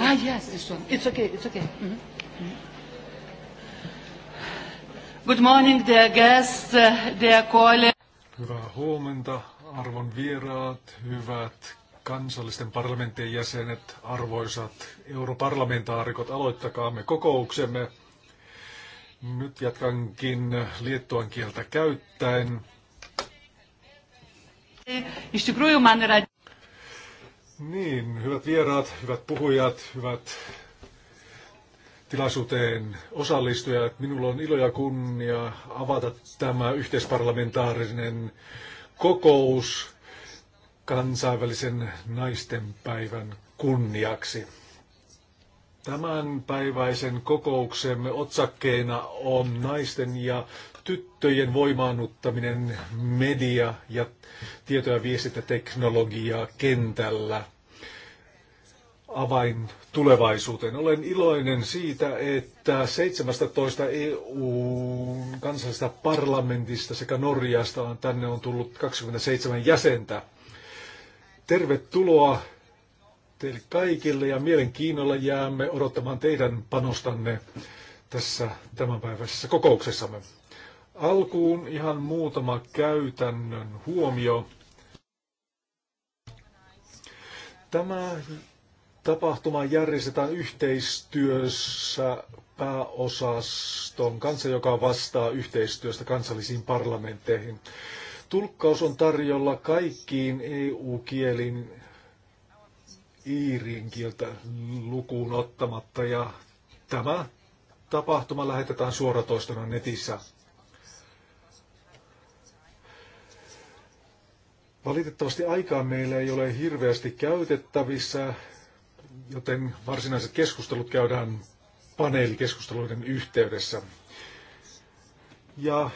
Ah, yes, this one. It's okay, it's okay. Mm -hmm. Good morning, dear guests, uh, dear colleagues. Hyvää huomenta, arvon vieraat, hyvät kansallisten parlamenttien jäsenet, arvoisat europarlamentaarikot, aloittakaamme kokouksemme. Nyt jatkankin liettuan kieltä käyttäen. Iš tikrųjų, man yra niin, hyvät vieraat, hyvät puhujat, hyvät tilaisuuteen osallistujat. Minulla on ilo ja kunnia avata tämä yhteisparlamentaarinen kokous kansainvälisen naistenpäivän kunniaksi. Tämän päiväisen kokouksemme otsakkeena on naisten ja tyttöjen voimaannuttaminen media- ja tieto- ja viestintäteknologiaa kentällä avain tulevaisuuteen. Olen iloinen siitä, että 17 EU-kansallisesta parlamentista sekä Norjasta on tänne on tullut 27 jäsentä. Tervetuloa teille kaikille ja mielenkiinnolla jäämme odottamaan teidän panostanne tässä tämänpäiväisessä kokouksessamme. Alkuun ihan muutama käytännön huomio. Tämä tapahtuma järjestetään yhteistyössä pääosaston kanssa, joka vastaa yhteistyöstä kansallisiin parlamentteihin. Tulkkaus on tarjolla kaikkiin EU-kielin iirin kieltä lukuun ottamatta ja tämä tapahtuma lähetetään suoratoistona netissä Valitettavasti aikaa meillä ei ole hirveästi käytettävissä, joten varsinaiset keskustelut käydään paneelikeskusteluiden yhteydessä. Ja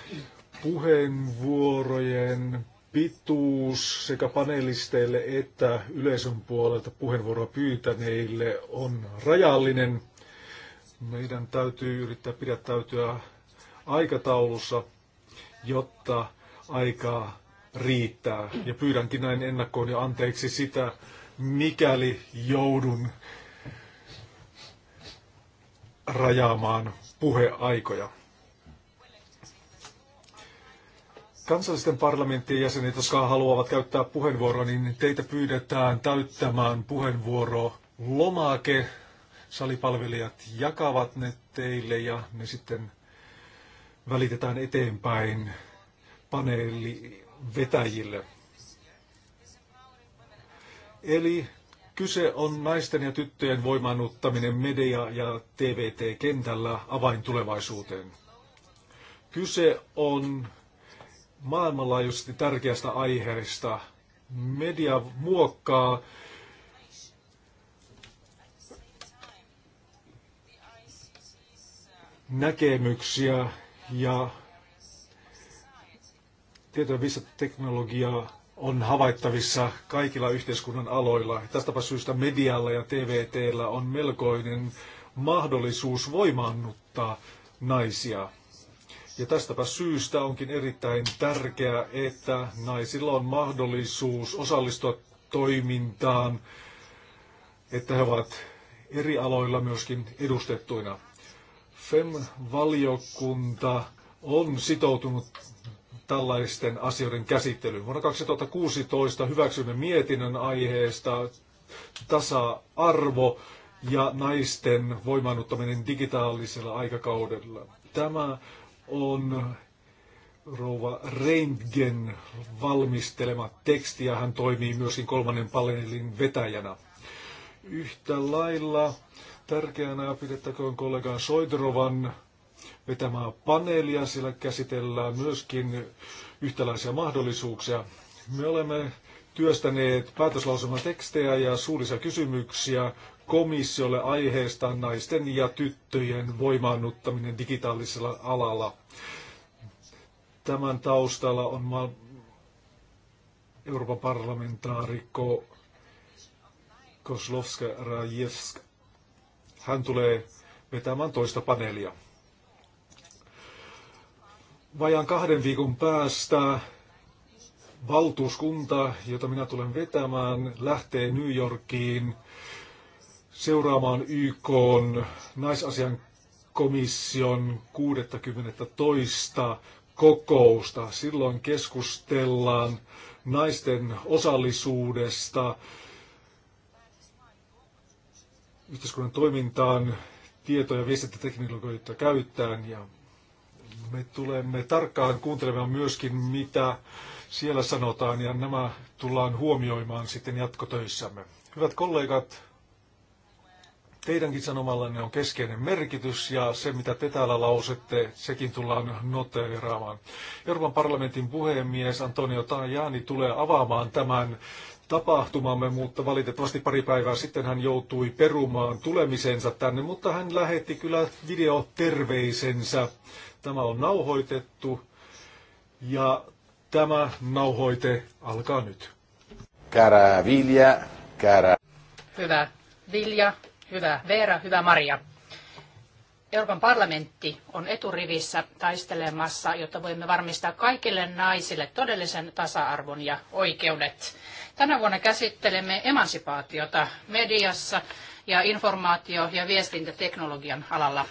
puheenvuorojen pituus sekä panelisteille että yleisön puolelta puheenvuoroa pyytäneille on rajallinen. Meidän täytyy yrittää pidättäytyä aikataulussa, jotta aikaa riittää. Ja pyydänkin näin ennakkoon ja anteeksi sitä, mikäli joudun rajaamaan puheaikoja. Kansallisten parlamenttien jäsenet, jotka haluavat käyttää puheenvuoroa, niin teitä pyydetään täyttämään puheenvuoro lomake. Salipalvelijat jakavat ne teille ja ne sitten välitetään eteenpäin paneeli vetäjille. Eli kyse on naisten ja tyttöjen voimannuttaminen media- ja TVT-kentällä avaintulevaisuuteen. Kyse on maailmanlaajuisesti tärkeästä aiheesta. Media muokkaa näkemyksiä ja tieto- teknologiaa on havaittavissa kaikilla yhteiskunnan aloilla. Tästäpä syystä medialla ja TVTllä on melkoinen mahdollisuus voimaannuttaa naisia. Ja tästäpä syystä onkin erittäin tärkeää, että naisilla on mahdollisuus osallistua toimintaan, että he ovat eri aloilla myöskin edustettuina. FEM-valiokunta on sitoutunut tällaisten asioiden käsittelyyn. Vuonna 2016 hyväksymme mietinnön aiheesta tasa-arvo ja naisten voimaannuttaminen digitaalisella aikakaudella. Tämä on rouva Reintgen valmistelema teksti ja hän toimii myöskin kolmannen paneelin vetäjänä. Yhtä lailla tärkeänä pidettäköön kollegan Soidrovan vetämää paneelia. Siellä käsitellään myöskin yhtäläisiä mahdollisuuksia. Me olemme työstäneet päätöslauselman tekstejä ja suurisia kysymyksiä komissiolle aiheesta naisten ja tyttöjen voimaannuttaminen digitaalisella alalla. Tämän taustalla on ma- Euroopan parlamentaarikko Koslovska Rajevska. Hän tulee vetämään toista paneelia vajaan kahden viikon päästä valtuuskunta, jota minä tulen vetämään, lähtee New Yorkiin seuraamaan YK naisasian komission 62. kokousta. Silloin keskustellaan naisten osallisuudesta yhteiskunnan toimintaan tietoja ja viestintäteknologioita käyttäen ja me tulemme tarkkaan kuuntelemaan myöskin, mitä siellä sanotaan, ja nämä tullaan huomioimaan sitten jatkotöissämme. Hyvät kollegat, teidänkin sanomallanne on keskeinen merkitys ja se, mitä te täällä lausette, sekin tullaan noteeraamaan. Euroopan parlamentin puhemies Antonio Tajani tulee avaamaan tämän tapahtumamme, mutta valitettavasti pari päivää sitten hän joutui perumaan tulemisensa tänne, mutta hän lähetti kyllä videoterveisensä Tämä on nauhoitettu ja tämä nauhoite alkaa nyt. Kara Vilja, kära. Hyvä Vilja, hyvä Veera, hyvä Maria. Euroopan parlamentti on eturivissä taistelemassa, jotta voimme varmistaa kaikille naisille todellisen tasa-arvon ja oikeudet. Tänä vuonna käsittelemme emansipaatiota mediassa ja informaatio- ja viestintäteknologian alalla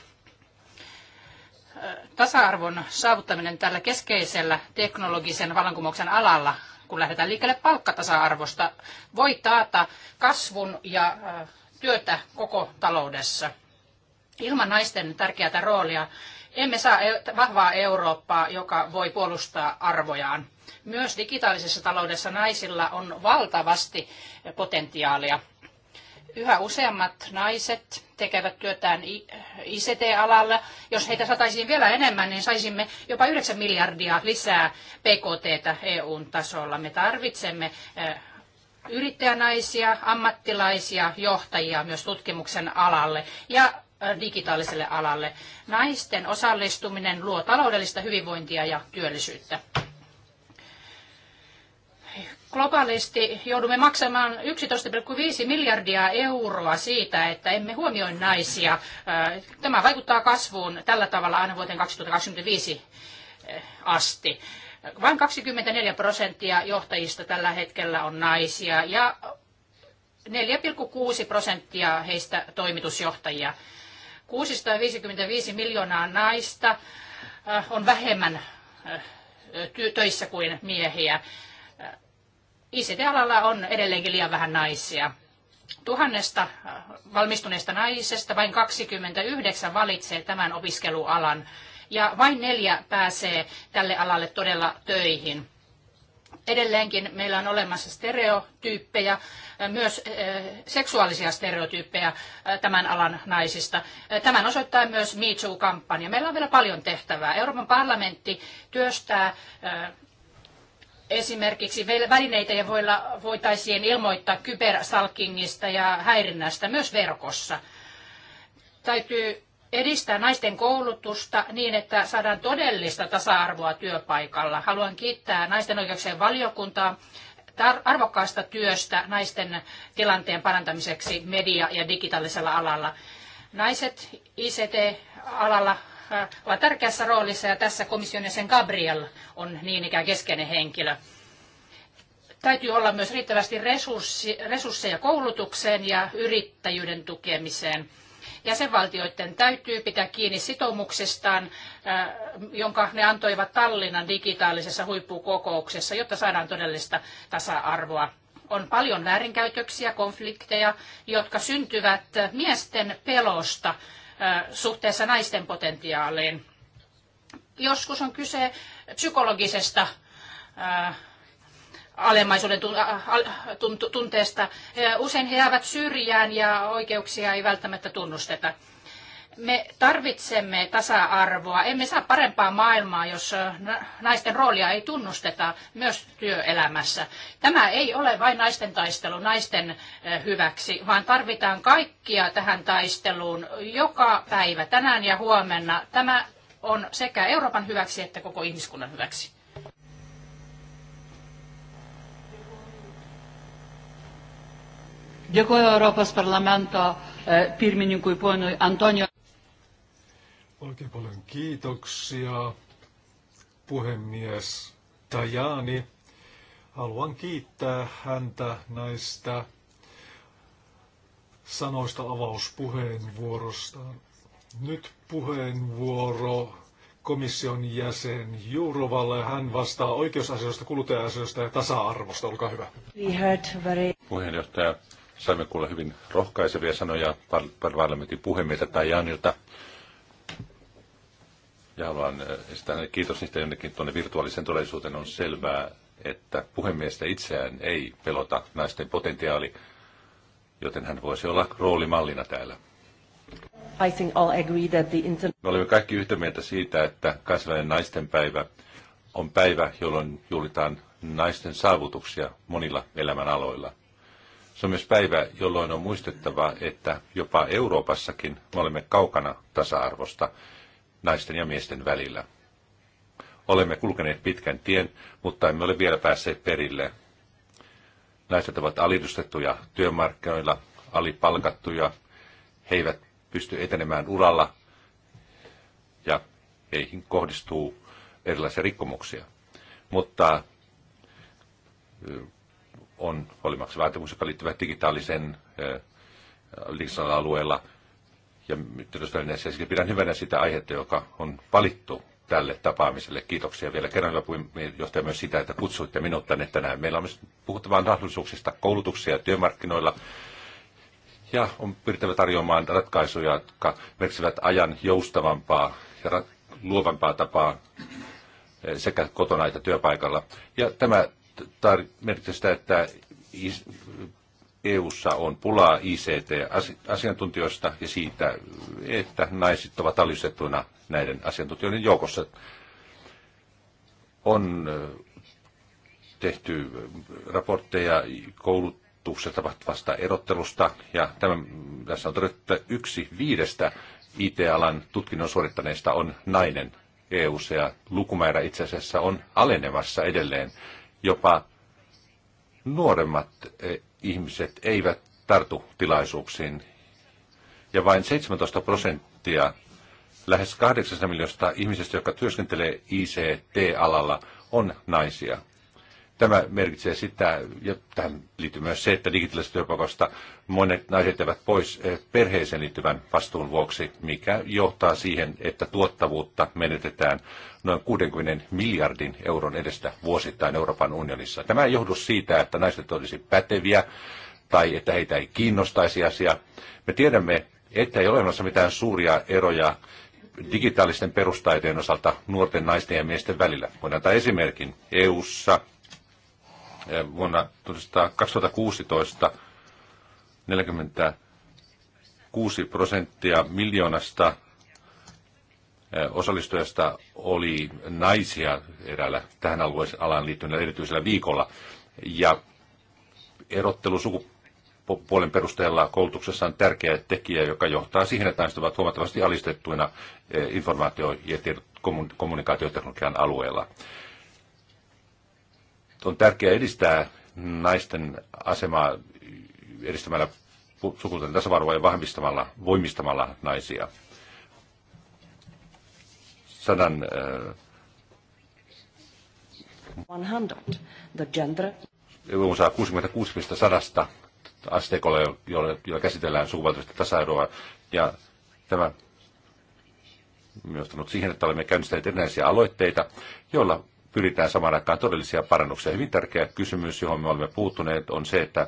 tasa-arvon saavuttaminen tällä keskeisellä teknologisen vallankumouksen alalla, kun lähdetään liikkeelle palkkatasa-arvosta, voi taata kasvun ja työtä koko taloudessa. Ilman naisten tärkeää roolia emme saa vahvaa Eurooppaa, joka voi puolustaa arvojaan. Myös digitaalisessa taloudessa naisilla on valtavasti potentiaalia. Yhä useammat naiset tekevät työtään ICT-alalla. Jos heitä saataisiin vielä enemmän, niin saisimme jopa 9 miljardia lisää PKT eu tasolla. Me tarvitsemme eh, yrittäjänaisia, ammattilaisia, johtajia myös tutkimuksen alalle ja eh, digitaaliselle alalle. Naisten osallistuminen luo taloudellista hyvinvointia ja työllisyyttä globaalisti joudumme maksamaan 11,5 miljardia euroa siitä, että emme huomioi naisia. Äh, tämä vaikuttaa kasvuun tällä tavalla aina vuoteen 2025 äh, asti. Vain 24 prosenttia johtajista tällä hetkellä on naisia ja 4,6 prosenttia heistä toimitusjohtajia. 655 miljoonaa naista äh, on vähemmän töissä kuin miehiä. ICT-alalla on edelleenkin liian vähän naisia. Tuhannesta äh, valmistuneesta naisesta vain 29 valitsee tämän opiskelualan ja vain neljä pääsee tälle alalle todella töihin. Edelleenkin meillä on olemassa stereotyyppejä, äh, myös äh, seksuaalisia stereotyyppejä tämän alan naisista. Tämän osoittaa myös Me Too-kampanja. Meillä on vielä paljon tehtävää. Euroopan parlamentti työstää esimerkiksi välineitä, joilla voitaisiin ilmoittaa kybersalkingista ja häirinnästä myös verkossa. Täytyy edistää naisten koulutusta niin, että saadaan todellista tasa-arvoa työpaikalla. Haluan kiittää naisten oikeuksien valiokuntaa arvokkaasta työstä naisten tilanteen parantamiseksi media- ja digitaalisella alalla. Naiset ICT-alalla Äh, ovat tärkeässä roolissa ja tässä komission jäsen Gabriel on niin ikään keskeinen henkilö. Täytyy olla myös riittävästi resurssi, resursseja koulutukseen ja yrittäjyyden tukemiseen. Jäsenvaltioiden täytyy pitää kiinni sitoumuksestaan, äh, jonka ne antoivat Tallinnan digitaalisessa huippukokouksessa, jotta saadaan todellista tasa-arvoa on paljon väärinkäytöksiä, konflikteja, jotka syntyvät miesten pelosta suhteessa naisten potentiaaliin. Joskus on kyse psykologisesta alemmaisuuden tunteesta. Usein he jäävät syrjään ja oikeuksia ei välttämättä tunnusteta. Me tarvitsemme tasa-arvoa. Emme saa parempaa maailmaa, jos naisten roolia ei tunnusteta myös työelämässä. Tämä ei ole vain naisten taistelu naisten hyväksi, vaan tarvitaan kaikkia tähän taisteluun joka päivä, tänään ja huomenna. Tämä on sekä Euroopan hyväksi että koko ihmiskunnan hyväksi. Dėkuoju Europos parlamento e, pirmininkui ponui Antonio. Oikein paljon kiitoksia, puhemies Tajani. Haluan kiittää häntä näistä sanoista avauspuheenvuorostaan. Nyt puheenvuoro komission jäsen Jurovalle. Hän vastaa oikeusasioista, kuluttaja-asioista ja tasa-arvosta. Olkaa hyvä. very... Puheenjohtaja, saimme kuulla hyvin rohkaisevia sanoja parlamentin puhemieltä tai Janilta ja haluan äh, esittää kiitos niistä jonnekin tuonne virtuaalisen todellisuuteen. On selvää, että puhemiestä itseään ei pelota naisten potentiaali, joten hän voisi olla roolimallina täällä. I think all agree that the inter- Me olemme kaikki yhtä mieltä siitä, että kansainvälinen naisten päivä on päivä, jolloin juhlitaan naisten saavutuksia monilla elämänaloilla. Se on myös päivä, jolloin on muistettava, että jopa Euroopassakin me olemme kaukana tasa-arvosta naisten ja miesten välillä. Olemme kulkeneet pitkän tien, mutta emme ole vielä päässeet perille. Naiset ovat alidustettuja työmarkkinoilla, alipalkattuja, he eivät pysty etenemään uralla ja heihin kohdistuu erilaisia rikkomuksia. Mutta on olemassa vaatimuksia, jotka liittyvät digitaalisen digitaalisella alueella – ja tiedotusvälineissä. Ja pidän hyvänä sitä aihetta, joka on valittu tälle tapaamiselle. Kiitoksia vielä kerran johtaja myös sitä, että kutsuitte minut tänne tänään. Meillä on myös puhuttavaa mahdollisuuksista koulutuksia työmarkkinoilla. Ja on pyrittävä tarjoamaan ratkaisuja, jotka merkitsevät ajan joustavampaa ja luovampaa tapaa eh, sekä kotona että työpaikalla. Ja tämä tar- merkitsee sitä, että EU:ssa on pulaa ICT-asiantuntijoista ja siitä, että naiset ovat alistettuina näiden asiantuntijoiden joukossa. On tehty raportteja koulutuksessa tapahtuvasta erottelusta ja tämän, tässä on todettu, että yksi viidestä IT-alan tutkinnon suorittaneista on nainen eu ja lukumäärä itse asiassa on alenemassa edelleen. Jopa nuoremmat e, ihmiset eivät tartu tilaisuuksiin. Ja vain 17 prosenttia lähes 8 miljoonasta ihmisestä, jotka työskentelee ICT-alalla, on naisia. Tämä merkitsee sitä, ja tähän liittyy myös se, että digitaalisesta työpaikasta monet naiset jäävät pois eh, perheeseen liittyvän vastuun vuoksi, mikä johtaa siihen, että tuottavuutta menetetään noin 60 miljardin euron edestä vuosittain Euroopan unionissa. Tämä ei johdu siitä, että naiset olisi päteviä tai että heitä ei kiinnostaisi asia. Me tiedämme, että ei ole olemassa mitään suuria eroja digitaalisten perustaitojen osalta nuorten naisten ja miesten välillä. Voidaan antaa esimerkin. EU-ssa vuonna 2016 46 prosenttia miljoonasta osallistujasta oli naisia eräällä tähän alaan liittyneellä erityisellä viikolla. Ja erottelu sukupuolen perusteella koulutuksessa on tärkeä tekijä, joka johtaa siihen, että naiset ovat huomattavasti alistettuina informaatio- ja kommunikaatioteknologian alueella on tärkeää edistää naisten asemaa edistämällä sukupuolten tasa-arvoa ja vahvistamalla, voimistamalla naisia. Sadan, äh, 100. The gender. EU saa 66 sadasta asteikolla, jolla, jolla käsitellään sukupuolten tasa-arvoa. Ja tämä johtanut siihen, että olemme käynnistäneet erinäisiä aloitteita, joilla pyritään samaan aikaan todellisia parannuksia. Hyvin tärkeä kysymys, johon me olemme puuttuneet, on se, että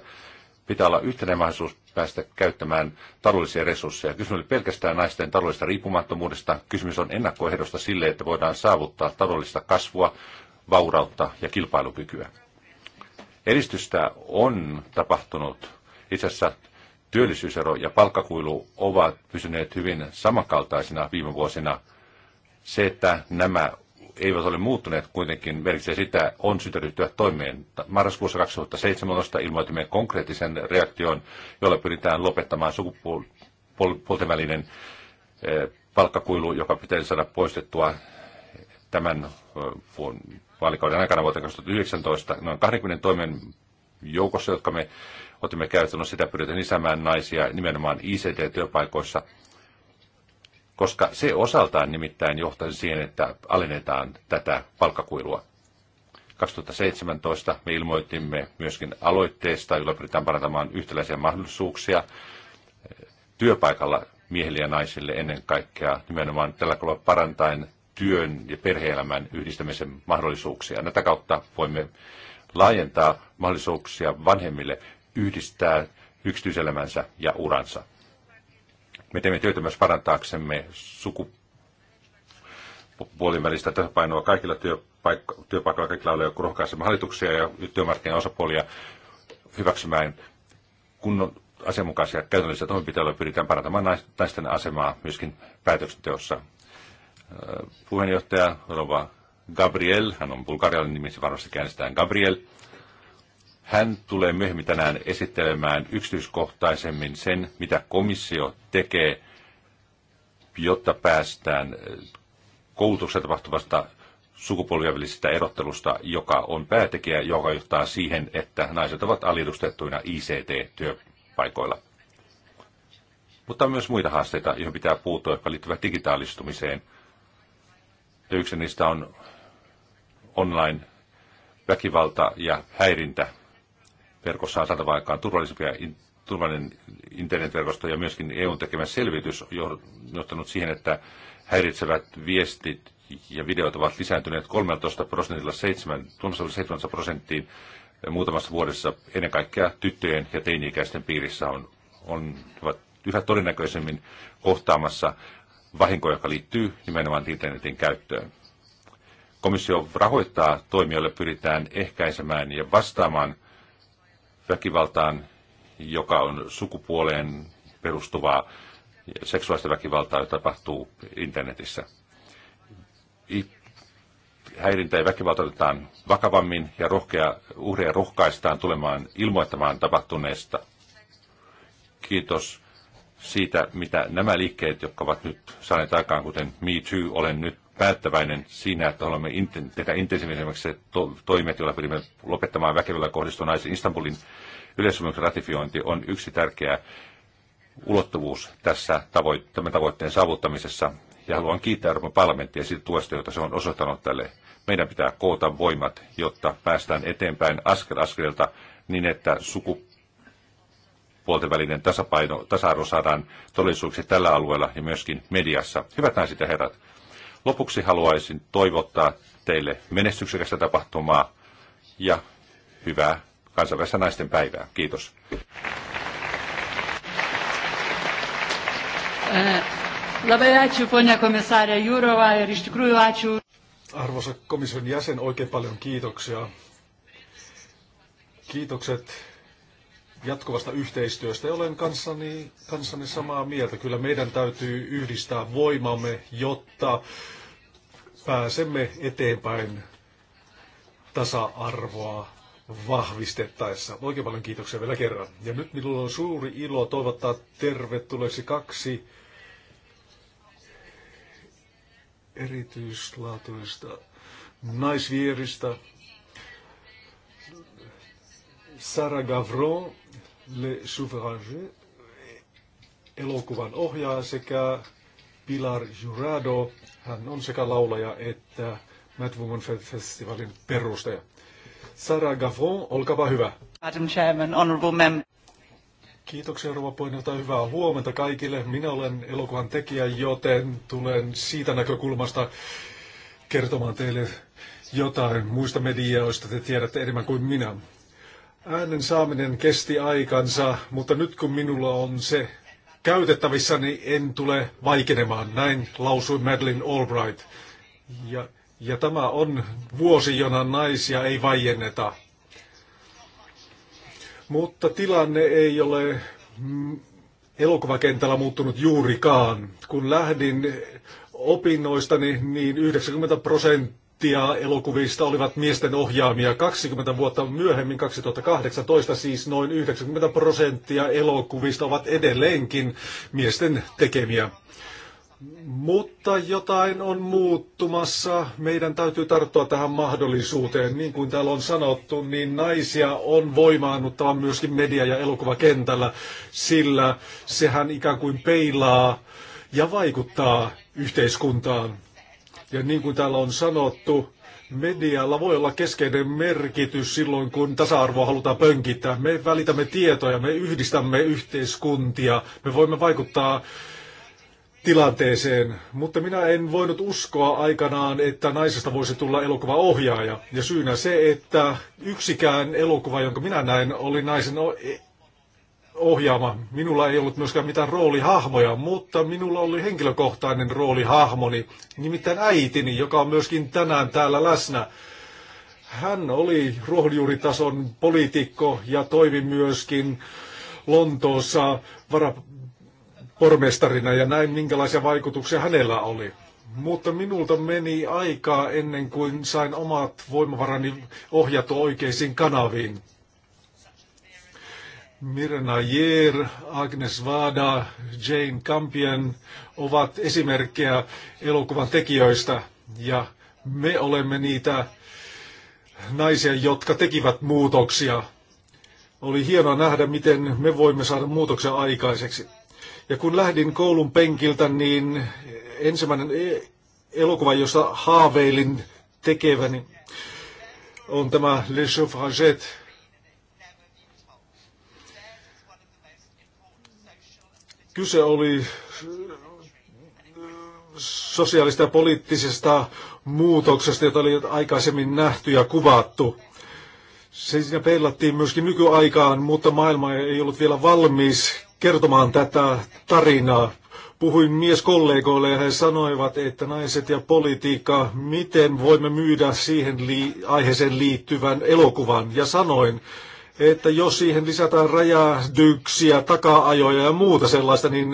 pitää olla yhtenäinen mahdollisuus päästä käyttämään taloudellisia resursseja. Kysymys oli pelkästään naisten taloudellisesta riippumattomuudesta. Kysymys on ennakkoehdosta sille, että voidaan saavuttaa taloudellista kasvua, vaurautta ja kilpailukykyä. Edistystä on tapahtunut. Itse asiassa työllisyysero ja palkkakuilu ovat pysyneet hyvin samankaltaisina viime vuosina. Se, että nämä eivät ole muuttuneet kuitenkin merkitsee sitä, on syytä ryhtyä toimeen. Marraskuussa 2017 ilmoitimme konkreettisen reaktion, jolla pyritään lopettamaan sukupuolten välinen eh, palkkakuilu, joka pitäisi saada poistettua tämän eh, vaalikauden aikana vuoteen 2019 noin 20 toimen joukossa, jotka me otimme käyttöön, sitä pyritään lisäämään naisia nimenomaan ICT-työpaikoissa koska se osaltaan nimittäin johtaisi siihen, että alennetaan tätä palkkakuilua. 2017 me ilmoitimme myöskin aloitteesta, jolla pyritään parantamaan yhtäläisiä mahdollisuuksia työpaikalla miehille ja naisille ennen kaikkea nimenomaan tällä tavalla parantaen työn ja perheelämän yhdistämisen mahdollisuuksia. Näitä kautta voimme laajentaa mahdollisuuksia vanhemmille yhdistää yksityiselämänsä ja uransa. Me teemme työtä myös parantaaksemme sukupuolin välistä tasapainoa kaikilla työpaik- työpaikoilla, kaikilla alueilla, kun rohkaisemme hallituksia ja osapuolia hyväksymään kunnon asianmukaisia käytännöllisiä toimenpiteillä pyritään parantamaan naisten asemaa myöskin päätöksenteossa. Äh, puheenjohtaja Rova Gabriel, hän on bulgarialainen nimi, se varmasti käännetään Gabriel, hän tulee myöhemmin tänään esittelemään yksityiskohtaisemmin sen, mitä komissio tekee, jotta päästään äh, koulutuksessa tapahtuvasta sukupolvien välisestä erottelusta, joka on päätekijä, joka johtaa siihen, että naiset ovat alidustettuina ICT-työpaikoilla. Mutta on myös muita haasteita, joihin pitää puuttua, jotka liittyvät digitaalistumiseen. yksi niistä on online väkivalta ja häirintä verkossa on saatava aikaan turvallisempia turvallinen internetverkosto ja myöskin EUn tekemä selvitys on johtanut siihen, että häiritsevät viestit ja videot ovat lisääntyneet 13 prosentilla 7, 17 prosenttiin muutamassa vuodessa. Ennen kaikkea tyttöjen ja teini-ikäisten piirissä on, on ovat yhä todennäköisemmin kohtaamassa vahinkoja, joka liittyy nimenomaan internetin käyttöön. Komissio rahoittaa toimijoille pyritään ehkäisemään ja vastaamaan väkivaltaan, joka on sukupuoleen perustuvaa seksuaalista väkivaltaa, jota tapahtuu internetissä. Häirintä ja väkivalta otetaan vakavammin ja rohkea, uhreja rohkaistaan tulemaan ilmoittamaan tapahtuneesta. Kiitos siitä, mitä nämä liikkeet, jotka ovat nyt saaneet aikaan, kuten Me Too, olen nyt päättäväinen siinä, että olemme tehdä intensiivisemmäksi toimet, joilla pyrimme lopettamaan väkevällä kohdistua naisen Istanbulin yleissopimuksen ratifiointi on yksi tärkeä ulottuvuus tässä tämän tavoitteen saavuttamisessa. Ja haluan kiittää Euroopan parlamenttia siitä tuesta, jota se on osoittanut tälle. Meidän pitää koota voimat, jotta päästään eteenpäin askel askelta niin, että sukupuolta puolten välinen tasapaino, tasa-arvo saadaan todellisuudeksi tällä alueella ja myöskin mediassa. Hyvät naiset ja herrat, Lopuksi haluaisin toivottaa teille menestyksekästä tapahtumaa ja hyvää kansainvälistä naisten päivää. Kiitos. Eh, Arvoisa komission jäsen, oikein paljon kiitoksia. Kiitokset jatkuvasta yhteistyöstä. Ja olen kanssani, kanssani samaa mieltä. Kyllä meidän täytyy yhdistää voimamme, jotta pääsemme eteenpäin tasa-arvoa vahvistettaessa. Oikein paljon kiitoksia vielä kerran. Ja nyt minulla on suuri ilo toivottaa tervetulleeksi kaksi erityislaatuista naisvieristä. Sara Gavron Le Souverange, elokuvan ohjaaja sekä Pilar Jurado. Hän on sekä laulaja että Mad Woman Festivalin perustaja. Sara Gaffon, olkaapa hyvä. Madam Chairman, Honorable Member. Kiitoksia rouva puheenjohtaja, hyvää huomenta kaikille. Minä olen elokuvan tekijä, joten tulen siitä näkökulmasta kertomaan teille jotain muista medioista, te tiedätte enemmän kuin minä. Äänen saaminen kesti aikansa, mutta nyt kun minulla on se käytettävissä, niin en tule vaikenemaan. Näin lausui Madeleine Albright. Ja, ja tämä on vuosi, jona naisia ei vaienneta. Mutta tilanne ei ole mm, elokuvakentällä muuttunut juurikaan. Kun lähdin opinnoistani, niin 90 prosenttia prosenttia elokuvista olivat miesten ohjaamia. 20 vuotta myöhemmin, 2018 siis noin 90 prosenttia elokuvista ovat edelleenkin miesten tekemiä. Mutta jotain on muuttumassa. Meidän täytyy tarttua tähän mahdollisuuteen. Niin kuin täällä on sanottu, niin naisia on voimaannuttava myöskin media- ja elokuvakentällä, sillä sehän ikään kuin peilaa ja vaikuttaa yhteiskuntaan. Ja niin kuin täällä on sanottu, medialla voi olla keskeinen merkitys silloin, kun tasa-arvoa halutaan pönkittää. Me välitämme tietoja, me yhdistämme yhteiskuntia, me voimme vaikuttaa tilanteeseen, mutta minä en voinut uskoa aikanaan, että naisesta voisi tulla elokuvaohjaaja. Ja syynä se, että yksikään elokuva, jonka minä näin, oli naisen ohjaama. Minulla ei ollut myöskään mitään roolihahmoja, mutta minulla oli henkilökohtainen roolihahmoni, nimittäin äitini, joka on myöskin tänään täällä läsnä. Hän oli ruohonjuuritason poliitikko ja toimi myöskin Lontoossa varapormestarina ja näin minkälaisia vaikutuksia hänellä oli. Mutta minulta meni aikaa ennen kuin sain omat voimavarani ohjattu oikeisiin kanaviin. Mirna Jeer, Agnes Vada, Jane Campion ovat esimerkkejä elokuvan tekijöistä ja me olemme niitä naisia, jotka tekivät muutoksia. Oli hienoa nähdä, miten me voimme saada muutoksia aikaiseksi. Ja kun lähdin koulun penkiltä, niin ensimmäinen e- elokuva, jossa haaveilin tekeväni, on tämä Le Suffragette Kyse oli äh, sosiaalista ja poliittisesta muutoksesta, jota oli aikaisemmin nähty ja kuvattu. Se siinä peilattiin myöskin nykyaikaan, mutta maailma ei ollut vielä valmis kertomaan tätä tarinaa. Puhuin mieskollegoille ja he sanoivat, että naiset ja politiikka, miten voimme myydä siihen li- aiheeseen liittyvän elokuvan. Ja sanoin, että jos siihen lisätään räjähdyksiä, taka-ajoja ja muuta sellaista, niin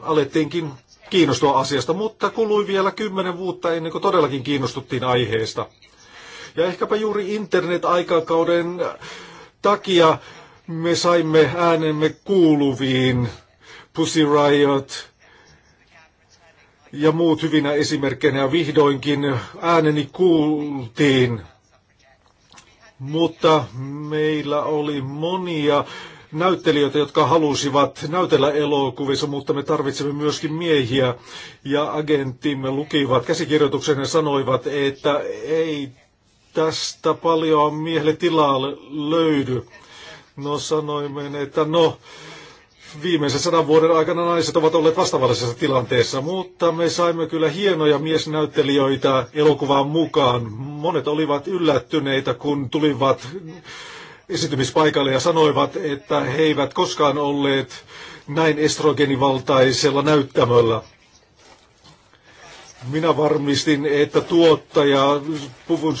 alettiinkin kiinnostua asiasta, mutta kului vielä kymmenen vuotta ennen kuin todellakin kiinnostuttiin aiheesta. Ja ehkäpä juuri internet-aikakauden takia me saimme äänemme kuuluviin Pussy Riot ja muut hyvinä esimerkkeinä ja vihdoinkin ääneni kuultiin mutta meillä oli monia näyttelijöitä, jotka halusivat näytellä elokuvissa, mutta me tarvitsemme myöskin miehiä. Ja agenttimme lukivat käsikirjoituksen ja sanoivat, että ei tästä paljon miehelle tilaa löydy. No sanoimme, että no, viimeisen sadan vuoden aikana naiset ovat olleet vastavallisessa tilanteessa, mutta me saimme kyllä hienoja miesnäyttelijöitä elokuvaan mukaan. Monet olivat yllättyneitä, kun tulivat esitymispaikalle ja sanoivat, että he eivät koskaan olleet näin estrogenivaltaisella näyttämöllä. Minä varmistin, että tuottaja, puvun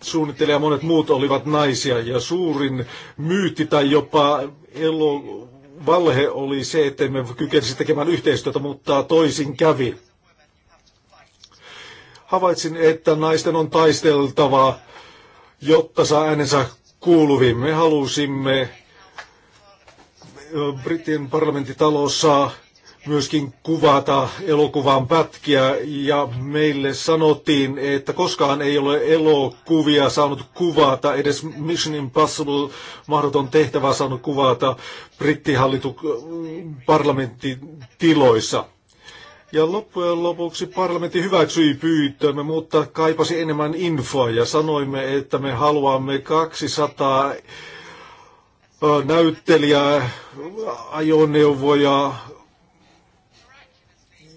suunnittelija ja monet muut olivat naisia ja suurin myytti tai jopa elokuva valhe oli se, että me kykenisi tekemään yhteistyötä, mutta toisin kävi. Havaitsin, että naisten on taisteltava, jotta saa äänensä kuuluviin. Me halusimme Britin parlamentitalossa myöskin kuvata elokuvan pätkiä ja meille sanottiin, että koskaan ei ole elokuvia saanut kuvata, edes Mission Impossible mahdoton tehtävä saanut kuvata brittihallitu parlamenttitiloissa. Ja loppujen lopuksi parlamentti hyväksyi pyyttömme, mutta kaipasi enemmän infoa ja sanoimme, että me haluamme 200 näyttelijää, ajoneuvoja,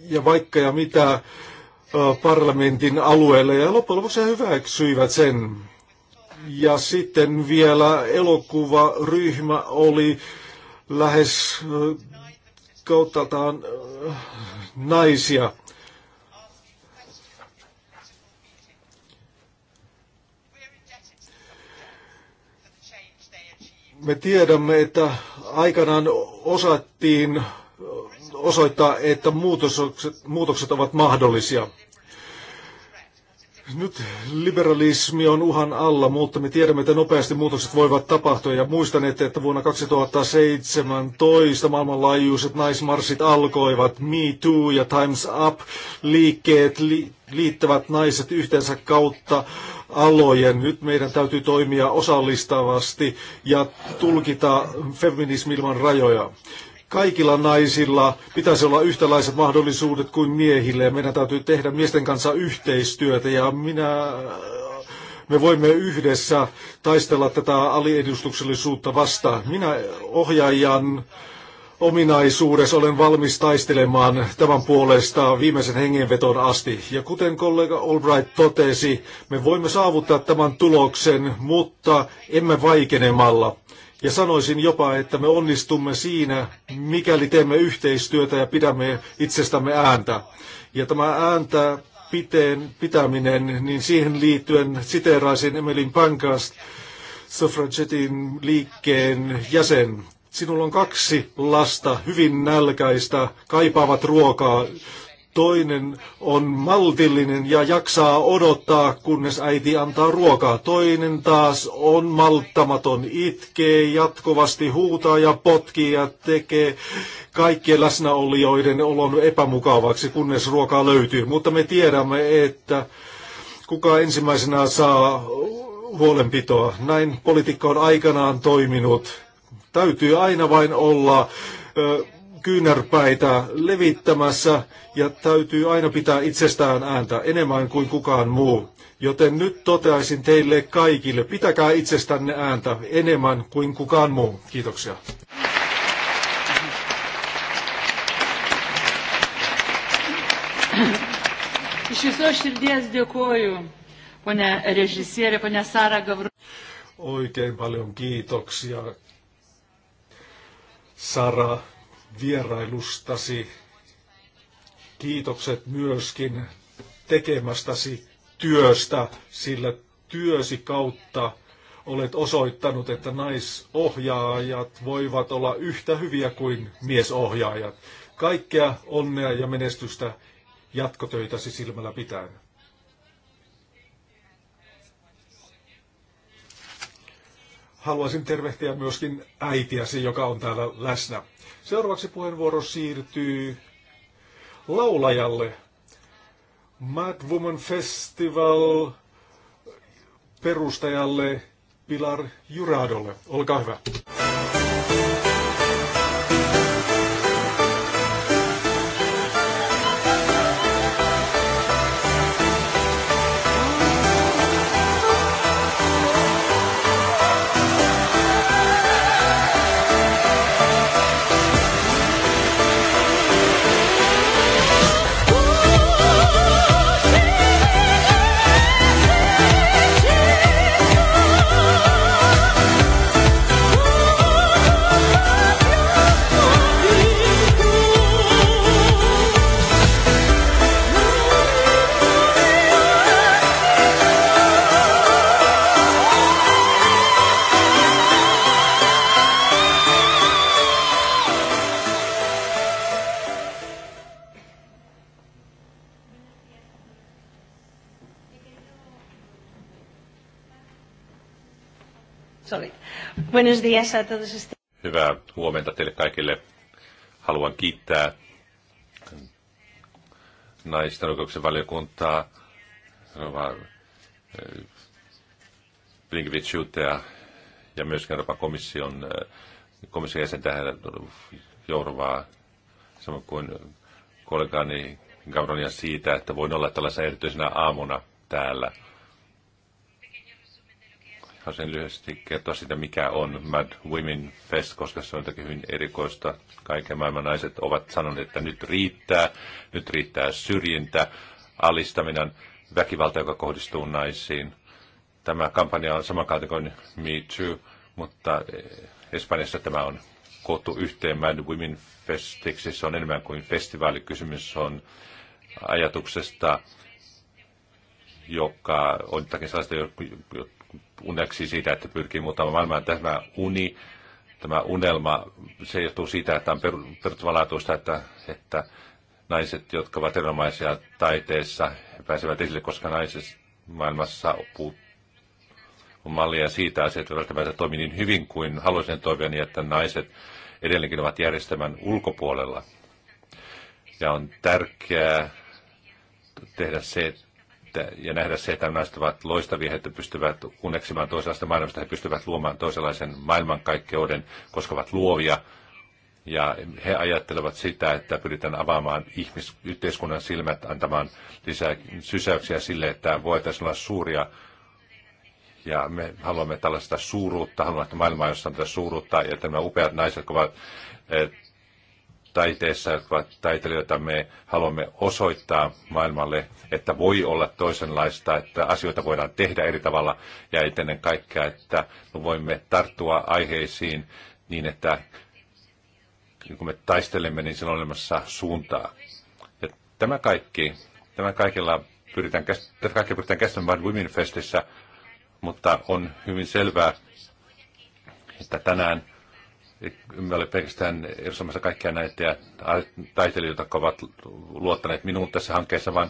ja vaikka ja mitä parlamentin alueelle ja loppujen lopuksi he hyväksyivät sen. Ja sitten vielä elokuvaryhmä oli lähes kauttaan naisia. Me tiedämme, että aikanaan osattiin osoittaa, että muutokset, muutokset ovat mahdollisia. Nyt liberalismi on uhan alla, mutta me tiedämme, että nopeasti muutokset voivat tapahtua. Ja muistan, että vuonna 2017 maailmanlaajuiset naismarssit alkoivat. Me Too ja Times Up liikkeet li- liittävät naiset yhteensä kautta alojen. Nyt meidän täytyy toimia osallistavasti ja tulkita feminismi ilman rajoja. Kaikilla naisilla pitäisi olla yhtäläiset mahdollisuudet kuin miehille ja meidän täytyy tehdä miesten kanssa yhteistyötä ja minä me voimme yhdessä taistella tätä aliedustuksellisuutta vastaan. Minä ohjaajan ominaisuudessa olen valmis taistelemaan tämän puolesta viimeisen hengenveton asti. Ja kuten kollega Albright totesi, me voimme saavuttaa tämän tuloksen, mutta emme vaikenemalla. Ja sanoisin jopa, että me onnistumme siinä, mikäli teemme yhteistyötä ja pidämme itsestämme ääntä. Ja tämä ääntä piteen pitäminen, niin siihen liittyen siteeraisin Emelin Pankast, suffragetin liikkeen jäsen. Sinulla on kaksi lasta, hyvin nälkäistä, kaipaavat ruokaa. Toinen on maltillinen ja jaksaa odottaa, kunnes äiti antaa ruokaa. Toinen taas on malttamaton, itkee, jatkuvasti huutaa ja potkii ja tekee kaikkien läsnäolijoiden olon epämukavaksi, kunnes ruokaa löytyy. Mutta me tiedämme, että kuka ensimmäisenä saa huolenpitoa. Näin politiikka on aikanaan toiminut täytyy aina vain olla kyynärpäitä levittämässä ja täytyy aina pitää itsestään ääntä enemmän kuin kukaan muu. Joten nyt toteaisin teille kaikille, pitäkää itsestänne ääntä enemmän kuin kukaan muu. Kiitoksia. Sara Oikein paljon kiitoksia Sara vierailustasi. Kiitokset myöskin tekemästäsi työstä, sillä työsi kautta olet osoittanut, että naisohjaajat voivat olla yhtä hyviä kuin miesohjaajat. Kaikkea onnea ja menestystä jatkotöitäsi silmällä pitäen. haluaisin tervehtiä myöskin äitiäsi, joka on täällä läsnä. Seuraavaksi puheenvuoro siirtyy laulajalle. Mad Woman Festival perustajalle Pilar Juradolle. Olkaa hyvä. Buenos días a todos. Hyvää huomenta teille kaikille. Haluan kiittää naisten oikeuksien valiokuntaa, eh, Blinkevichiutea ja myöskin Euroopan komission, eh, komission jäsentä johdovaa, samoin kuin kollegaani Gavronia siitä, että voin olla tällaisena erityisenä aamuna täällä – Haluaisin lyhyesti kertoa sitä, mikä on Mad Women Fest, koska se on jotakin hyvin erikoista. Kaiken maailman naiset ovat sanoneet, että nyt riittää, nyt riittää syrjintä, alistaminen, väkivalta, joka kohdistuu naisiin. Tämä kampanja on sama kuin Me Too, mutta eh, Espanjassa tämä on koottu yhteen Mad Women Festiksi. Se on enemmän kuin festivaali. Kysymys on ajatuksesta, joka on jotakin sellaista, uneksi siitä, että pyrkii muuttamaan maailmaa. Tämä uni, tämä unelma, se johtuu siitä, että on perustavanlaatuista, että, että naiset, jotka ovat erilaisia taiteessa, pääsevät esille, koska naisessa maailmassa on mallia siitä asiat, että välttämättä toimii niin hyvin kuin haluaisin toimia, niin että naiset edelleenkin ovat järjestelmän ulkopuolella. Ja on tärkeää tehdä se, että, ja nähdä se, että naiset ovat loistavia, että pystyvät uneksimaan toisenlaista maailmasta, he pystyvät luomaan toisenlaisen maailmankaikkeuden, koska ovat luovia. Ja he ajattelevat sitä, että pyritään avaamaan ihmisyhteiskunnan silmät, antamaan lisää sysäyksiä sille, että voitaisiin olla suuria ja me haluamme tällaista suuruutta, haluamme että maailmaa, jossa on tätä suuruutta, ja tämä upeat naiset, jotka ovat eh, taiteessa, jotka ovat taiteilijoita, me haluamme osoittaa maailmalle, että voi olla toisenlaista, että asioita voidaan tehdä eri tavalla ja ennen kaikkea, että me voimme tarttua aiheisiin niin, että kun me taistelemme, niin siinä on olemassa suuntaa. Ja tämä kaikki, tämä kaikilla pyritään, tätä kaikkea pyritään käsittämään Women Festissä, mutta on hyvin selvää, että tänään me ole pelkästään edustamassa kaikkia näitä taiteilijoita, jotka ovat luottaneet minuun tässä hankkeessa, vaan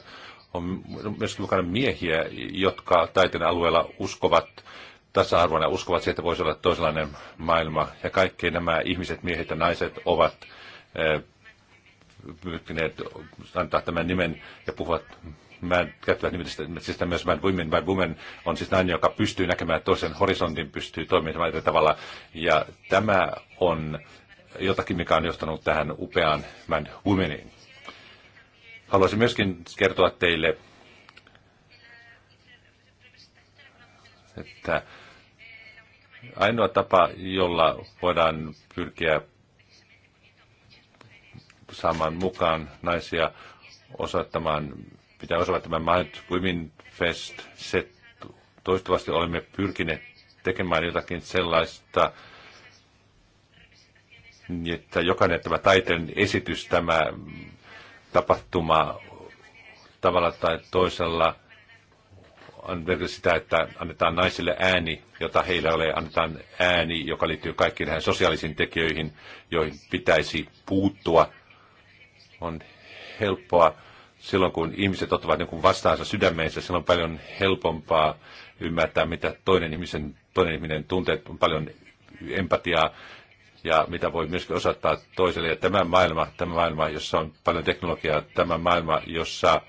on myöskin mukana miehiä, jotka taiteen alueella uskovat tasa-arvoon ja uskovat siihen, että voisi olla toisenlainen maailma. Ja kaikki nämä ihmiset, miehet ja naiset ovat eh, pyrkineet antaa tämän nimen ja puhuvat Mad, käyttävät nimitystä myös Mad women. Mad woman on siis nainen, joka pystyy näkemään toisen horisontin, pystyy toimimaan eri tavalla. Ja tämä on jotakin, mikä on johtanut tähän upeaan Mad womaniin. Haluaisin myöskin kertoa teille, että ainoa tapa, jolla voidaan pyrkiä saamaan mukaan naisia osoittamaan pitää osata tämä Mind Women Fest. set. toistuvasti olemme pyrkineet tekemään jotakin sellaista, että jokainen tämä taiteen esitys, tämä tapahtuma tavalla tai toisella on sitä, että annetaan naisille ääni, jota heillä ei ole, annetaan ääni, joka liittyy kaikkiin näihin sosiaalisiin tekijöihin, joihin pitäisi puuttua. On helppoa silloin kun ihmiset ottavat niin vastaansa sydämeensä, silloin on paljon helpompaa ymmärtää, mitä toinen, ihmisen, toinen ihminen tuntee, on paljon empatiaa ja mitä voi myöskin osoittaa toiselle. Ja tämä maailma, tämä maailma, jossa on paljon teknologiaa, tämä maailma, jossa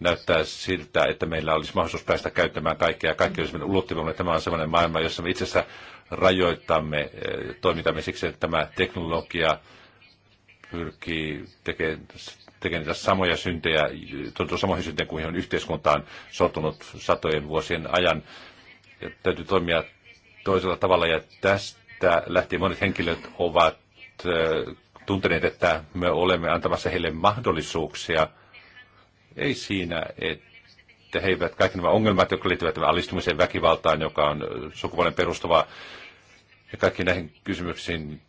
näyttää siltä, että meillä olisi mahdollisuus päästä käyttämään kaikkea. Kaikki olisi ulottuvamme. Tämä on sellainen maailma, jossa me itse asiassa rajoittamme eh, toimintamme siksi, että tämä teknologia pyrkii tekemään tekee niitä samoja syntejä, tuntuu samoihin syntejä kuin on yhteiskuntaan sotunut satojen vuosien ajan. Ja täytyy toimia toisella tavalla ja tästä lähtien monet henkilöt ovat tunteneet, että me olemme antamassa heille mahdollisuuksia. Ei siinä, että he eivät kaikki nämä ongelmat, jotka liittyvät tämän alistumiseen väkivaltaan, joka on sukupuolen perustava ja kaikki näihin kysymyksiin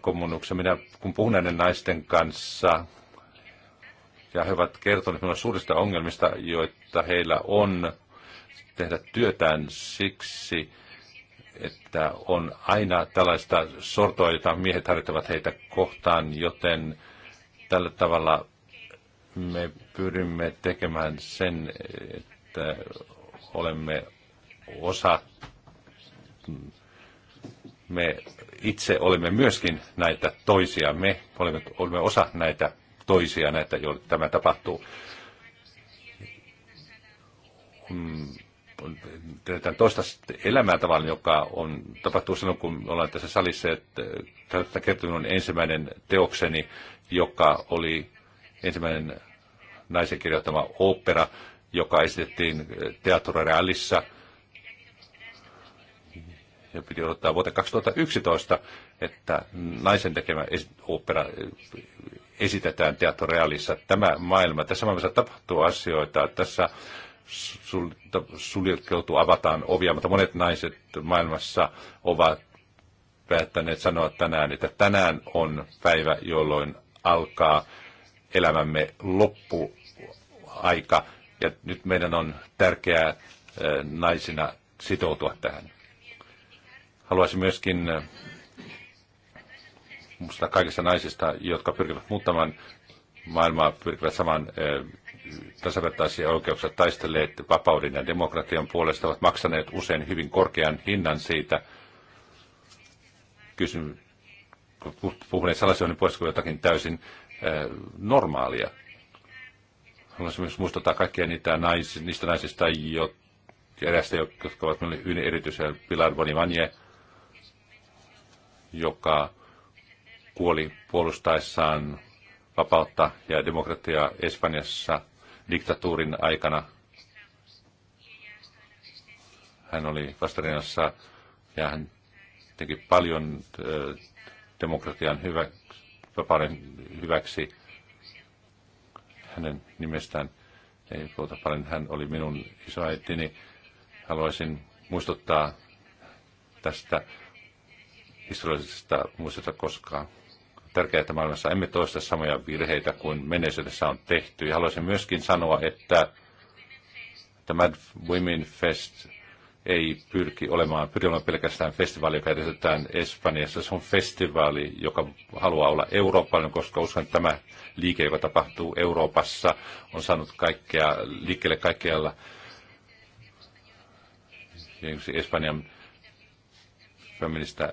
kommunuksen. Minä kun puhun näiden naisten kanssa, ja he ovat kertoneet minulle suurista ongelmista, joita heillä on tehdä työtään siksi, että on aina tällaista sortoa, jota miehet harjoittavat heitä kohtaan, joten tällä tavalla me pyrimme tekemään sen, että olemme osa me itse olemme myöskin näitä toisia. Me olemme, olemme osa näitä toisia, näitä, joille tämä tapahtuu. Mm, tätä toista elämää tavallaan, joka on, tapahtuu silloin, kun ollaan tässä salissa, että tätä kertoo on ensimmäinen teokseni, joka oli ensimmäinen naisen kirjoittama opera, joka esitettiin Teatro Realissa – ja piti odottaa vuoteen 2011, että naisen tekemä opera esitetään teattorealissa. Tämä maailma, tässä maailmassa tapahtuu asioita, tässä sulkeutuu, avataan ovia, mutta monet naiset maailmassa ovat päättäneet sanoa tänään, että tänään on päivä, jolloin alkaa elämämme loppuaika, ja nyt meidän on tärkeää naisina sitoutua tähän. Haluaisin myöskin äh, muistaa kaikista naisista, jotka pyrkivät muuttamaan maailmaa, pyrkivät saman äh, tasavertaisia oikeuksia taistelleet vapauden ja demokratian puolesta, ovat maksaneet usein hyvin korkean hinnan siitä. Kysyn, puhuneet salaisuuden puolesta jotakin täysin äh, normaalia. Haluaisin myös muistuttaa kaikkia niitä naisista, niistä naisista, jo, erästä, jotka ovat minulle hyvin erityisiä, Pilar Bonimanie, joka kuoli puolustaessaan vapautta ja demokratiaa Espanjassa diktatuurin aikana. Hän oli vastarinnassa ja hän teki paljon demokratian hyväksi, vapauden hyväksi. Hänen nimestään ei puhuta paljon. Hän oli minun isoäitini. Haluaisin muistuttaa tästä historiallisesta muisteta koskaan. Tärkeää, että maailmassa emme toista samoja virheitä kuin menneisyydessä on tehty. Ja haluaisin myöskin sanoa, että tämä Women Fest ei pyrki olemaan, pyrki olemaan pelkästään festivaali, joka edistetään Espanjassa. Se on festivaali, joka haluaa olla eurooppalainen, koska uskon, että tämä liike, joka tapahtuu Euroopassa, on saanut kaikkea, liikkeelle kaikkialla. Espanjan feminista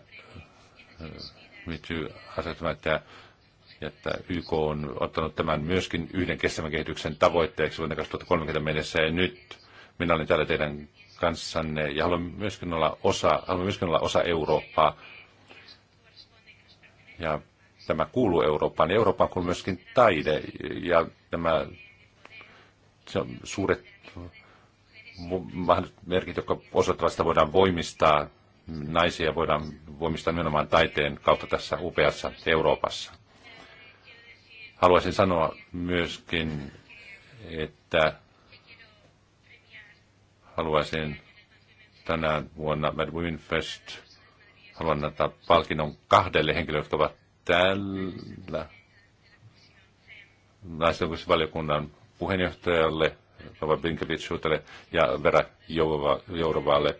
Mitry asettamaan, että, että YK on ottanut tämän myöskin yhden kestävän kehityksen tavoitteeksi vuonna 2030 mennessä. Ja nyt minä olen täällä teidän kanssanne ja haluan myöskin olla osa, haluan myöskin olla osa Eurooppaa. Ja tämä kuuluu Eurooppaan. Eurooppaan kuuluu myöskin taide ja tämä se on suuret merkit, jotka osoittavat sitä voidaan voimistaa naisia voidaan voimistaa nimenomaan taiteen kautta tässä upeassa Euroopassa. Haluaisin sanoa myöskin, että haluaisin tänä vuonna Mad Women Fest, haluan antaa palkinnon kahdelle henkilölle, jotka ovat täällä Naisten puheenjohtajalle, Rova Binkevitsuutelle ja Vera Jourovalle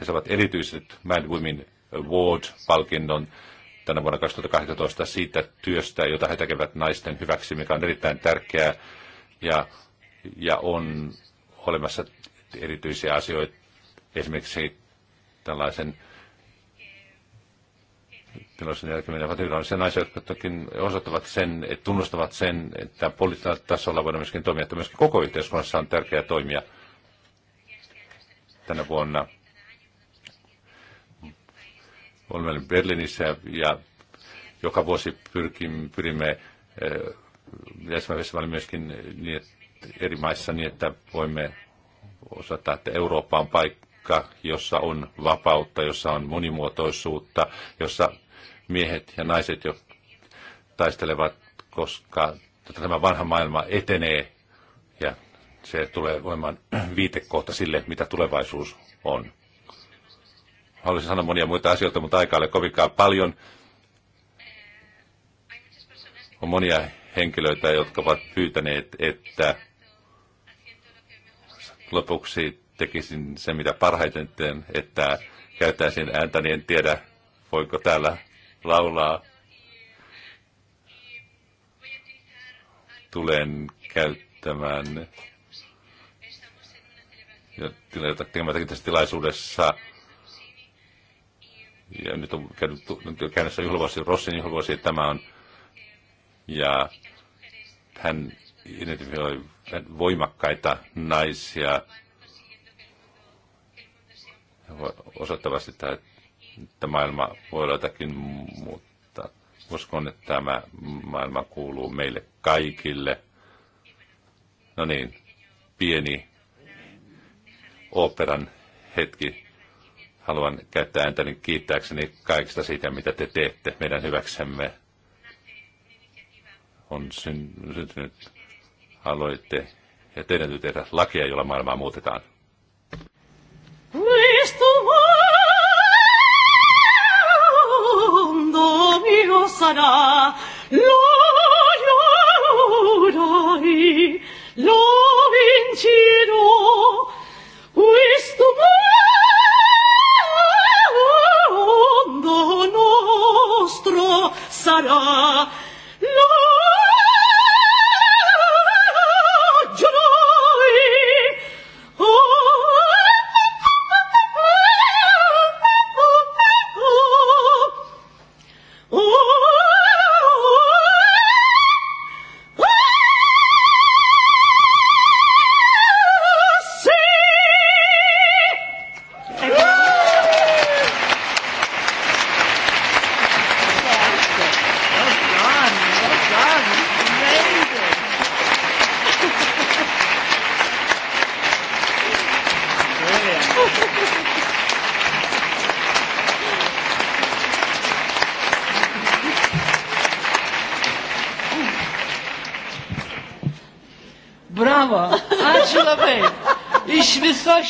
he saavat erityiset Mad Women Award-palkinnon tänä vuonna 2018 siitä työstä, jota he tekevät naisten hyväksi, mikä on erittäin tärkeää ja, ja on olemassa erityisiä asioita, esimerkiksi tällaisen tilaisuuden jälkeen ovat naisia, jotka toki osoittavat sen, että tunnustavat sen, että poliittisella tasolla voidaan myöskin toimia, että myöskin koko yhteiskunnassa on tärkeää toimia – tänä vuonna. Olemme Berliinissä ja joka vuosi pyrkim, pyrimme eh, jäsenvaltioissa myöskin niin, eri maissa niin, että voimme osata, että Eurooppa on paikka, jossa on vapautta, jossa on monimuotoisuutta, jossa miehet ja naiset jo taistelevat, koska tämä vanha maailma etenee se tulee voimaan viitekohta sille, mitä tulevaisuus on. Haluaisin sanoa monia muita asioita, mutta aikaa ei ole kovinkaan paljon. On monia henkilöitä, jotka ovat pyytäneet, että lopuksi tekisin se, mitä parhaiten teen, että käyttäisin ääntä, niin en tiedä, voiko täällä laulaa. Tulen käyttämään jota tekemätäkin tässä tilaisuudessa. Ja nyt on käynyt, nyt on käynnissä juhlavuosi, Rossin juhlavuosi, tämä on. Ja hän identifioi voimakkaita naisia osoittavasti, sitä, että maailma voi olla jotakin mutta uskon, että tämä maailma kuuluu meille kaikille. No niin, pieni oopperan hetki. Haluan käyttää ääntäni kiittääkseni kaikista siitä, mitä te teette meidän hyväksemme. On syntynyt aloitte ja teidän täytyy tehdä lakia, jolla maailmaa muutetaan. lo lo vincirò sarà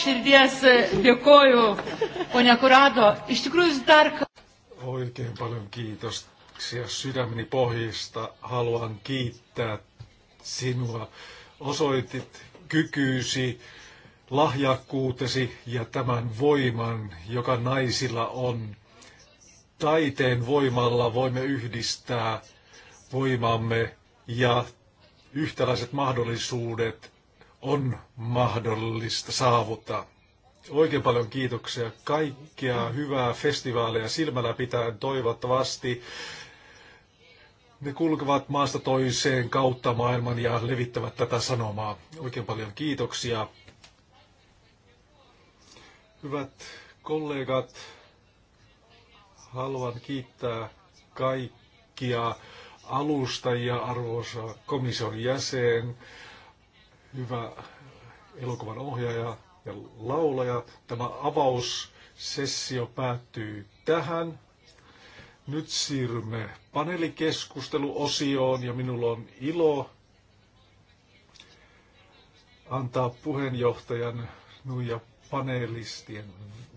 širdies e, dėkoju, ponia Kurado. Iš tikrųjų, jūs dar... Oikein paljon kiitoksia sydämeni pohjista. Haluan kiittää sinua. Osoitit kykyysi, lahjakkuutesi ja tämän voiman, joka naisilla on. Taiteen voimalla voimme yhdistää voimamme ja yhtäläiset mahdollisuudet on mahdollista saavuttaa. Oikein paljon kiitoksia. Kaikkea hyvää festivaaleja silmällä pitäen toivottavasti. Ne kulkevat maasta toiseen kautta maailman ja levittävät tätä sanomaa. Oikein paljon kiitoksia. Hyvät kollegat, haluan kiittää kaikkia alustajia, arvoisa komission jäsen hyvä elokuvan ohjaaja ja laulaja. Tämä avaussessio päättyy tähän. Nyt siirrymme paneelikeskusteluosioon ja minulla on ilo antaa puheenjohtajan nuija paneelistien,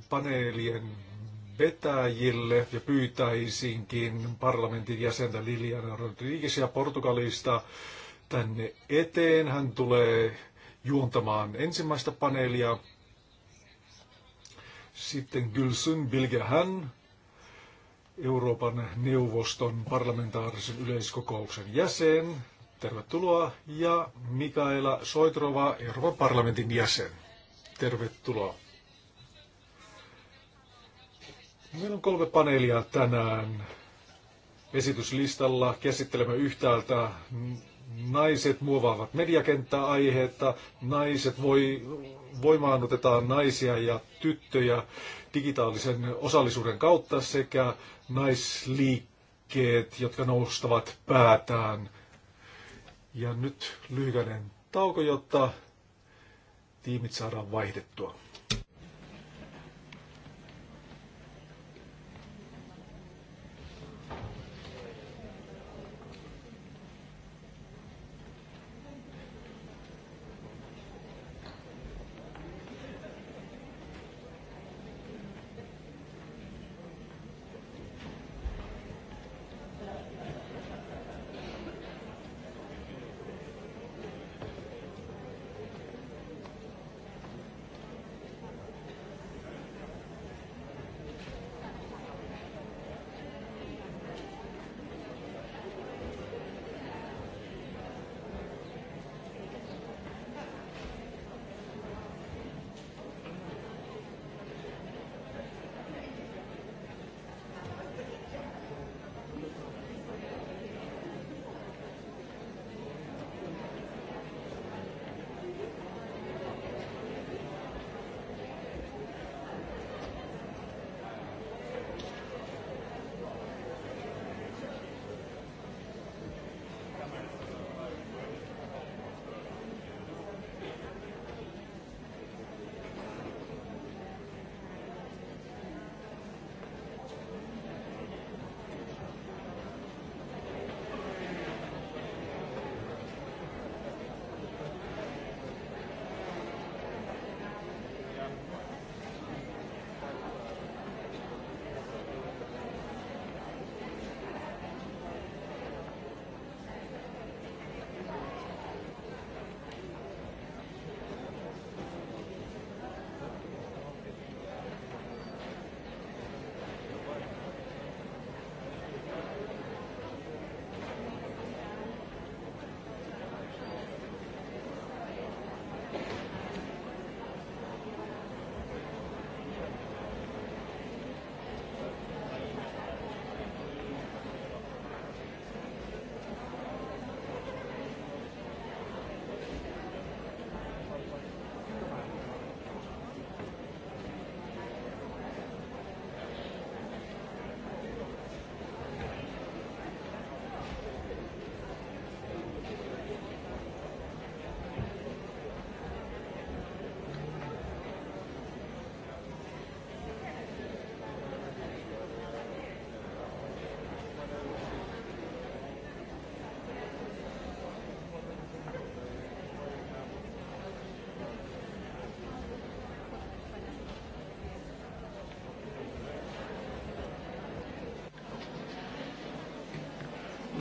paneelien vetäjille ja pyytäisinkin parlamentin jäsentä Liliana Rodriguez ja Portugalista tänne eteen. Hän tulee juontamaan ensimmäistä paneelia. Sitten Gülsün Bilgehän, Euroopan neuvoston parlamentaarisen yleiskokouksen jäsen. Tervetuloa. Ja Mikaela Soitrova, Euroopan parlamentin jäsen. Tervetuloa. Meillä on kolme paneelia tänään esityslistalla. Käsittelemme yhtäältä Naiset muovaavat mediakenttää aiheetta, naiset voi, voimaanotetaan naisia ja tyttöjä digitaalisen osallisuuden kautta sekä naisliikkeet, jotka noustavat päätään. Ja nyt lyhykäinen tauko, jotta tiimit saadaan vaihdettua.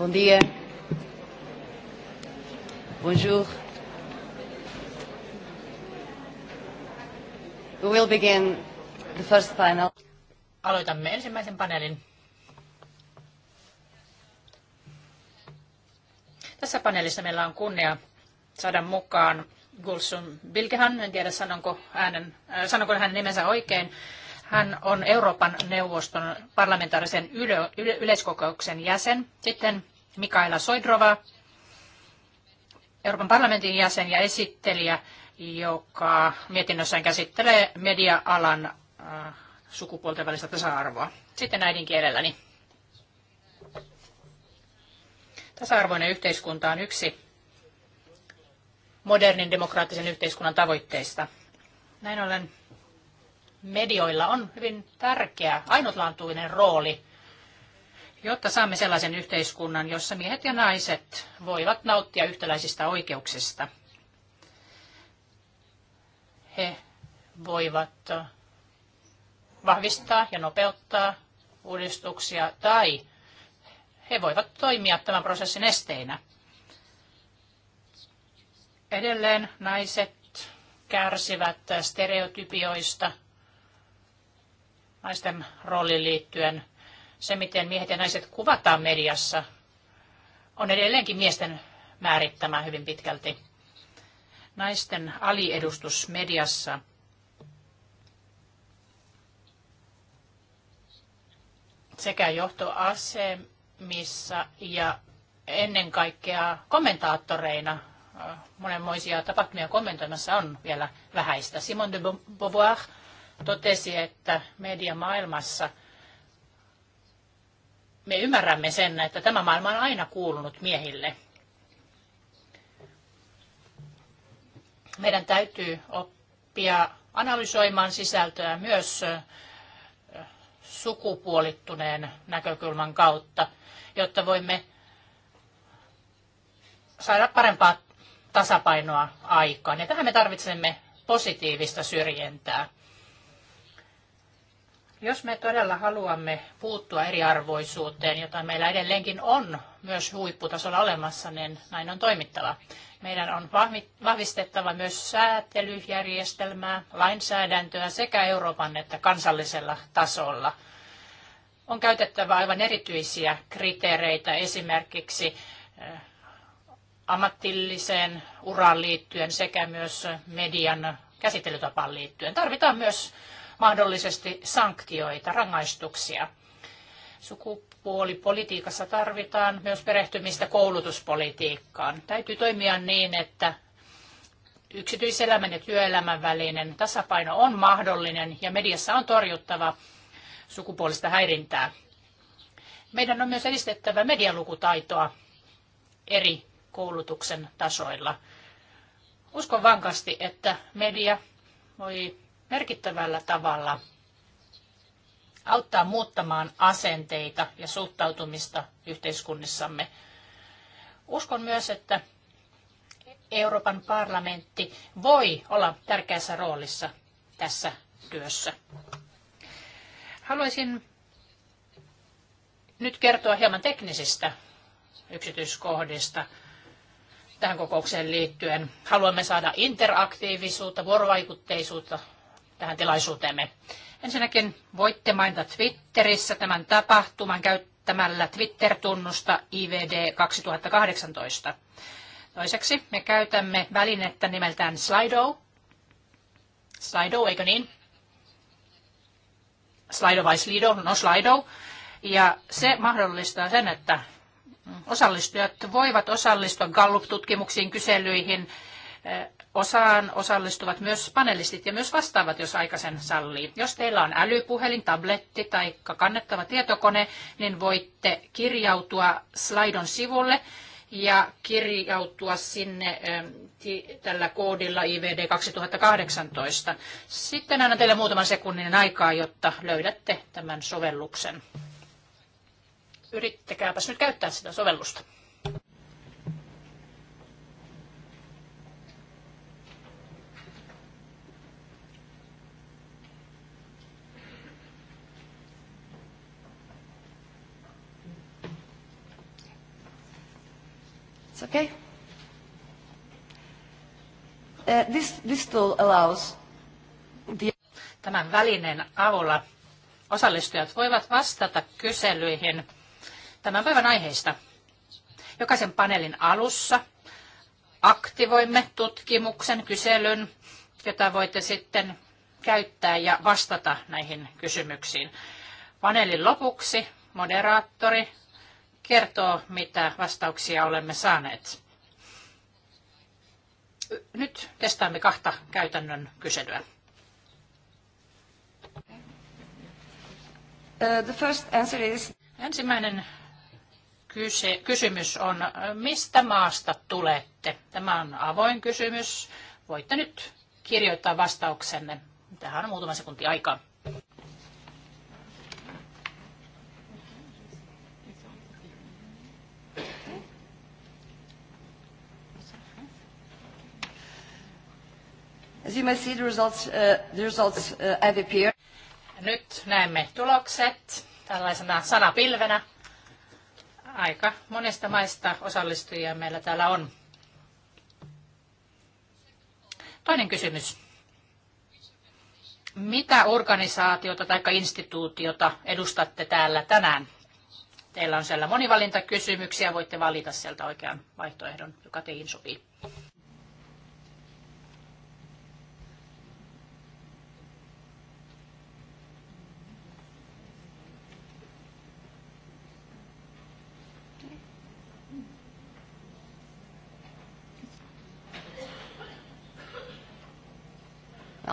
Bom dia. Bonjour. We will begin the first panel. Aloitamme ensimmäisen paneelin. Tässä paneelissa meillä on kunnia saada mukaan Gulsun Bilkehan. en tiedä sanonko, äänen, äh, sanonko hänen nimensä oikein. Hän on Euroopan neuvoston parlamentaarisen yle, yle, yleiskokouksen jäsen. Sitten Mikaela Soidrova, Euroopan parlamentin jäsen ja esittelijä, joka mietinnössään käsittelee media-alan äh, sukupuolten välistä tasa-arvoa. Sitten äidinkielelläni. Tasa-arvoinen yhteiskunta on yksi modernin demokraattisen yhteiskunnan tavoitteista. Näin ollen medioilla on hyvin tärkeä, ainutlaatuinen rooli jotta saamme sellaisen yhteiskunnan, jossa miehet ja naiset voivat nauttia yhtäläisistä oikeuksista. He voivat vahvistaa ja nopeuttaa uudistuksia tai he voivat toimia tämän prosessin esteinä. Edelleen naiset kärsivät stereotypioista naisten rooliin liittyen – se, miten miehet ja naiset kuvataan mediassa, on edelleenkin miesten määrittämä hyvin pitkälti. Naisten aliedustus mediassa sekä johtoasemissa ja ennen kaikkea kommentaattoreina monenmoisia tapahtumia kommentoimassa on vielä vähäistä. Simone de Beauvoir totesi, että mediamaailmassa – me ymmärrämme sen, että tämä maailma on aina kuulunut miehille. Meidän täytyy oppia analysoimaan sisältöä myös sukupuolittuneen näkökulman kautta, jotta voimme saada parempaa tasapainoa aikaan. Ja tähän me tarvitsemme positiivista syrjintää. Jos me todella haluamme puuttua eriarvoisuuteen, jota meillä edelleenkin on myös huipputasolla olemassa, niin näin on toimittava. Meidän on vahvistettava myös säätelyjärjestelmää, lainsäädäntöä sekä Euroopan että kansallisella tasolla. On käytettävä aivan erityisiä kriteereitä esimerkiksi eh, ammatilliseen uraan liittyen sekä myös median käsittelytapaan liittyen. Tarvitaan myös mahdollisesti sanktioita, rangaistuksia. Sukupuolipolitiikassa tarvitaan myös perehtymistä koulutuspolitiikkaan. Täytyy toimia niin, että yksityiselämän ja työelämän välinen tasapaino on mahdollinen ja mediassa on torjuttava sukupuolista häirintää. Meidän on myös edistettävä medialukutaitoa eri koulutuksen tasoilla. Uskon vankasti, että media voi merkittävällä tavalla auttaa muuttamaan asenteita ja suhtautumista yhteiskunnissamme. Uskon myös, että Euroopan parlamentti voi olla tärkeässä roolissa tässä työssä. Haluaisin nyt kertoa hieman teknisistä yksityiskohdista tähän kokoukseen liittyen. Haluamme saada interaktiivisuutta, vuorovaikutteisuutta tähän tilaisuuteemme. Ensinnäkin voitte mainita Twitterissä tämän tapahtuman käyttämällä Twitter-tunnusta IVD 2018. Toiseksi me käytämme välinettä nimeltään Slido. Slido, eikö niin? Slido vai Slido? No Slido. Ja se mahdollistaa sen, että osallistujat voivat osallistua Gallup-tutkimuksiin, kyselyihin, Osaan osallistuvat myös panelistit ja myös vastaavat, jos aika sen sallii. Jos teillä on älypuhelin, tabletti tai kannettava tietokone, niin voitte kirjautua slaidon sivulle ja kirjautua sinne ähm, tällä koodilla IVD 2018. Sitten annan teille muutaman sekunnin aikaa, jotta löydätte tämän sovelluksen. Yrittäkääpäs nyt käyttää sitä sovellusta. okay. Uh, this, this tool allows the... Tämän välineen avulla osallistujat voivat vastata kyselyihin tämän päivän aiheista. Jokaisen paneelin alussa aktivoimme tutkimuksen, kyselyn, jota voitte sitten käyttää ja vastata näihin kysymyksiin. Paneelin lopuksi moderaattori kertoo, mitä vastauksia olemme saaneet. Nyt testaamme kahta käytännön kyselyä. Uh, the first answer is... Ensimmäinen kyse, kysymys on, mistä maasta tulette? Tämä on avoin kysymys. Voitte nyt kirjoittaa vastauksenne. Tähän on muutama sekunti aikaa. As you may see, the results, uh, the results uh, have appeared. Nyt näemme tulokset tällaisena sanapilvenä. Aika monesta maista osallistujia meillä täällä on. Toinen kysymys. Mitä organisaatiota tai instituutiota edustatte täällä tänään? Teillä on siellä monivalintakysymyksiä, voitte valita sieltä oikean vaihtoehdon, joka teihin sopii.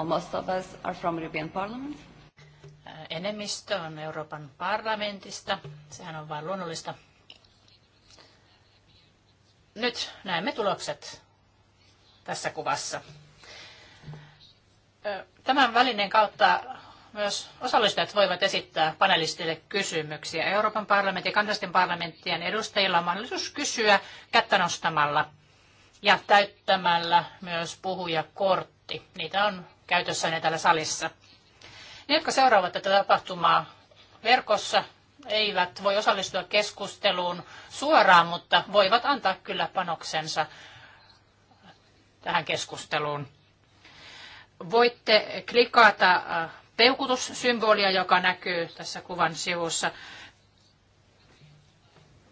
uh, most of us are from European Parliament. Enemmistö on Euroopan parlamentista. Sehän on vain luonnollista. Nyt näemme tulokset tässä kuvassa. Tämän välineen kautta myös osallistujat voivat esittää panelistille kysymyksiä. Euroopan parlamentin ja kansallisten parlamenttien edustajilla on mahdollisuus kysyä kättä nostamalla ja täyttämällä myös puhujakortti. Niitä on käytössäni täällä salissa. Ne, jotka seuraavat tätä tapahtumaa verkossa, eivät voi osallistua keskusteluun suoraan, mutta voivat antaa kyllä panoksensa tähän keskusteluun. Voitte klikata äh, peukutussymbolia, joka näkyy tässä kuvan sivussa.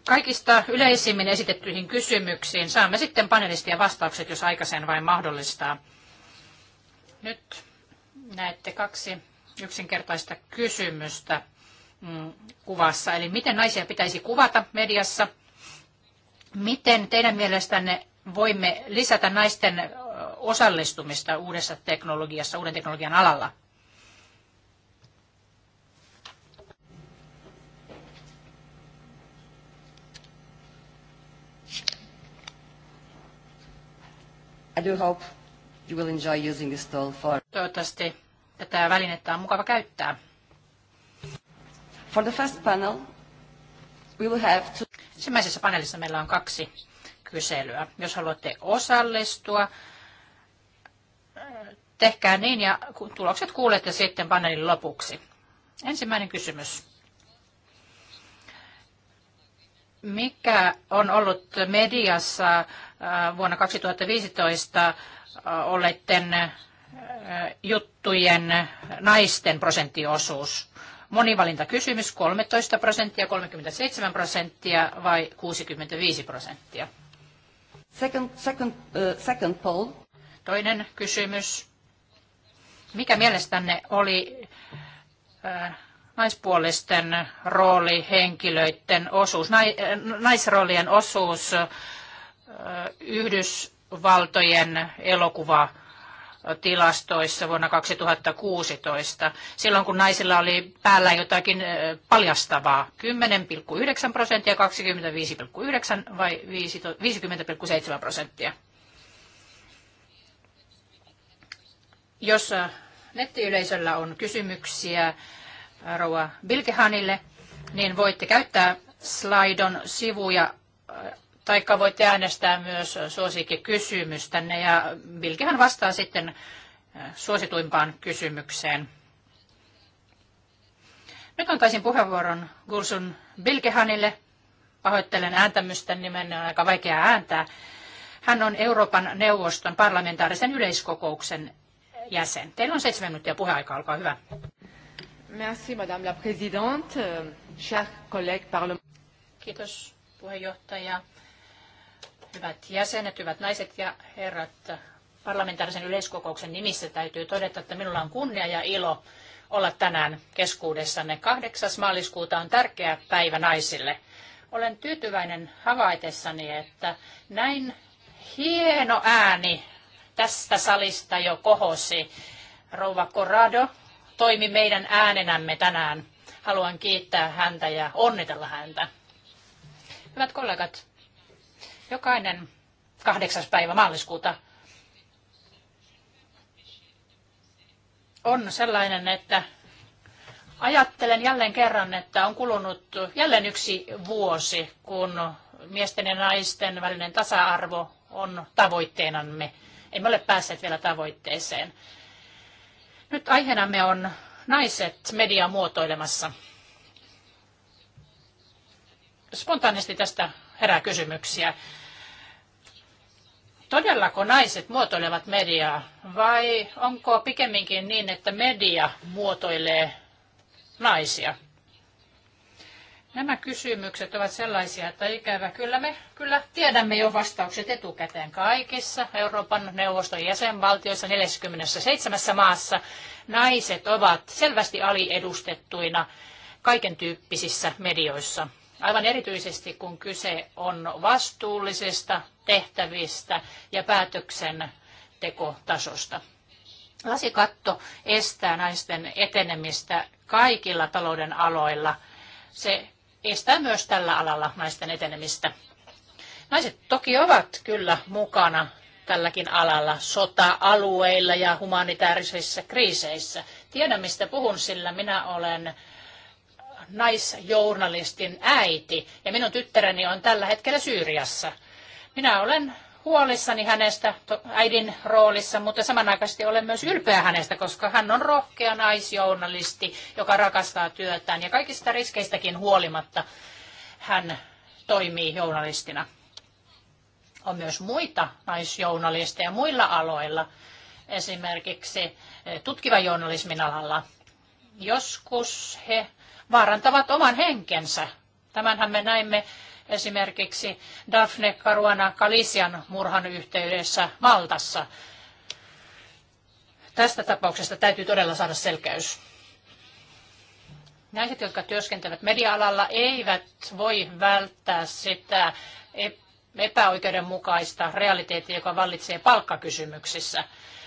Kaikista yleisimmin esitettyihin kysymyksiin saamme sitten panelistia vastaukset, jos aikaisen vain mahdollistaa. Nyt näette kaksi yksinkertaista kysymystä mm, kuvassa. Eli miten naisia pitäisi kuvata mediassa? Miten teidän mielestänne voimme lisätä naisten osallistumista uudessa teknologiassa, uuden teknologian alalla? I do hope You will enjoy using this tool for... Toivottavasti tätä välinettä on mukava käyttää. For the first panel, we will have to... Ensimmäisessä paneelissa meillä on kaksi kyselyä. Jos haluatte osallistua, tehkää niin ja tulokset kuulette sitten paneelin lopuksi. Ensimmäinen kysymys. Mikä on ollut mediassa äh, vuonna 2015 olleiden juttujen naisten prosenttiosuus? Monivalintakysymys 13 prosenttia, 37 prosenttia vai 65 prosenttia? Second, second, uh, second poll. Toinen kysymys. Mikä mielestänne oli äh, naispuolisten rooli, henkilöiden osuus, nai, naisroolien osuus äh, Yhdys, valtojen elokuva tilastoissa vuonna 2016, silloin kun naisilla oli päällä jotakin paljastavaa, 10,9 prosenttia, 25,9 vai 50,7 prosenttia. Jos nettiyleisöllä on kysymyksiä Rouva Bilkehanille, niin voitte käyttää Slaidon sivuja Taikka voitte äänestää myös suosikkikysymystänne ja Vilkihan vastaa sitten äh, suosituimpaan kysymykseen. Nyt antaisin puheenvuoron Gursun Bilkehanille. Pahoittelen ääntämystä, nimen on aika vaikea ääntää. Hän on Euroopan neuvoston parlamentaarisen yleiskokouksen jäsen. Teillä on seitsemän minuuttia puheaika, olkaa hyvä. Merci, madame la présidente. Euh, chers collègues parlement... Kiitos, puheenjohtaja. Hyvät jäsenet, hyvät naiset ja herrat, parlamentaarisen yleiskokouksen nimissä täytyy todeta, että minulla on kunnia ja ilo olla tänään keskuudessanne. 8. maaliskuuta on tärkeä päivä naisille. Olen tyytyväinen havaitessani, että näin hieno ääni tästä salista jo kohosi. Rouva Corrado toimi meidän äänenämme tänään. Haluan kiittää häntä ja onnitella häntä. Hyvät kollegat, Jokainen kahdeksas päivä maaliskuuta on sellainen, että ajattelen jälleen kerran, että on kulunut jälleen yksi vuosi, kun miesten ja naisten välinen tasa-arvo on tavoitteenamme. Emme ole päässeet vielä tavoitteeseen. Nyt aiheenamme on naiset media muotoilemassa. Spontaanisti tästä herää kysymyksiä. Todellako naiset muotoilevat mediaa vai onko pikemminkin niin, että media muotoilee naisia? Nämä kysymykset ovat sellaisia, että ikävä kyllä me kyllä tiedämme jo vastaukset etukäteen kaikissa Euroopan neuvoston jäsenvaltioissa 47 maassa. Naiset ovat selvästi aliedustettuina kaiken tyyppisissä medioissa aivan erityisesti kun kyse on vastuullisista tehtävistä ja päätöksentekotasosta. Lasikatto estää naisten etenemistä kaikilla talouden aloilla. Se estää myös tällä alalla naisten etenemistä. Naiset toki ovat kyllä mukana tälläkin alalla sota-alueilla ja humanitaarisissa kriiseissä. Tiedän, mistä puhun, sillä minä olen naisjournalistin äiti ja minun tyttäreni on tällä hetkellä Syyriassa. Minä olen huolissani hänestä äidin roolissa, mutta samanaikaisesti olen myös ylpeä hänestä, koska hän on rohkea naisjournalisti, joka rakastaa työtään ja kaikista riskeistäkin huolimatta hän toimii journalistina. On myös muita naisjournalisteja muilla aloilla, esimerkiksi tutkivan journalismin alalla. Joskus he vaarantavat oman henkensä. Tämänhän me näimme esimerkiksi Daphne Caruana Kalisian murhan yhteydessä Maltassa. Tästä tapauksesta täytyy todella saada selkeys. Naiset, jotka työskentelevät media-alalla, eivät voi välttää sitä e- epäoikeudenmukaista realiteettia, joka vallitsee palkkakysymyksissä.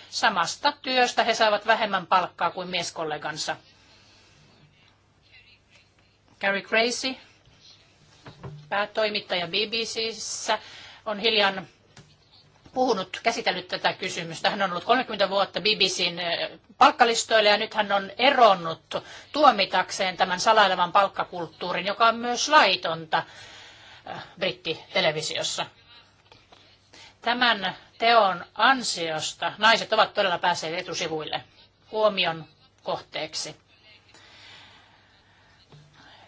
Samasta työstä he saavat vähemmän palkkaa kuin mieskollegansa. Gary Crazy päätoimittaja BBCssä, on hiljan puhunut, käsitellyt tätä kysymystä. Hän on ollut 30 vuotta BBCn eh, palkkalistoilla ja nyt hän on eronnut tuomitakseen tämän salailevan palkkakulttuurin, joka on myös laitonta eh, brittitelevisiossa. Tämän teon ansiosta naiset ovat todella päässeet etusivuille huomion kohteeksi.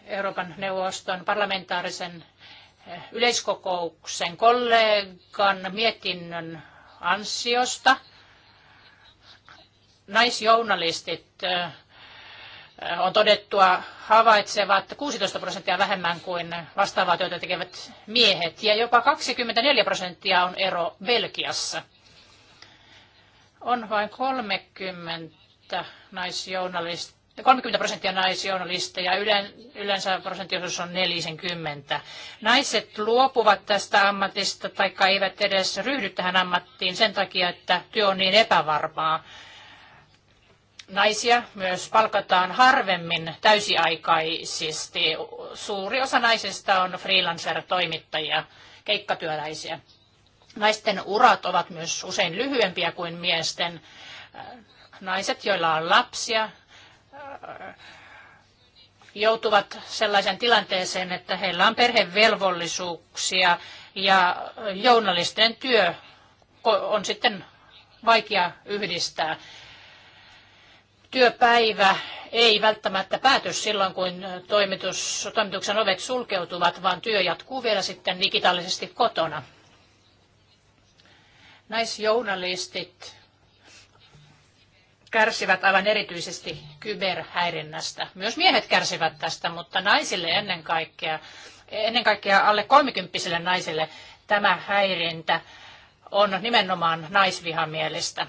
Euroopan neuvoston parlamentaarisen eh, yleiskokouksen kollegan mietinnön ansiosta naisjournalistit eh, on todettua havaitsevat 16 prosenttia vähemmän kuin vastaavaa työtä tekevät miehet ja jopa 24 prosenttia on ero Belgiassa. On vain 30 naisjournalistia 30 prosenttia naisjournalisteja, yleensä prosenttiosuus on 40. Naiset luopuvat tästä ammatista taikka eivät edes ryhdy tähän ammattiin sen takia, että työ on niin epävarmaa. Naisia myös palkataan harvemmin täysiaikaisesti. Suuri osa naisista on freelancer-toimittajia, keikkatyöläisiä. Naisten urat ovat myös usein lyhyempiä kuin miesten. Naiset, joilla on lapsia, joutuvat sellaisen tilanteeseen, että heillä on perhevelvollisuuksia ja journalistinen työ on sitten vaikea yhdistää. Työpäivä ei välttämättä pääty silloin, kun toimitus, toimituksen ovet sulkeutuvat, vaan työ jatkuu vielä sitten digitaalisesti kotona. Naisjournalistit kärsivät aivan erityisesti kyberhäirinnästä. Myös miehet kärsivät tästä, mutta naisille ennen kaikkea, ennen kaikkea alle kolmikymppisille naisille tämä häirintä on nimenomaan naisvihamielistä.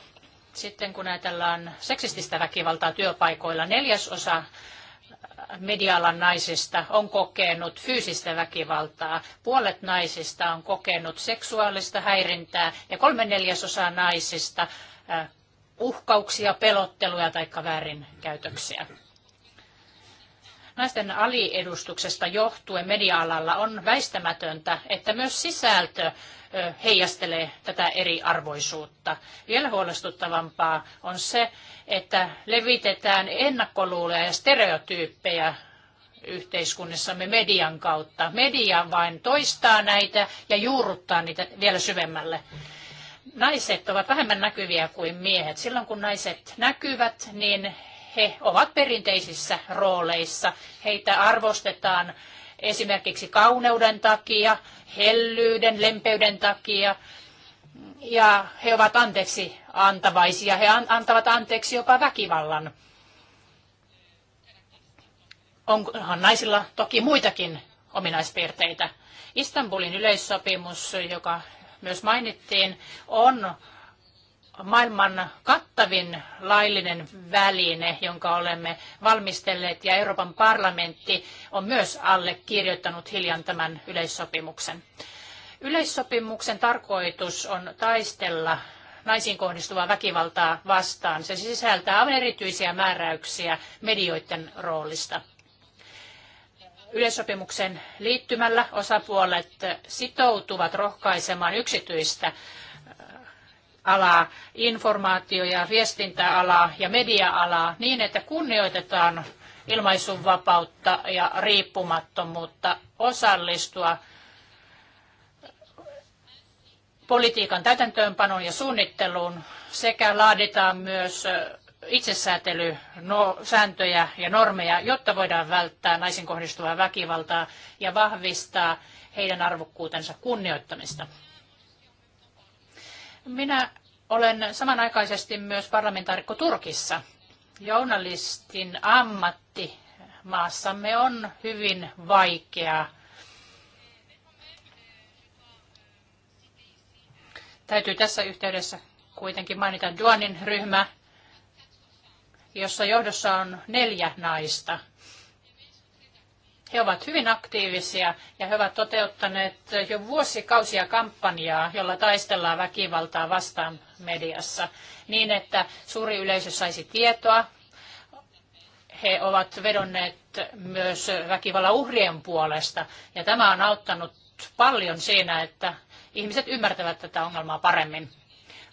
Sitten kun ajatellaan seksististä väkivaltaa työpaikoilla, neljäsosa medialan naisista on kokenut fyysistä väkivaltaa, puolet naisista on kokenut seksuaalista häirintää ja kolme neljäsosaa naisista uhkauksia, pelotteluja tai väärinkäytöksiä. Naisten aliedustuksesta johtuen media-alalla on väistämätöntä, että myös sisältö heijastelee tätä eriarvoisuutta. Vielä huolestuttavampaa on se, että levitetään ennakkoluuleja ja stereotyyppejä yhteiskunnissamme median kautta. Media vain toistaa näitä ja juurruttaa niitä vielä syvemmälle naiset ovat vähemmän näkyviä kuin miehet. Silloin kun naiset näkyvät, niin he ovat perinteisissä rooleissa. Heitä arvostetaan esimerkiksi kauneuden takia, hellyyden, lempeyden takia. Ja he ovat anteeksi antavaisia. He antavat anteeksi jopa väkivallan. Onhan naisilla toki muitakin ominaispiirteitä. Istanbulin yleissopimus, joka myös mainittiin, on maailman kattavin laillinen väline, jonka olemme valmistelleet, ja Euroopan parlamentti on myös allekirjoittanut hiljan tämän yleissopimuksen. Yleissopimuksen tarkoitus on taistella naisiin kohdistuvaa väkivaltaa vastaan. Se sisältää aivan erityisiä määräyksiä medioiden roolista. Yleissopimuksen liittymällä osapuolet sitoutuvat rohkaisemaan yksityistä alaa, informaatio- ja viestintäalaa ja media-alaa niin, että kunnioitetaan ilmaisunvapautta ja riippumattomuutta osallistua politiikan täytäntöönpanoon ja suunnitteluun sekä laaditaan myös itsesäätelysääntöjä no, ja normeja, jotta voidaan välttää naisiin kohdistuvaa väkivaltaa ja vahvistaa heidän arvokkuutensa kunnioittamista. Minä olen samanaikaisesti myös parlamentaarikko Turkissa. Journalistin ammatti maassamme on hyvin vaikea. Täytyy tässä yhteydessä kuitenkin mainita Duanin ryhmä, jossa johdossa on neljä naista. He ovat hyvin aktiivisia ja he ovat toteuttaneet jo vuosikausia kampanjaa, jolla taistellaan väkivaltaa vastaan mediassa niin, että suuri yleisö saisi tietoa. He ovat vedonneet myös väkivallan uhrien puolesta ja tämä on auttanut paljon siinä, että ihmiset ymmärtävät tätä ongelmaa paremmin.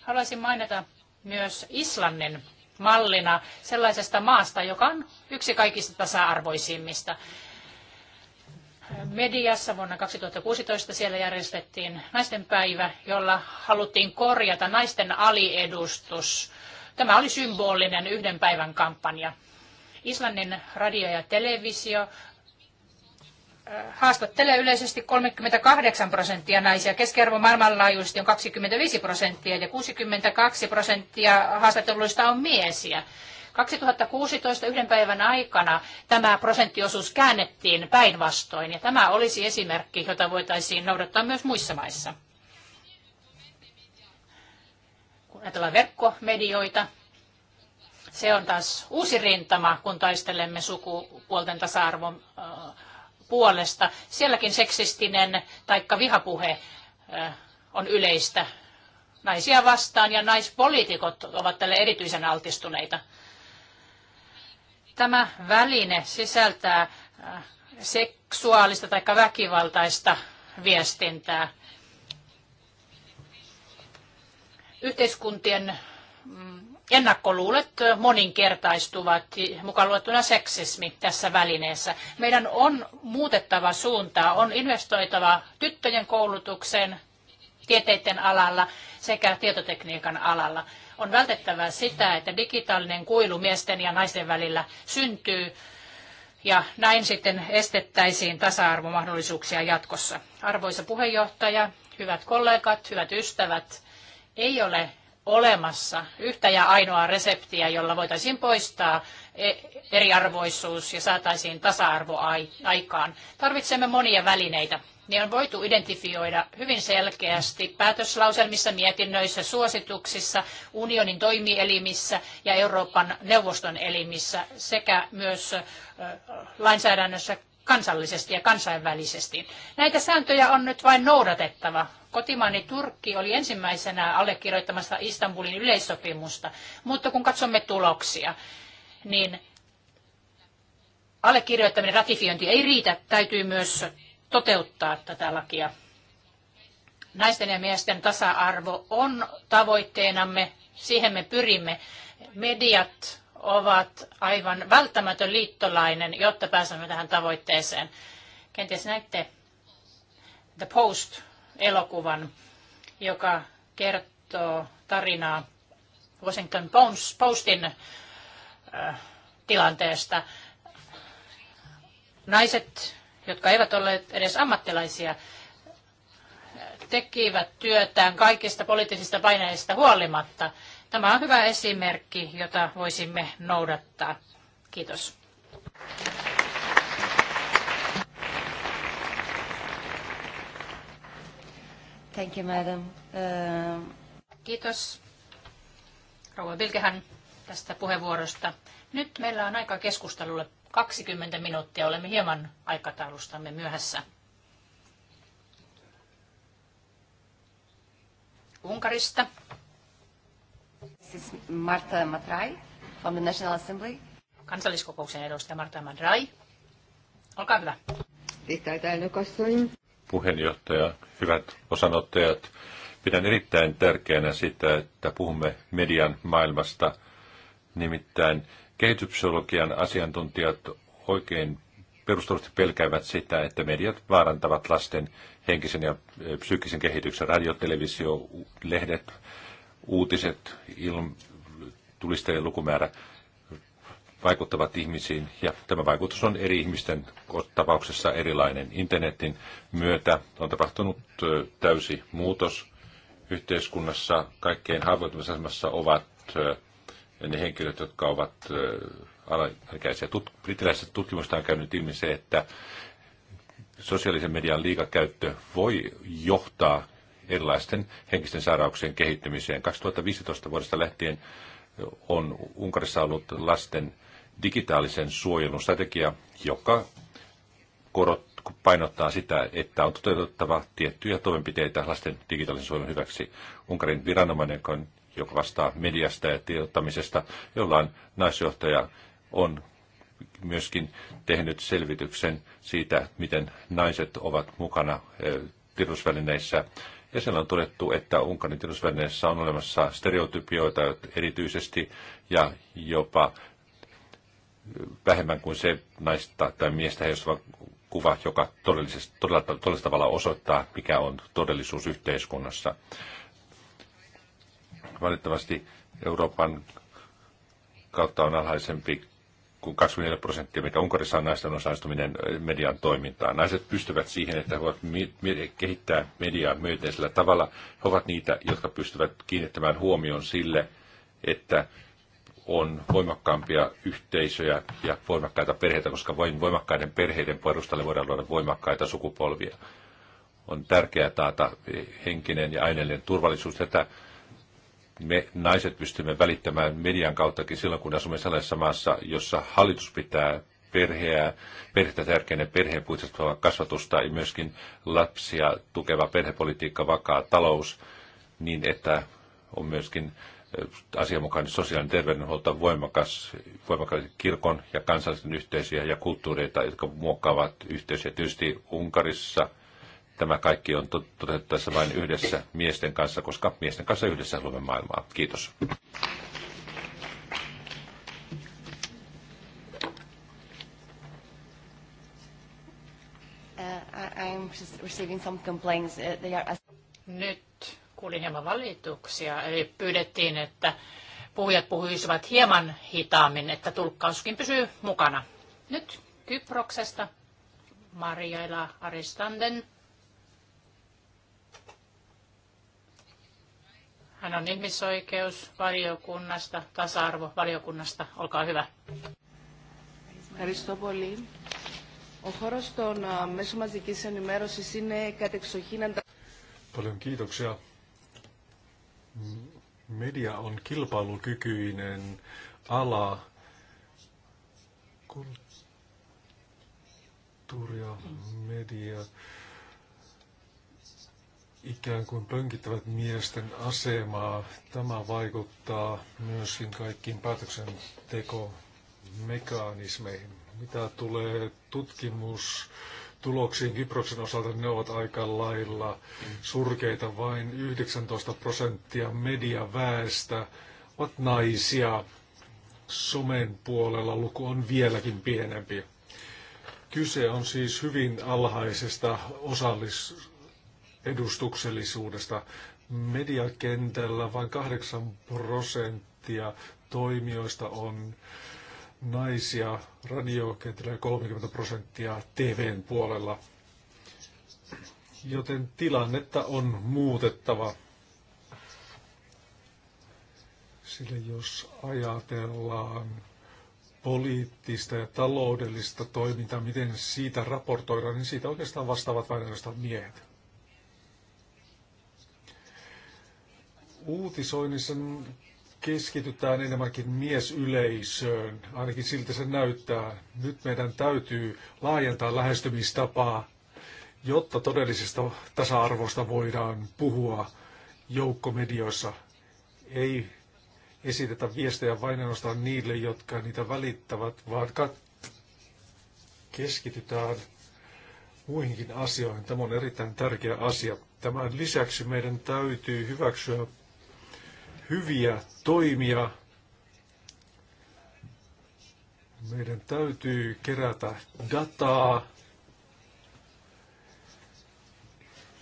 Haluaisin mainita myös Islannin mallina sellaisesta maasta, joka on yksi kaikista tasa-arvoisimmista. Mediassa vuonna 2016 siellä järjestettiin naisten päivä, jolla haluttiin korjata naisten aliedustus. Tämä oli symbolinen yhden päivän kampanja. Islannin radio ja televisio haastattelee yleisesti 38 prosenttia naisia. Keskiarvo maailmanlaajuisesti on 25 prosenttia ja 62 prosenttia haastatteluista on miesiä. 2016 yhden päivän aikana tämä prosenttiosuus käännettiin päinvastoin ja tämä olisi esimerkki, jota voitaisiin noudattaa myös muissa maissa. Kun ajatellaan verkkomedioita, se on taas uusi rintama, kun taistelemme sukupuolten tasa-arvon äh, puolesta. Sielläkin seksistinen tai vihapuhe on yleistä naisia vastaan ja naispoliitikot ovat tälle erityisen altistuneita. Tämä väline sisältää seksuaalista tai väkivaltaista viestintää. Yhteiskuntien mm, ennakkoluulet moninkertaistuvat, mukaan luettuna seksismi tässä välineessä. Meidän on muutettava suuntaa, on investoitava tyttöjen koulutukseen tieteiden alalla sekä tietotekniikan alalla. On vältettävä sitä, että digitaalinen kuilu miesten ja naisten välillä syntyy ja näin sitten estettäisiin tasa-arvomahdollisuuksia jatkossa. Arvoisa puheenjohtaja, hyvät kollegat, hyvät ystävät, ei ole olemassa yhtä ja ainoaa reseptiä, jolla voitaisiin poistaa e- eriarvoisuus ja saataisiin tasa-arvo aikaan. Tarvitsemme monia välineitä. Ne on voitu identifioida hyvin selkeästi päätöslauselmissa, mietinnöissä, suosituksissa, unionin toimielimissä ja Euroopan neuvoston elimissä sekä myös lainsäädännössä kansallisesti ja kansainvälisesti. Näitä sääntöjä on nyt vain noudatettava Kotimaani Turkki oli ensimmäisenä allekirjoittamassa Istanbulin yleissopimusta, mutta kun katsomme tuloksia, niin allekirjoittaminen ratifiointi ei riitä, täytyy myös toteuttaa tätä lakia. Naisten ja miesten tasa-arvo on tavoitteenamme, siihen me pyrimme. Mediat ovat aivan välttämätön liittolainen, jotta pääsemme tähän tavoitteeseen. Kenties näette The Post elokuvan, joka kertoo tarinaa Washington Postin äh, tilanteesta. Naiset, jotka eivät olleet edes ammattilaisia, äh, tekivät työtään kaikista poliittisista paineista huolimatta. Tämä on hyvä esimerkki, jota voisimme noudattaa. Kiitos. Thank you, madam. Um, Kiitos rouva Vilkehän tästä puheenvuorosta. Nyt meillä on aika keskustelulle 20 minuuttia. Olemme hieman aikataulustamme myöhässä. Unkarista. is Marta Matrai from the National Assembly. Kansalliskokouksen edustaja Marta Matrai. Olkaa hyvä. Tisztelt elnök puheenjohtaja, hyvät osanottajat. Pidän erittäin tärkeänä sitä, että puhumme median maailmasta. Nimittäin kehityspsykologian asiantuntijat oikein perustellusti pelkäävät sitä, että mediat vaarantavat lasten henkisen ja e, psyykkisen kehityksen. Radio, televisio, lehdet, uutiset, ilm, tulistajien lukumäärä – vaikuttavat ihmisiin ja tämä vaikutus on eri ihmisten tapauksessa erilainen. Internetin myötä on tapahtunut täysi muutos yhteiskunnassa. Kaikkein haavoittuvassa asemassa ovat ne henkilöt, jotka ovat alaikäisiä. Tut- tutkimusta on käynyt ilmi se, että sosiaalisen median liikakäyttö voi johtaa erilaisten henkisten sairauksien kehittymiseen. 2015 vuodesta lähtien on Unkarissa ollut lasten digitaalisen suojelun strategia, joka korot, painottaa sitä, että on toteutettava tiettyjä toimenpiteitä lasten digitaalisen suojelun hyväksi. Unkarin viranomainen, joka vastaa mediasta ja tiedottamisesta, jolla on naisjohtaja, on myöskin tehnyt selvityksen siitä, miten naiset ovat mukana e, tiedotusvälineissä. Ja siellä on todettu, että Unkarin tiedotusvälineissä on olemassa stereotypioita erityisesti ja jopa vähemmän kuin se naista tai miestä heijastava kuva, joka todella, todella tavalla osoittaa, mikä on todellisuus yhteiskunnassa. Valitettavasti Euroopan kautta on alhaisempi kuin 24 prosenttia, mikä Unkarissa on naisten osallistuminen eh, median toimintaan. Naiset pystyvät siihen, että he voivat kehittää mediaa myönteisellä tavalla. He ovat niitä, jotka pystyvät kiinnittämään huomion sille, että on voimakkaampia yhteisöjä ja voimakkaita perheitä, koska vain voimakkaiden perheiden perustalle voidaan luoda voimakkaita sukupolvia. On tärkeää taata henkinen ja aineellinen turvallisuus. Tätä me naiset pystymme välittämään median kauttakin silloin, kun asumme sellaisessa maassa, jossa hallitus pitää perheä, perhettä tärkeänä perheen puitteissa kasvatusta ja myöskin lapsia tukeva perhepolitiikka, vakaa talous, niin että on myöskin asianmukainen sosiaalinen terveydenhuolto on voimakas, voimakas kirkon ja kansallisten yhteisöjä ja kulttuureita, jotka muokkaavat yhteisöjä. Tietysti Unkarissa tämä kaikki on toteutettavissa vain yhdessä miesten kanssa, koska miesten kanssa yhdessä luomme maailmaa. Kiitos. Uh, I, I'm just receiving some complaints. Uh, they are... Nyt kuulin hieman valituksia, eli pyydettiin, että puhujat puhuisivat hieman hitaammin, että tulkkauskin pysyy mukana. Nyt Kyproksesta Mariela Aristanden. Hän on ihmisoikeusvaliokunnasta, tasa-arvovaliokunnasta. Olkaa hyvä. Ευχαριστώ πολύ. Ο χώρος των μέσων μαζικής ενημέρωσης είναι κατεξοχήν Paljon kiitoksia. Media on kilpailukykyinen ala. Kulttuuri ja media ikään kuin pönkittävät miesten asemaa. Tämä vaikuttaa myöskin kaikkiin päätöksentekomekanismeihin. Mitä tulee tutkimus tuloksiin Kyproksen osalta niin ne ovat aika lailla surkeita. Vain 19 prosenttia mediaväestä ovat naisia. Somen puolella luku on vieläkin pienempi. Kyse on siis hyvin alhaisesta osallisedustuksellisuudesta. Mediakentällä vain 8 prosenttia toimijoista on naisia radiokentällä ja 30 prosenttia TVn puolella. Joten tilannetta on muutettava. Sillä jos ajatellaan poliittista ja taloudellista toimintaa, miten siitä raportoidaan, niin siitä oikeastaan vastaavat vain ainoastaan miehet. Uutisoinnissa keskitytään enemmänkin miesyleisöön, ainakin siltä se näyttää. Nyt meidän täytyy laajentaa lähestymistapaa, jotta todellisesta tasa-arvosta voidaan puhua joukkomedioissa. Ei esitetä viestejä vain ainoastaan niille, jotka niitä välittävät, vaan kat- keskitytään muihinkin asioihin. Tämä on erittäin tärkeä asia. Tämän lisäksi meidän täytyy hyväksyä hyviä toimia. Meidän täytyy kerätä dataa,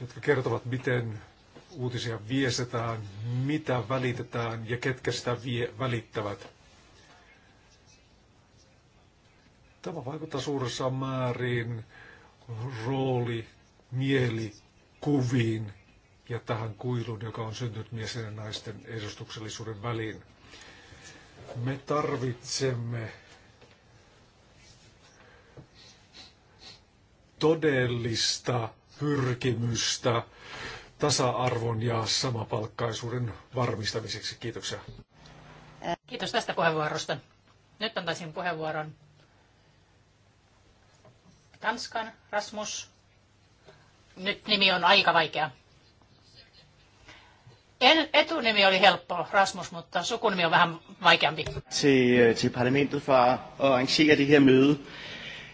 jotka kertovat, miten uutisia viestetään, mitä välitetään ja ketkä sitä vie, välittävät. Tämä vaikuttaa suuressa määrin rooli, mieli, kuviin ja tähän kuiluun, joka on syntynyt miesten ja naisten edustuksellisuuden väliin. Me tarvitsemme todellista pyrkimystä tasa-arvon ja samapalkkaisuuden varmistamiseksi. Kiitoksia. Kiitos tästä puheenvuorosta. Nyt antaisin puheenvuoron Tanskan Rasmus. Nyt nimi on aika vaikea. En, etunimi oli helppo, Rasmus, mutta sukunimi on vähän vaikeampi. Til, øh, til parlamentet for at arrangere det her møde.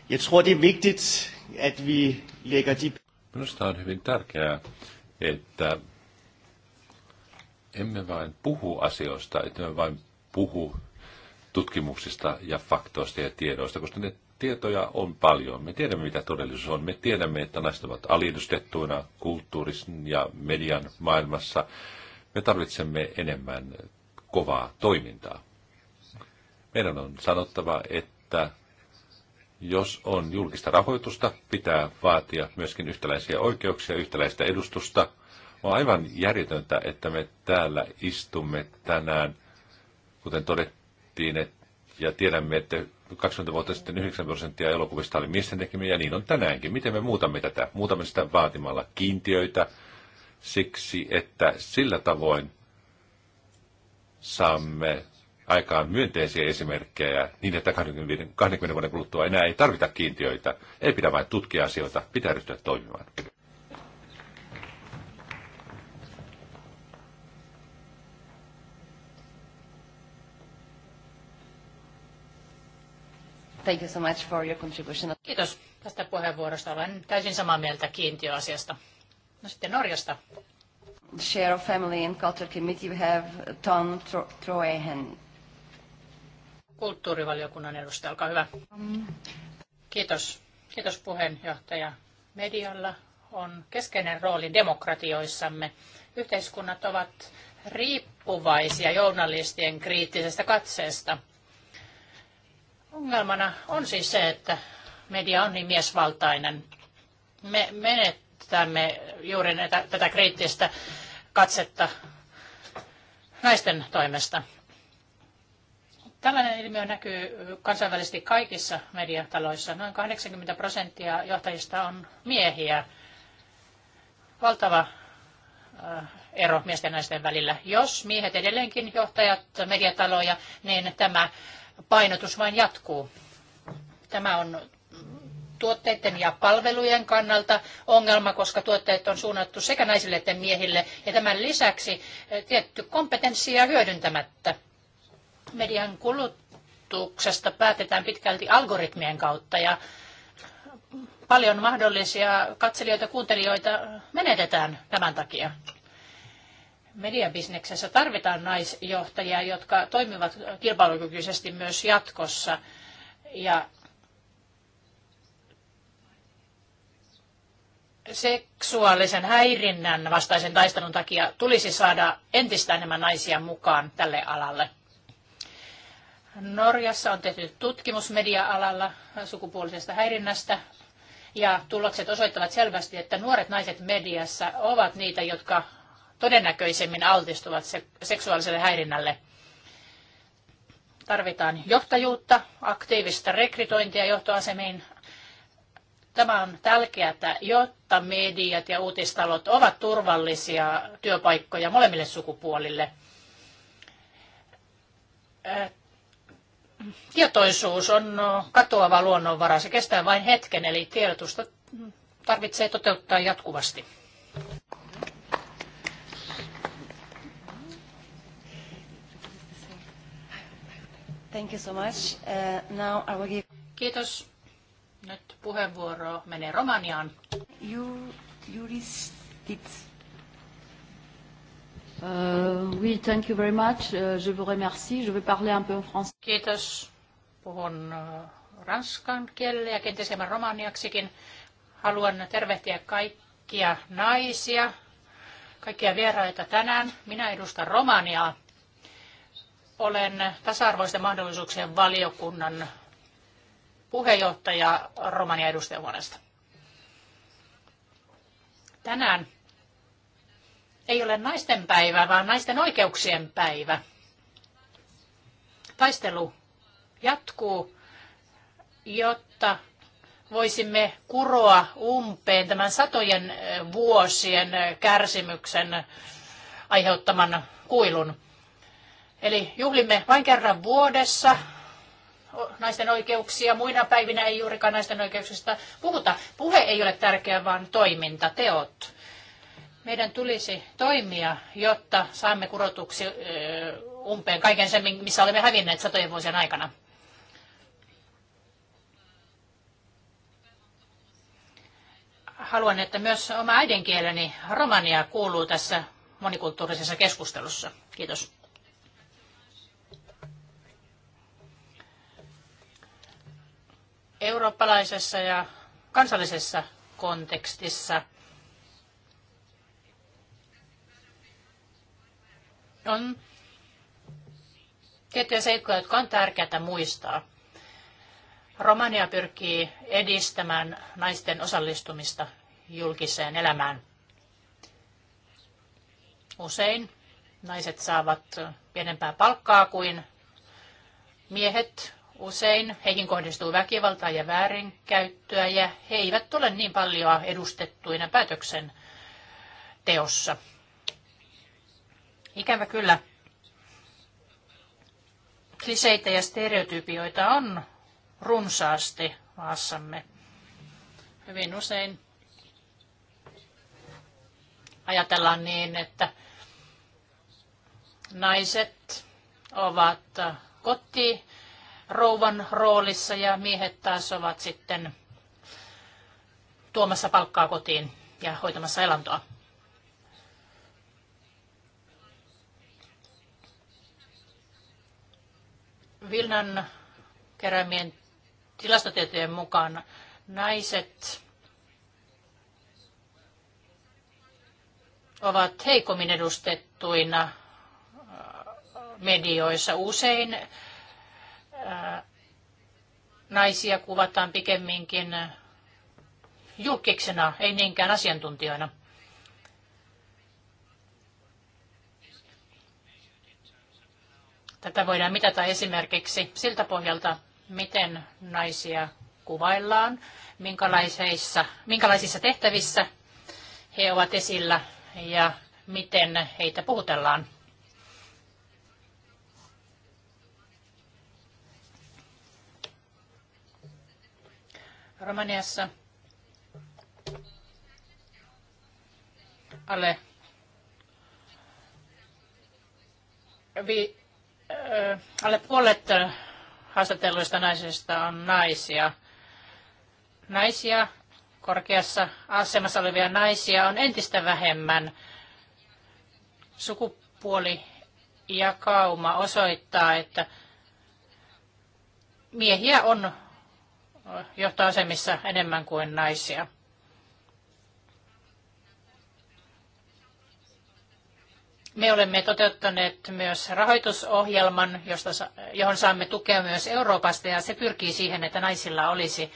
Jeg tror, det er vigtigt, at vi lægger de... Minusta on hyvin tärkeää, että emme vain puhu asioista, että emme vain puhu tutkimuksista ja faktoista ja tiedoista, koska ne tietoja on paljon. Me tiedämme, mitä todellisuus on. Me tiedämme, että naiset ovat aliedustettuina kulttuurin ja median maailmassa. Me tarvitsemme enemmän kovaa toimintaa. Meidän on sanottava, että jos on julkista rahoitusta, pitää vaatia myöskin yhtäläisiä oikeuksia, yhtäläistä edustusta. On aivan järjetöntä, että me täällä istumme tänään, kuten todettiin, että, ja tiedämme, että 20 vuotta sitten 9 prosenttia elokuvista oli miesten tekemiä, ja niin on tänäänkin. Miten me muutamme tätä? Muutamme sitä vaatimalla kiintiöitä, siksi, että sillä tavoin saamme aikaan myönteisiä esimerkkejä niin, että 20, 20 vuoden kuluttua enää ei tarvita kiintiöitä. Ei pidä vain tutkia asioita, pitää ryhtyä toimimaan. Thank you so much for your contribution. Kiitos tästä puheenvuorosta. Olen täysin samaa mieltä kiintiöasiasta. No sitten Norjasta. share of Family and Culture Committee we have Tom Troehen. Kulttuurivaliokunnan edustaja, olkaa hyvä. Kiitos. Kiitos puheenjohtaja. Medialla on keskeinen rooli demokratioissamme. Yhteiskunnat ovat riippuvaisia journalistien kriittisestä katseesta. Ongelmana on siis se, että media on niin miesvaltainen. Me menet, Tämme juuri näitä, tätä kriittistä katsetta naisten toimesta. Tällainen ilmiö näkyy kansainvälisesti kaikissa mediataloissa. Noin 80 prosenttia johtajista on miehiä. Valtava äh, ero miesten ja naisten välillä. Jos miehet edelleenkin johtajat mediataloja, niin tämä painotus vain jatkuu. Tämä on tuotteiden ja palvelujen kannalta ongelma, koska tuotteet on suunnattu sekä naisille että miehille. Ja tämän lisäksi eh, tietty kompetenssi jää hyödyntämättä. Median kulutuksesta päätetään pitkälti algoritmien kautta ja paljon mahdollisia katselijoita, kuuntelijoita menetetään tämän takia. Mediabisneksessä tarvitaan naisjohtajia, jotka toimivat kilpailukykyisesti myös jatkossa. Ja seksuaalisen häirinnän vastaisen taistelun takia tulisi saada entistä enemmän naisia mukaan tälle alalle. Norjassa on tehty tutkimus media-alalla sukupuolisesta häirinnästä ja tulokset osoittavat selvästi, että nuoret naiset mediassa ovat niitä, jotka todennäköisemmin altistuvat seksuaaliselle häirinnälle. Tarvitaan johtajuutta, aktiivista rekrytointia johtoasemiin Tämä on tärkeää, jotta mediat ja uutistalot ovat turvallisia työpaikkoja molemmille sukupuolille. Äh, tietoisuus on katoava luonnonvara. Se kestää vain hetken, eli tiedotusta tarvitsee toteuttaa jatkuvasti. Thank you so much. Uh, now I will give... Kiitos. Nyt puheenvuoro menee Romaniaan. You, juristit. Uh, oui, thank you very much. Uh, je vous remercie. Je vais parler un peu en français. Kiitos. Puhun uh, ranskan kielellä ja kenties hieman romaniaksikin. Haluan tervehtiä kaikkia naisia, kaikkia vieraita tänään. Minä edustan Romaniaa. Olen tasa-arvoisten mahdollisuuksien valiokunnan puheenjohtaja Romania edustajahuoneesta. Tänään ei ole naisten päivä, vaan naisten oikeuksien päivä. Taistelu jatkuu, jotta voisimme kuroa umpeen tämän satojen eh, vuosien eh, kärsimyksen aiheuttaman kuilun. Eli juhlimme vain kerran vuodessa naisten oikeuksia. Muina päivinä ei juurikaan naisten oikeuksista puhuta. Puhe ei ole tärkeää, vaan toiminta, teot. Meidän tulisi toimia, jotta saamme kurotuksi umpeen kaiken sen, missä olemme hävinneet satojen vuosien aikana. Haluan, että myös oma äidinkieleni romania kuuluu tässä monikulttuurisessa keskustelussa. Kiitos. eurooppalaisessa ja kansallisessa kontekstissa on tiettyjä seikkoja, jotka on tärkeää muistaa. Romania pyrkii edistämään naisten osallistumista julkiseen elämään. Usein naiset saavat pienempää palkkaa kuin miehet usein heihin kohdistuu väkivaltaa ja väärinkäyttöä ja he eivät ole niin paljon edustettuina päätöksen teossa. Ikävä kyllä kliseitä ja stereotypioita on runsaasti maassamme. Hyvin usein ajatellaan niin, että naiset ovat koti rouvan roolissa ja miehet taas ovat sitten tuomassa palkkaa kotiin ja hoitamassa elantoa. Vilnan keräämien tilastotietojen mukaan naiset ovat heikommin edustettuina äh, medioissa. Usein naisia kuvataan pikemminkin julkiksena, ei niinkään asiantuntijoina. Tätä voidaan mitata esimerkiksi siltä pohjalta, miten naisia kuvaillaan, minkälaisissa, minkälaisissa tehtävissä he ovat esillä ja miten heitä puhutellaan. Romaniassa alle vi, äh, alle puolet haastatelluista naisista on naisia. Naisia, korkeassa asemassa olevia naisia on entistä vähemmän. sukupuoli ja kauma osoittaa, että miehiä on johtoasemissa enemmän kuin naisia. Me olemme toteuttaneet myös rahoitusohjelman, josta, johon saamme tukea myös Euroopasta, ja se pyrkii siihen, että naisilla olisi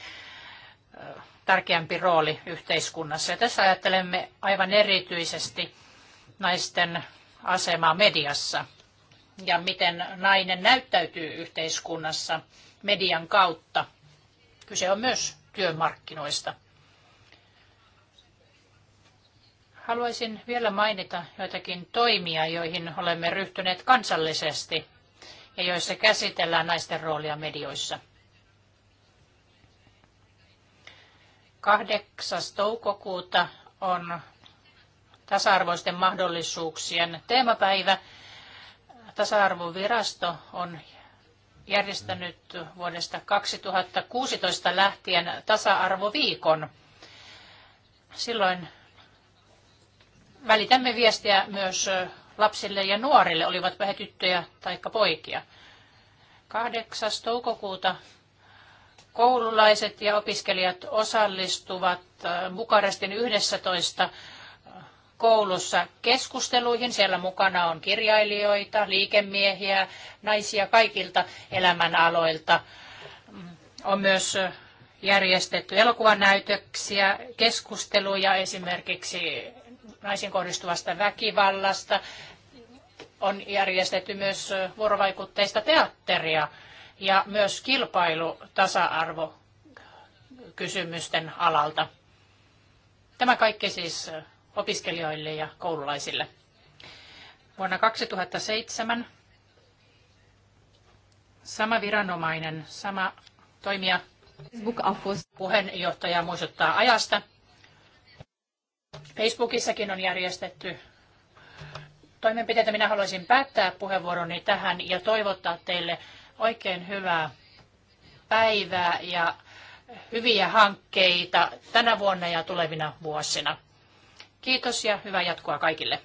tärkeämpi rooli yhteiskunnassa. Ja tässä ajattelemme aivan erityisesti naisten asemaa mediassa ja miten nainen näyttäytyy yhteiskunnassa median kautta. Kyse on myös työmarkkinoista. Haluaisin vielä mainita joitakin toimia, joihin olemme ryhtyneet kansallisesti ja joissa käsitellään naisten roolia medioissa. 8. toukokuuta on tasa-arvoisten mahdollisuuksien teemapäivä. Tasa-arvovirasto on järjestänyt vuodesta 2016 lähtien tasa-arvoviikon. Silloin välitämme viestiä myös lapsille ja nuorille, olivat he tyttöjä tai poikia. 8. toukokuuta koululaiset ja opiskelijat osallistuvat Bukarestin 11 koulussa keskusteluihin. Siellä mukana on kirjailijoita, liikemiehiä, naisia kaikilta elämänaloilta. On myös järjestetty elokuvanäytöksiä, keskusteluja esimerkiksi naisiin kohdistuvasta väkivallasta. On järjestetty myös vuorovaikutteista teatteria ja myös kilpailu tasa-arvo kysymysten alalta. Tämä kaikki siis opiskelijoille ja koululaisille. Vuonna 2007 sama viranomainen, sama toimija, puheenjohtaja muistuttaa ajasta. Facebookissakin on järjestetty toimenpiteitä. Minä haluaisin päättää puheenvuoroni tähän ja toivottaa teille oikein hyvää päivää ja hyviä hankkeita tänä vuonna ja tulevina vuosina. Kiitos ja hyvää jatkoa kaikille.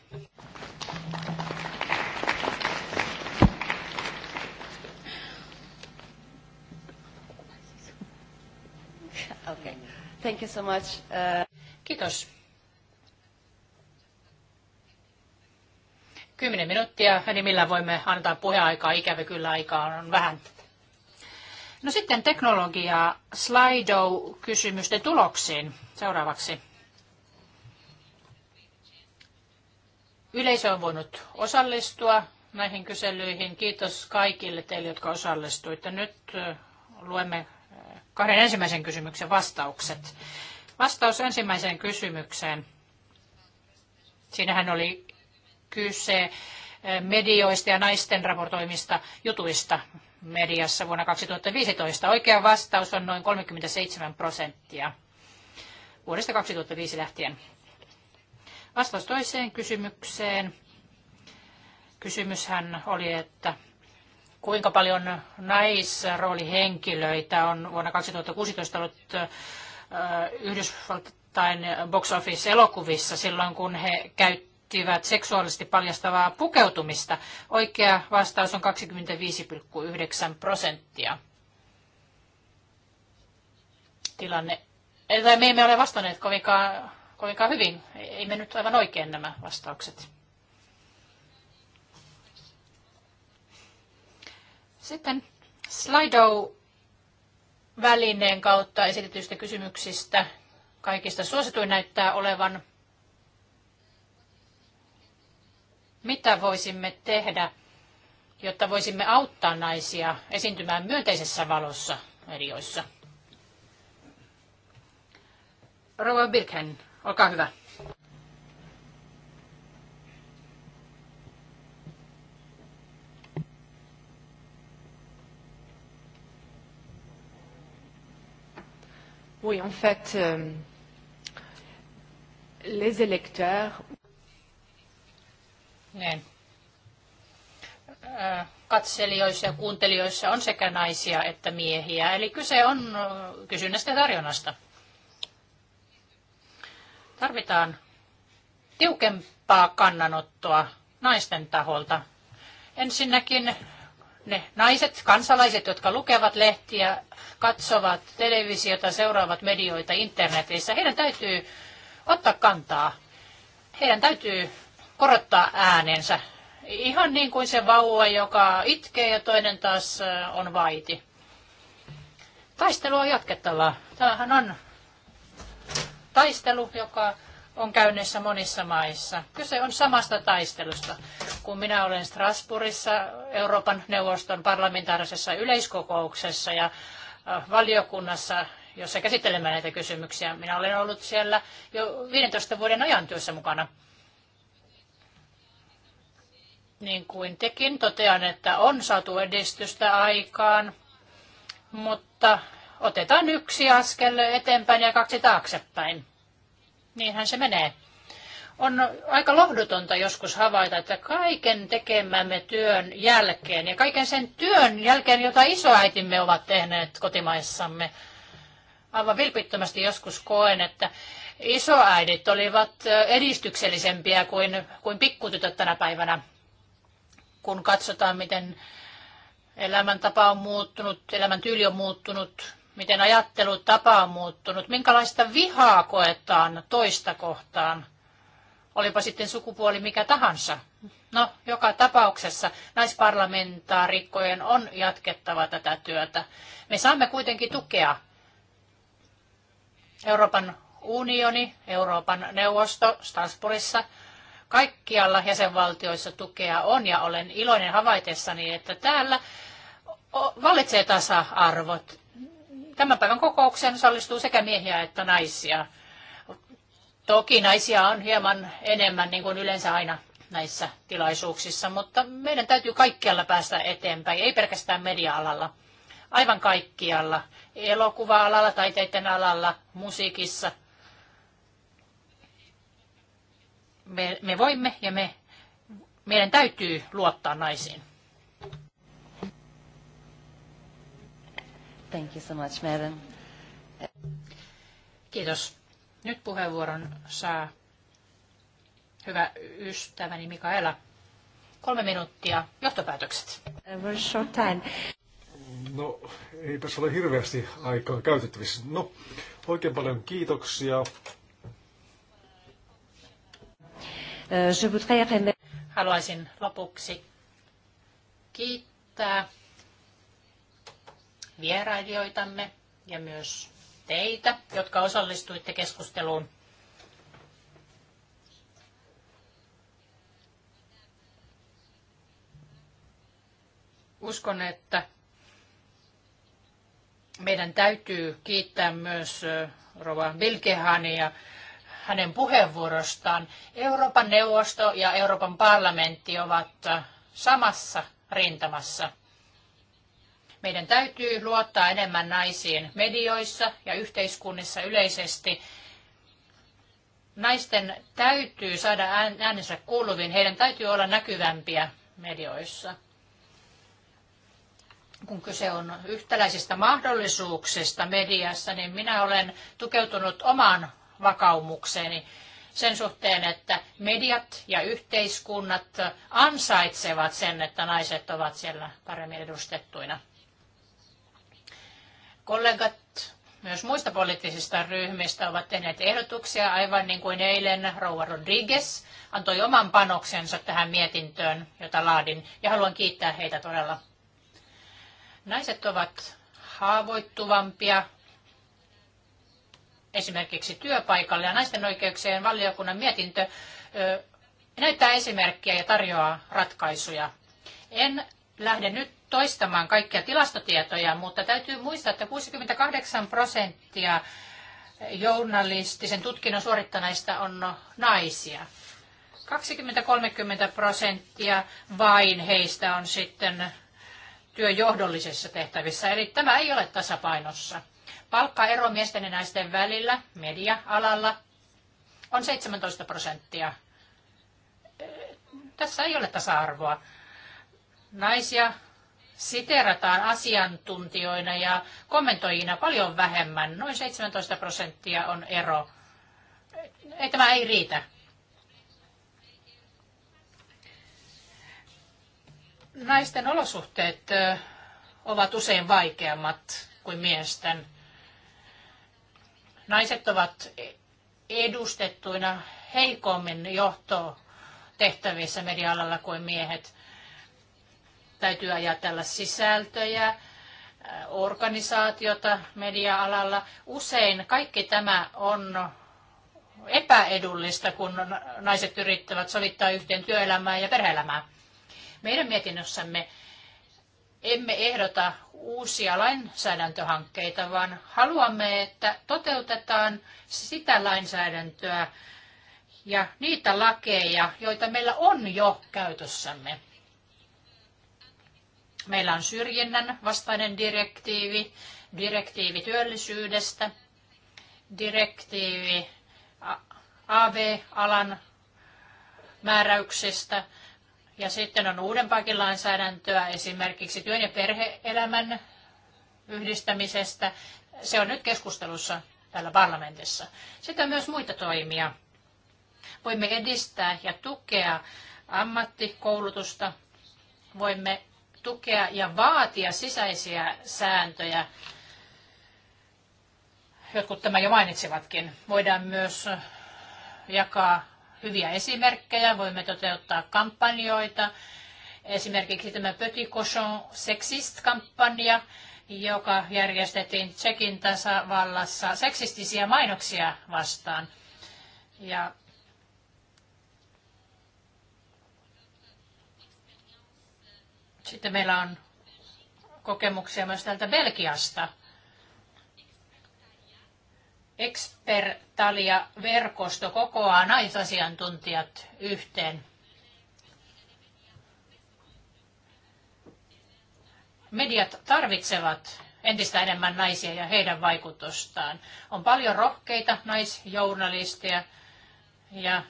Okay. Thank you so much. Uh... Kiitos. Kymmenen minuuttia, millä voimme antaa puheaikaa, ikävä kyllä aikaa on vähän. No sitten teknologia Slido-kysymysten tuloksiin seuraavaksi. Yleisö on voinut osallistua näihin kyselyihin. Kiitos kaikille teille, jotka osallistuitte. Nyt luemme kahden ensimmäisen kysymyksen vastaukset. Vastaus ensimmäiseen kysymykseen. Siinähän oli kyse medioista ja naisten raportoimista jutuista mediassa vuonna 2015. Oikea vastaus on noin 37 prosenttia vuodesta 2005 lähtien. Vastaus toiseen kysymykseen. Kysymyshän oli, että kuinka paljon naisroolihenkilöitä on vuonna 2016 ollut Yhdysvaltain box office-elokuvissa silloin, kun he käyttivät seksuaalisesti paljastavaa pukeutumista. Oikea vastaus on 25,9 prosenttia. Tilanne, me emme ole vastanneet kovinkaan kovinkaan hyvin. Ei mennyt aivan oikein nämä vastaukset. Sitten Slido-välineen kautta esitetyistä kysymyksistä kaikista suosituin näyttää olevan, mitä voisimme tehdä, jotta voisimme auttaa naisia esiintymään myönteisessä valossa medioissa. Rova Birken Olkaa hyvä. Oui, en fait, euh, les électeurs. Niin. Katselijoissa ja kuuntelijoissa on sekä naisia että miehiä, eli kyse on kysynnästä ja tarjonnasta. Tarvitaan tiukempaa kannanottoa naisten taholta. Ensinnäkin ne naiset, kansalaiset, jotka lukevat lehtiä, katsovat televisiota, seuraavat medioita internetissä, heidän täytyy ottaa kantaa. Heidän täytyy korottaa äänensä. Ihan niin kuin se vauva, joka itkee ja toinen taas on vaiti. Taistelua on jatkettava. Tämähän on taistelu, joka on käynnissä monissa maissa. Kyse on samasta taistelusta. Kun minä olen Strasbourgissa Euroopan neuvoston parlamentaarisessa yleiskokouksessa ja äh, valiokunnassa, jossa käsittelemme näitä kysymyksiä. Minä olen ollut siellä jo 15 vuoden ajan työssä mukana. Niin kuin tekin totean, että on saatu edistystä aikaan, mutta otetaan yksi askel eteenpäin ja kaksi taaksepäin. Niinhän se menee. On aika lohdutonta joskus havaita, että kaiken tekemämme työn jälkeen ja kaiken sen työn jälkeen, jota isoäitimme ovat tehneet kotimaissamme, aivan vilpittömästi joskus koen, että isoäidit olivat edistyksellisempiä kuin, kuin pikkutytöt tänä päivänä, kun katsotaan, miten elämäntapa on muuttunut, elämäntyyli on muuttunut, miten ajattelutapa on muuttunut, minkälaista vihaa koetaan toista kohtaan, olipa sitten sukupuoli mikä tahansa. No, joka tapauksessa naisparlamentaarikkojen on jatkettava tätä työtä. Me saamme kuitenkin tukea. Euroopan unioni, Euroopan neuvosto Strasbourgissa, kaikkialla jäsenvaltioissa tukea on ja olen iloinen havaitessani, että täällä vallitsee tasa-arvot Tämän päivän kokoukseen osallistuu sekä miehiä että naisia. Toki naisia on hieman enemmän, niin kuin yleensä aina näissä tilaisuuksissa, mutta meidän täytyy kaikkialla päästä eteenpäin, ei pelkästään media-alalla. Aivan kaikkialla, elokuva-alalla, taiteiden alalla, musiikissa. Me, me voimme ja me, meidän täytyy luottaa naisiin. Thank you so much, madam. Kiitos. Nyt puheenvuoron saa hyvä ystäväni Mikaela. Kolme minuuttia. Johtopäätökset. Very short time. No, ei tässä ole hirveästi aikaa käytettävissä. No, oikein paljon kiitoksia. Eh, Haluaisin lopuksi kiittää vierailijoitamme ja myös teitä, jotka osallistuitte keskusteluun. Uskon, että meidän täytyy kiittää myös Rova Vilkehania hänen puheenvuorostaan. Euroopan neuvosto ja Euroopan parlamentti ovat samassa rintamassa – meidän täytyy luottaa enemmän naisiin medioissa ja yhteiskunnissa yleisesti. Naisten täytyy saada äänensä kuuluviin, heidän täytyy olla näkyvämpiä medioissa. Kun kyse on yhtäläisistä mahdollisuuksista mediassa, niin minä olen tukeutunut omaan vakaumukseeni sen suhteen, että mediat ja yhteiskunnat ansaitsevat sen, että naiset ovat siellä paremmin edustettuina. Kollegat myös muista poliittisista ryhmistä ovat tehneet ehdotuksia, aivan niin kuin eilen Rouva Rodriguez antoi oman panoksensa tähän mietintöön, jota laadin, ja haluan kiittää heitä todella. Naiset ovat haavoittuvampia esimerkiksi työpaikalle, ja naisten oikeuksien valiokunnan mietintö näyttää esimerkkiä ja tarjoaa ratkaisuja. En lähde nyt toistamaan kaikkia tilastotietoja, mutta täytyy muistaa, että 68 prosenttia journalistisen tutkinnon suorittaneista on naisia. 20-30 prosenttia vain heistä on sitten työjohdollisissa tehtävissä, eli tämä ei ole tasapainossa. Palkkaero miesten ja naisten välillä media-alalla on 17 prosenttia. Tässä ei ole tasa-arvoa. Naisia siterataan asiantuntijoina ja kommentoijina paljon vähemmän. Noin 17 prosenttia on ero. Ei, tämä ei riitä. Naisten olosuhteet ovat usein vaikeammat kuin miesten. Naiset ovat edustettuina heikommin johtotehtävissä media-alalla kuin miehet. Täytyy ajatella sisältöjä, organisaatiota media-alalla. Usein kaikki tämä on epäedullista, kun naiset yrittävät sovittaa yhteen työelämää ja perheelämää. Meidän mietinnössämme emme ehdota uusia lainsäädäntöhankkeita, vaan haluamme, että toteutetaan sitä lainsäädäntöä ja niitä lakeja, joita meillä on jo käytössämme. Meillä on syrjinnän vastainen direktiivi, direktiivi työllisyydestä, direktiivi AV-alan määräyksistä ja sitten on uudempaakin lainsäädäntöä esimerkiksi työn ja perheelämän yhdistämisestä. Se on nyt keskustelussa täällä parlamentissa. Sitten on myös muita toimia. Voimme edistää ja tukea ammattikoulutusta. Voimme tukea ja vaatia sisäisiä sääntöjä. Jotkut tämä jo mainitsivatkin. Voidaan myös jakaa hyviä esimerkkejä, voimme toteuttaa kampanjoita. Esimerkiksi tämä Petit Cochon Sexist-kampanja, joka järjestettiin Tsekin tasavallassa seksistisiä mainoksia vastaan. Ja Sitten meillä on kokemuksia myös täältä Belgiasta. Expertalia-verkosto kokoaa naisasiantuntijat yhteen. Mediat tarvitsevat entistä enemmän naisia ja heidän vaikutustaan. On paljon rohkeita naisjournalisteja ja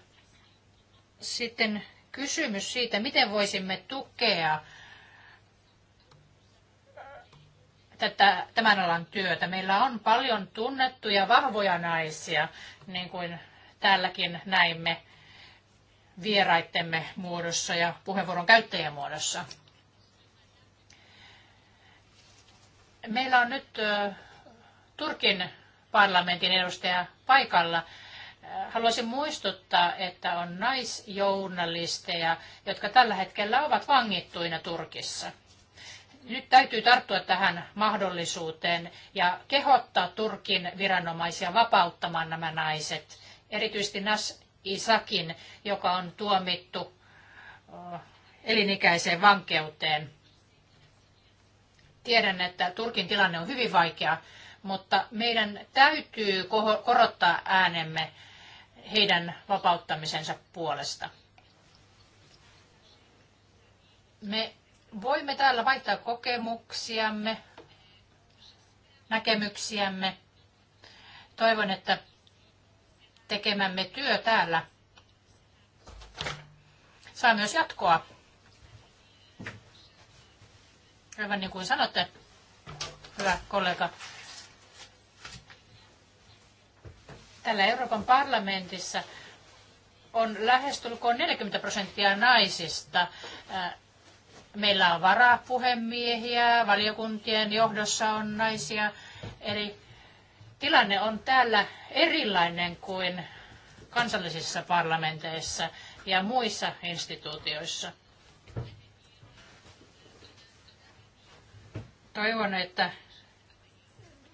sitten kysymys siitä, miten voisimme tukea tätä, tämän alan työtä. Meillä on paljon tunnettuja, vahvoja naisia, niin kuin täälläkin näimme vieraittemme muodossa ja puheenvuoron käyttäjien muodossa. Meillä on nyt Turkin parlamentin edustaja paikalla. Haluaisin muistuttaa, että on naisjournalisteja, jotka tällä hetkellä ovat vangittuina Turkissa – nyt täytyy tarttua tähän mahdollisuuteen ja kehottaa Turkin viranomaisia vapauttamaan nämä naiset. Erityisesti Nas Isakin, joka on tuomittu elinikäiseen vankeuteen. Tiedän, että Turkin tilanne on hyvin vaikea, mutta meidän täytyy korottaa äänemme heidän vapauttamisensa puolesta. Me Voimme täällä vaihtaa kokemuksiamme, näkemyksiämme. Toivon, että tekemämme työ täällä saa myös jatkoa. Aivan niin kuin sanotte, hyvä kollega. Täällä Euroopan parlamentissa on lähestulkoon 40 prosenttia naisista Meillä on varapuhemiehiä, valiokuntien johdossa on naisia, eli tilanne on täällä erilainen kuin kansallisissa parlamenteissa ja muissa instituutioissa. Toivon, että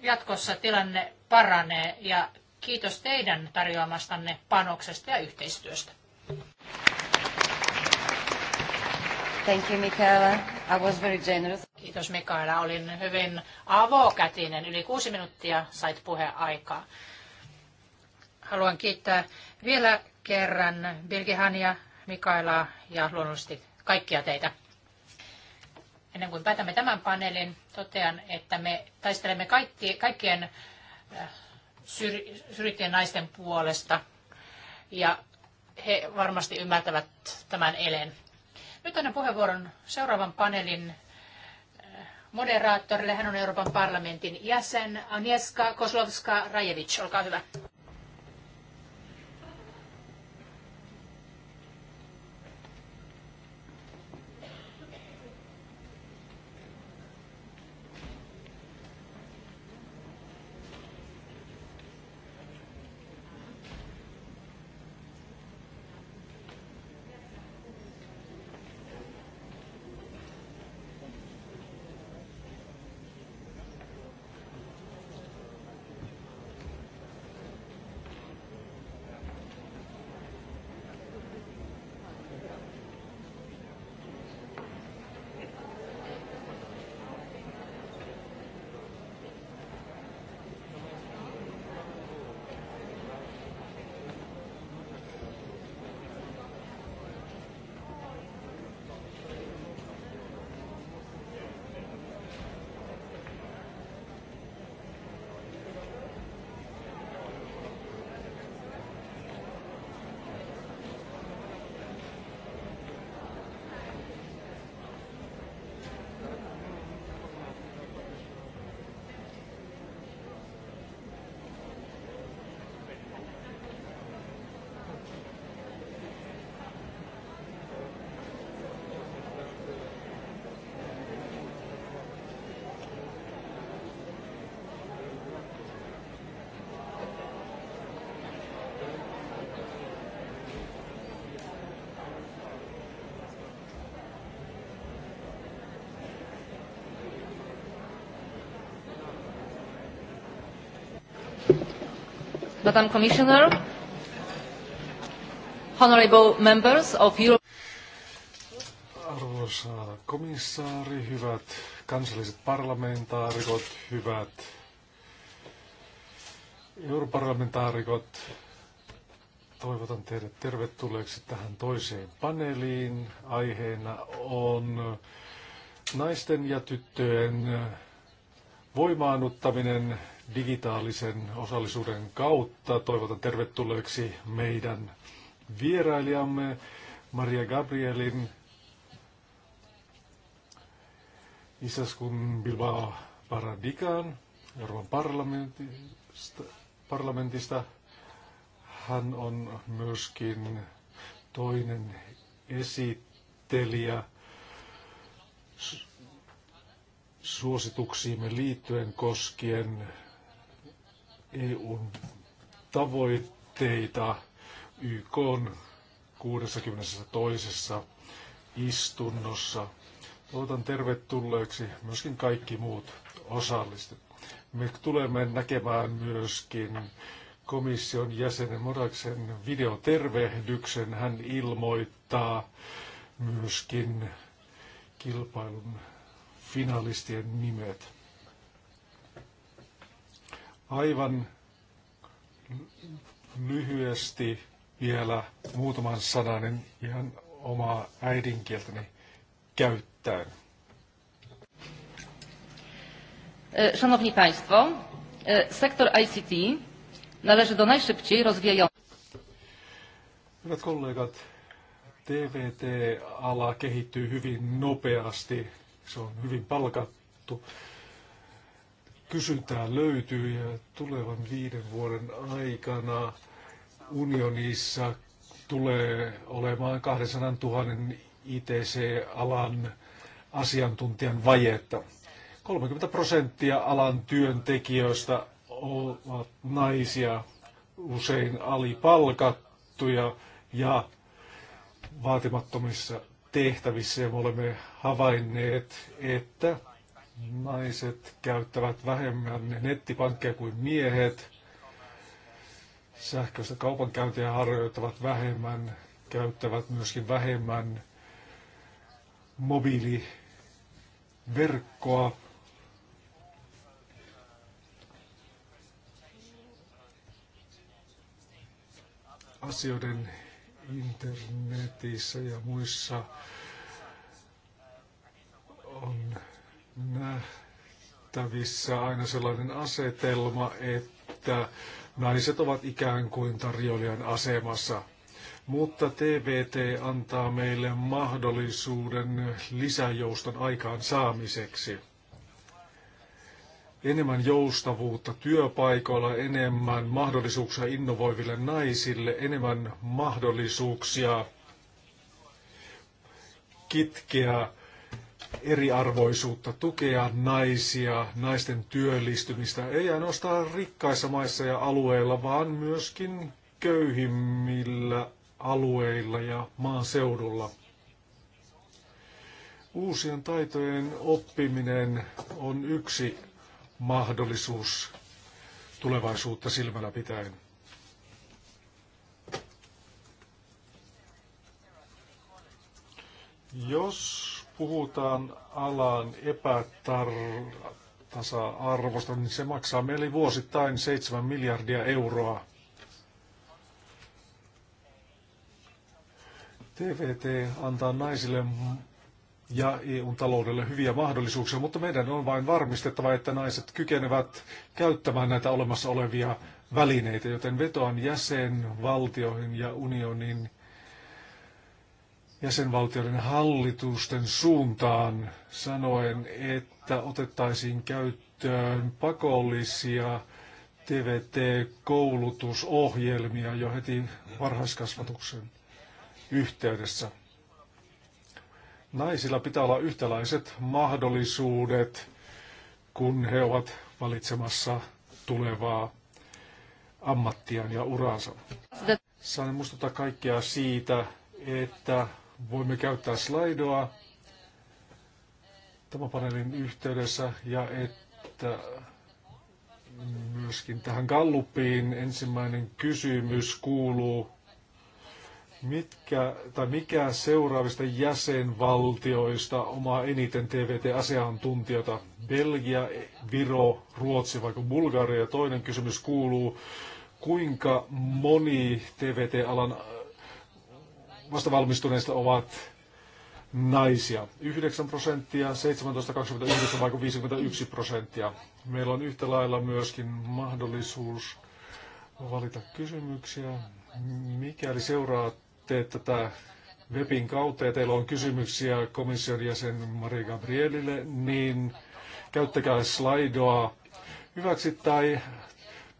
jatkossa tilanne paranee ja kiitos teidän tarjoamastanne panoksesta ja yhteistyöstä. Thank you, I was very generous. Kiitos Mikaela. Olin hyvin avokätinen. Yli kuusi minuuttia sait puheaikaa. Haluan kiittää vielä kerran Birgihania, Mikaela ja luonnollisesti kaikkia teitä. Ennen kuin päätämme tämän paneelin, totean, että me taistelemme kaikki, kaikkien äh, syrjittyjen naisten puolesta ja he varmasti ymmärtävät tämän elen. Nyt annan puheenvuoron seuraavan paneelin eh, moderaattorille. Hän on Euroopan parlamentin jäsen. Agnieszka Kozlovska-Rajevic, olkaa hyvä. Madam Commissioner, honorable members of Europe. Arvoisa komissaari, hyvät kansalliset parlamentaarikot, hyvät europarlamentaarikot, toivotan teidät tervetulleeksi tähän toiseen paneeliin. Aiheena on naisten ja tyttöjen voimaannuttaminen digitaalisen osallisuuden kautta. Toivotan tervetulleeksi meidän vierailijamme Maria Gabrielin isäskun Bilbao Paradigan Euroopan parlamentista, parlamentista. Hän on myöskin toinen esittelijä suosituksiimme liittyen koskien EU-tavoitteita YK 62. istunnossa. Toivotan tervetulleeksi myöskin kaikki muut osallistujat. Me tulemme näkemään myöskin komission jäsenen Moraksen videotervehdyksen. Hän ilmoittaa myöskin kilpailun finalistien nimet. Aivan lyhyesti vielä muutaman sananen ihan omaa äidinkieltäni käyttäen. E, szanowni Państwo, e, sektor ICT należy do najszybciej rozwijających. Hyvät kollegat, TVT-ala kehittyy hyvin nopeasti. Se on hyvin palkattu kysyntää löytyy ja tulevan viiden vuoden aikana unionissa tulee olemaan 200 000 ITC-alan asiantuntijan vajetta. 30 prosenttia alan työntekijöistä ovat naisia, usein alipalkattuja ja vaatimattomissa tehtävissä. Ja me olemme havainneet, että Naiset käyttävät vähemmän nettipankkeja kuin miehet. Sähköistä kaupankäyntiä harjoittavat vähemmän, käyttävät myöskin vähemmän mobiiliverkkoa. Asioiden internetissä ja muissa nähtävissä aina sellainen asetelma, että naiset ovat ikään kuin tarjoilijan asemassa. Mutta TVT antaa meille mahdollisuuden lisäjouston aikaan saamiseksi. Enemmän joustavuutta työpaikoilla, enemmän mahdollisuuksia innovoiville naisille, enemmän mahdollisuuksia kitkeä eriarvoisuutta, tukea naisia, naisten työllistymistä, ei ainoastaan rikkaissa maissa ja alueilla, vaan myöskin köyhimmillä alueilla ja maaseudulla. Uusien taitojen oppiminen on yksi mahdollisuus tulevaisuutta silmällä pitäen. Jos puhutaan alan epätasa-arvosta, niin se maksaa meille vuosittain 7 miljardia euroa. TVT antaa naisille ja eu taloudelle hyviä mahdollisuuksia, mutta meidän on vain varmistettava, että naiset kykenevät käyttämään näitä olemassa olevia välineitä, joten vetoan jäsenvaltioihin ja unionin jäsenvaltioiden hallitusten suuntaan sanoen, että otettaisiin käyttöön pakollisia TVT-koulutusohjelmia jo heti varhaiskasvatuksen yhteydessä. Naisilla pitää olla yhtäläiset mahdollisuudet, kun he ovat valitsemassa tulevaa ammattiaan ja uraansa. Saan muistuttaa kaikkia siitä, että voimme käyttää slaidoa tämän paneelin yhteydessä ja että myöskin tähän Gallupiin ensimmäinen kysymys kuuluu, mitkä, tai mikä seuraavista jäsenvaltioista omaa eniten TVT-asiantuntijoita? Belgia, Viro, Ruotsi vai Bulgaria? Toinen kysymys kuuluu, kuinka moni TVT-alan vastavalmistuneista ovat naisia. 9 prosenttia, 17-29 vai 51 prosenttia. Meillä on yhtä lailla myöskin mahdollisuus valita kysymyksiä. Mikäli seuraatte tätä webin kautta ja teillä on kysymyksiä komission jäsen Maria Gabrielille, niin käyttäkää slaidoa hyväksi tai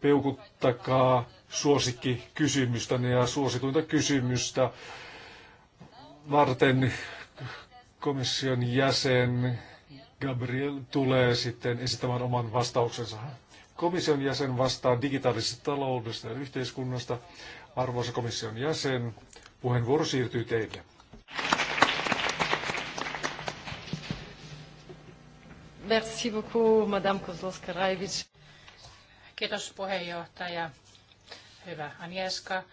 peukuttakaa suosikki kysymystä ja suosituinta kysymystä varten komission jäsen Gabriel tulee sitten esittämään oman vastauksensa. Komission jäsen vastaa digitaalisesta taloudesta ja yhteiskunnasta. Arvoisa komission jäsen, puheenvuoro siirtyy teille. Merci beaucoup, Madame Kozlowska-Raivich. Kiitos puheenjohtaja. Hyvä Anjeska,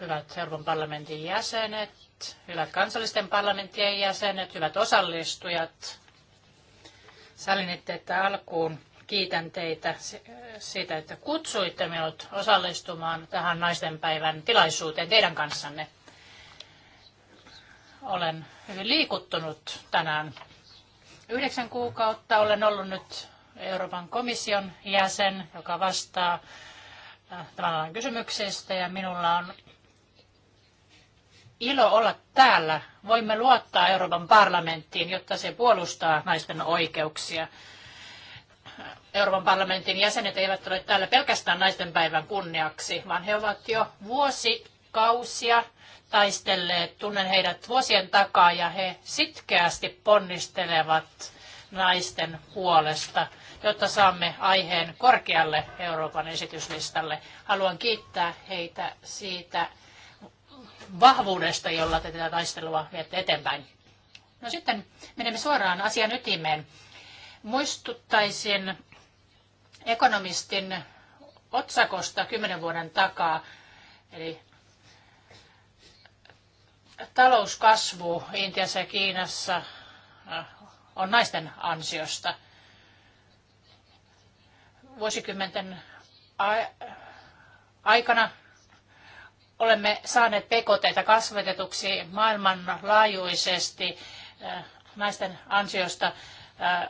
hyvät Euroopan parlamentin jäsenet, hyvät kansallisten parlamenttien jäsenet, hyvät osallistujat. Sallinitte, että alkuun kiitän teitä siitä, että kutsuitte minut osallistumaan tähän naistenpäivän tilaisuuteen teidän kanssanne. Olen hyvin liikuttunut tänään. Yhdeksän kuukautta olen ollut nyt Euroopan komission jäsen, joka vastaa äh, tavallaan kysymyksistä ja minulla on ilo olla täällä. Voimme luottaa Euroopan parlamenttiin, jotta se puolustaa naisten oikeuksia. Euroopan parlamentin jäsenet eivät ole täällä pelkästään naisten päivän kunniaksi, vaan he ovat jo vuosikausia taistelleet, tunnen heidät vuosien takaa ja he sitkeästi ponnistelevat naisten puolesta, jotta saamme aiheen korkealle Euroopan esityslistalle. Haluan kiittää heitä siitä, vahvuudesta, jolla te tätä taistelua viette eteenpäin. No sitten menemme suoraan asian ytimeen. Muistuttaisin ekonomistin otsakosta kymmenen vuoden takaa, eli talouskasvu Intiassa ja Kiinassa äh, on naisten ansiosta. Vuosikymmenten aikana olemme saaneet PKT kasvatetuksi maailmanlaajuisesti äh, naisten ansiosta. Äh,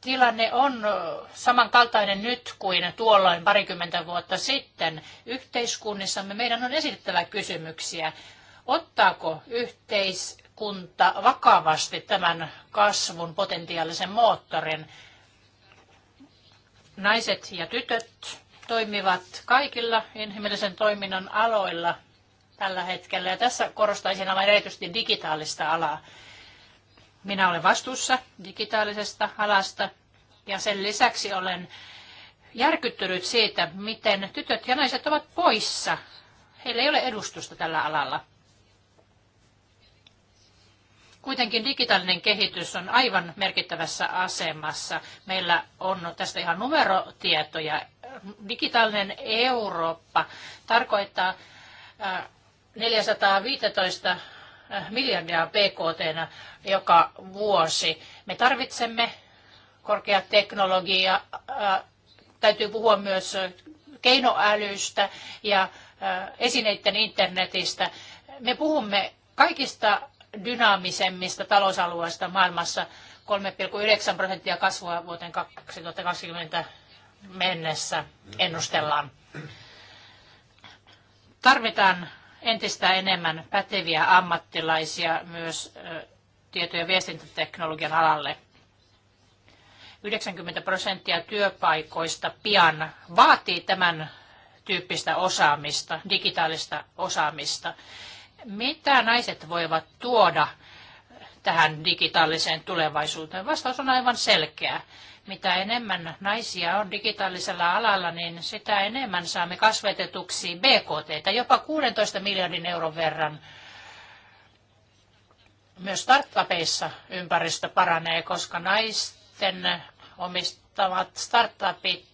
tilanne on samankaltainen nyt kuin tuolloin parikymmentä vuotta sitten. Yhteiskunnissamme meidän on esitettävä kysymyksiä. Ottaako yhteiskunta vakavasti tämän kasvun potentiaalisen moottorin? Naiset ja tytöt toimivat kaikilla inhimillisen toiminnan aloilla tällä hetkellä. Ja tässä korostaisin aivan erityisesti digitaalista alaa. Minä olen vastuussa digitaalisesta alasta ja sen lisäksi olen järkyttynyt siitä, miten tytöt ja naiset ovat poissa. Heillä ei ole edustusta tällä alalla. Kuitenkin digitaalinen kehitys on aivan merkittävässä asemassa. Meillä on tästä ihan numerotietoja. Digitaalinen Eurooppa tarkoittaa 415 äh, äh, miljardia BKT joka vuosi. Me tarvitsemme korkea teknologia, äh, täytyy puhua myös keinoälystä ja esineiden internetistä. Me puhumme kaikista dynaamisemmista talousalueista maailmassa 3,9 prosenttia kasvua vuoteen 2020 mennessä ennustellaan. Tarvitaan entistä enemmän päteviä ammattilaisia myös tieto- ja viestintäteknologian alalle. 90 prosenttia työpaikoista pian vaatii tämän tyyppistä osaamista, digitaalista osaamista. Mitä naiset voivat tuoda tähän digitaaliseen tulevaisuuteen? Vastaus on aivan selkeä. Mitä enemmän naisia on digitaalisella alalla, niin sitä enemmän saamme kasvatetuksi BKT, jopa 16 miljardin euron verran myös startupeissa ympäristö paranee, koska naisten omistavat startupit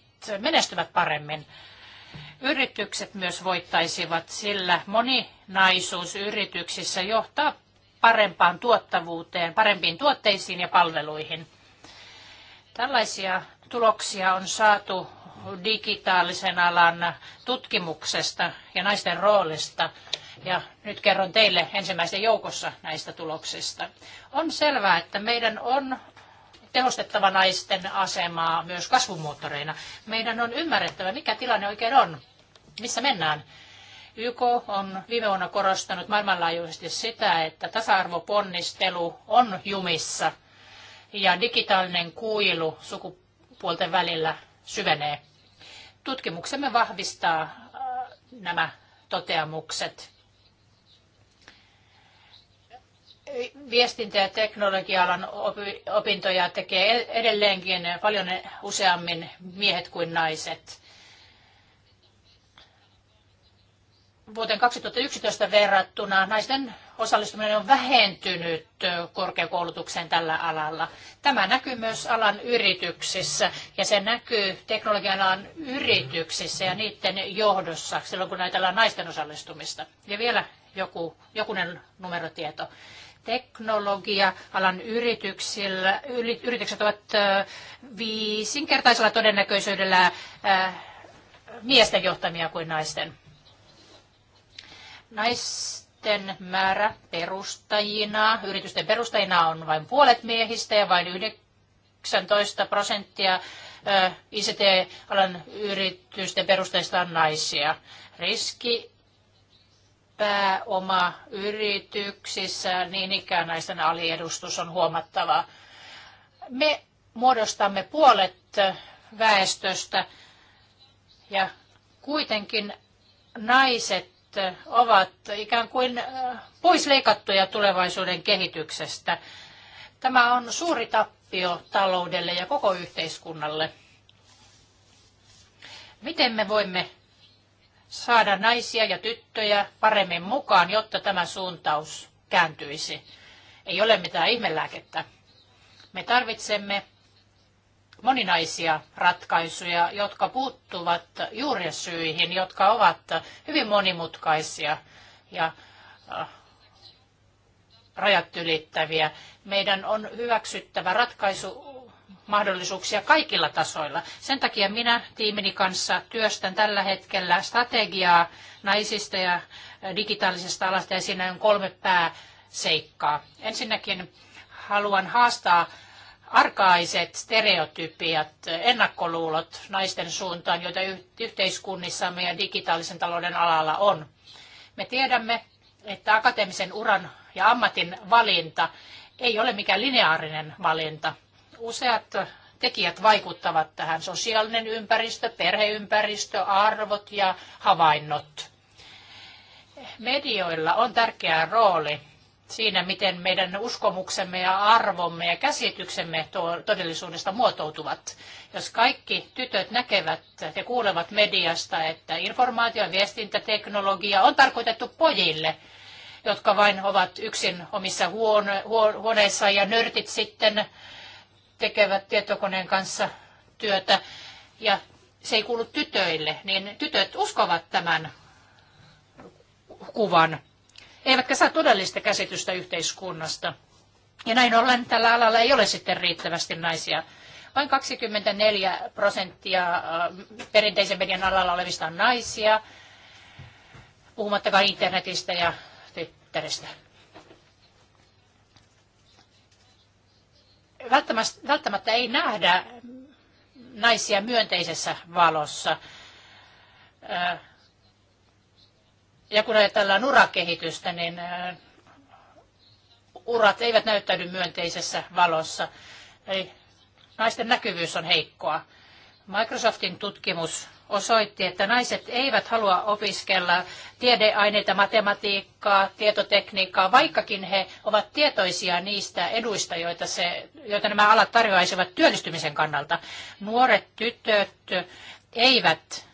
menestyvät paremmin yritykset myös voittaisivat, sillä moninaisuus yrityksissä johtaa parempaan tuottavuuteen, parempiin tuotteisiin ja palveluihin. Tällaisia tuloksia on saatu digitaalisen alan tutkimuksesta ja naisten roolista. Ja nyt kerron teille ensimmäisten joukossa näistä tuloksista. On selvää, että meidän on tehostettava naisten asemaa myös kasvumoottoreina. Meidän on ymmärrettävä, mikä tilanne oikein on, missä mennään. YK on viime vuonna korostanut maailmanlaajuisesti sitä, että tasa-arvoponnistelu on jumissa ja digitaalinen kuilu sukupuolten välillä syvenee. Tutkimuksemme vahvistaa äh, nämä toteamukset. viestintä- ja teknologia-alan opintoja tekee edelleenkin paljon useammin miehet kuin naiset. Vuoteen 2011 verrattuna naisten osallistuminen on vähentynyt korkeakoulutukseen tällä alalla. Tämä näkyy myös alan yrityksissä ja se näkyy teknologian yrityksissä ja niiden johdossa silloin, kun näytellään naisten osallistumista. Ja vielä joku, jokunen numerotieto teknologia-alan yrityksillä, yritykset ovat viisinkertaisella todennäköisyydellä miesten johtamia kuin naisten. Naisten määrä perustajina, yritysten perustajina on vain puolet miehistä ja vain 19 prosenttia ICT-alan yritysten perustajista on naisia. Riski pääoma yrityksissä, niin ikään naisten aliedustus on huomattava. Me muodostamme puolet väestöstä ja kuitenkin naiset ovat ikään kuin äh, pois leikattuja tulevaisuuden kehityksestä. Tämä on suuri tappio taloudelle ja koko yhteiskunnalle. Miten me voimme saada naisia ja tyttöjä paremmin mukaan, jotta tämä suuntaus kääntyisi. Ei ole mitään ihmelääkettä. Me tarvitsemme moninaisia ratkaisuja, jotka puuttuvat juurisyihin, jotka ovat hyvin monimutkaisia ja äh, rajat ylittäviä. Meidän on hyväksyttävä ratkaisu mahdollisuuksia kaikilla tasoilla. Sen takia minä tiimini kanssa työstän tällä hetkellä strategiaa naisista ja digitaalisesta alasta ja siinä on kolme pääseikkaa. Ensinnäkin haluan haastaa arkaiset stereotypiat, ennakkoluulot naisten suuntaan, joita yhteiskunnissa ja digitaalisen talouden alalla on. Me tiedämme, että akateemisen uran ja ammatin valinta ei ole mikään lineaarinen valinta useat tekijät vaikuttavat tähän. Sosiaalinen ympäristö, perheympäristö, arvot ja havainnot. Medioilla on tärkeä rooli siinä, miten meidän uskomuksemme ja arvomme ja käsityksemme todellisuudesta muotoutuvat. Jos kaikki tytöt näkevät ja kuulevat mediasta, että informaatio- ja viestintäteknologia on tarkoitettu pojille, jotka vain ovat yksin omissa huone- huoneissa ja nörtit sitten tekevät tietokoneen kanssa työtä ja se ei kuulu tytöille, niin tytöt uskovat tämän kuvan, eivätkä saa todellista käsitystä yhteiskunnasta. Ja näin ollen tällä alalla ei ole sitten riittävästi naisia. Vain 24 prosenttia äh, perinteisen median alalla olevista on naisia, puhumattakaan internetistä ja Twitteristä. välttämättä ei nähdä naisia myönteisessä valossa. Ja kun ajatellaan urakehitystä, niin urat eivät näyttäydy myönteisessä valossa. Eli naisten näkyvyys on heikkoa. Microsoftin tutkimus osoitti, että naiset eivät halua opiskella tiedeaineita, matematiikkaa, tietotekniikkaa, vaikkakin he ovat tietoisia niistä eduista, joita, se, joita nämä alat tarjoaisivat työllistymisen kannalta. Nuoret tytöt eivät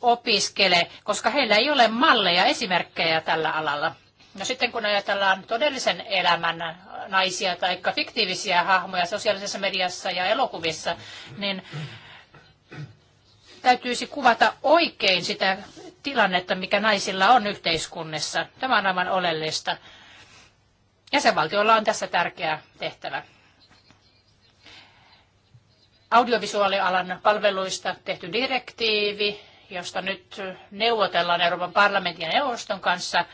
opiskele, koska heillä ei ole malleja, esimerkkejä tällä alalla. No sitten kun ajatellaan todellisen elämän naisia tai fiktiivisiä hahmoja sosiaalisessa mediassa ja elokuvissa, niin täytyisi kuvata oikein sitä tilannetta, mikä naisilla on yhteiskunnassa. Tämä on aivan oleellista. Jäsenvaltiolla on tässä tärkeä tehtävä. Audiovisuaalialan palveluista tehty direktiivi, josta nyt neuvotellaan Euroopan parlamentin ja neuvoston kanssa,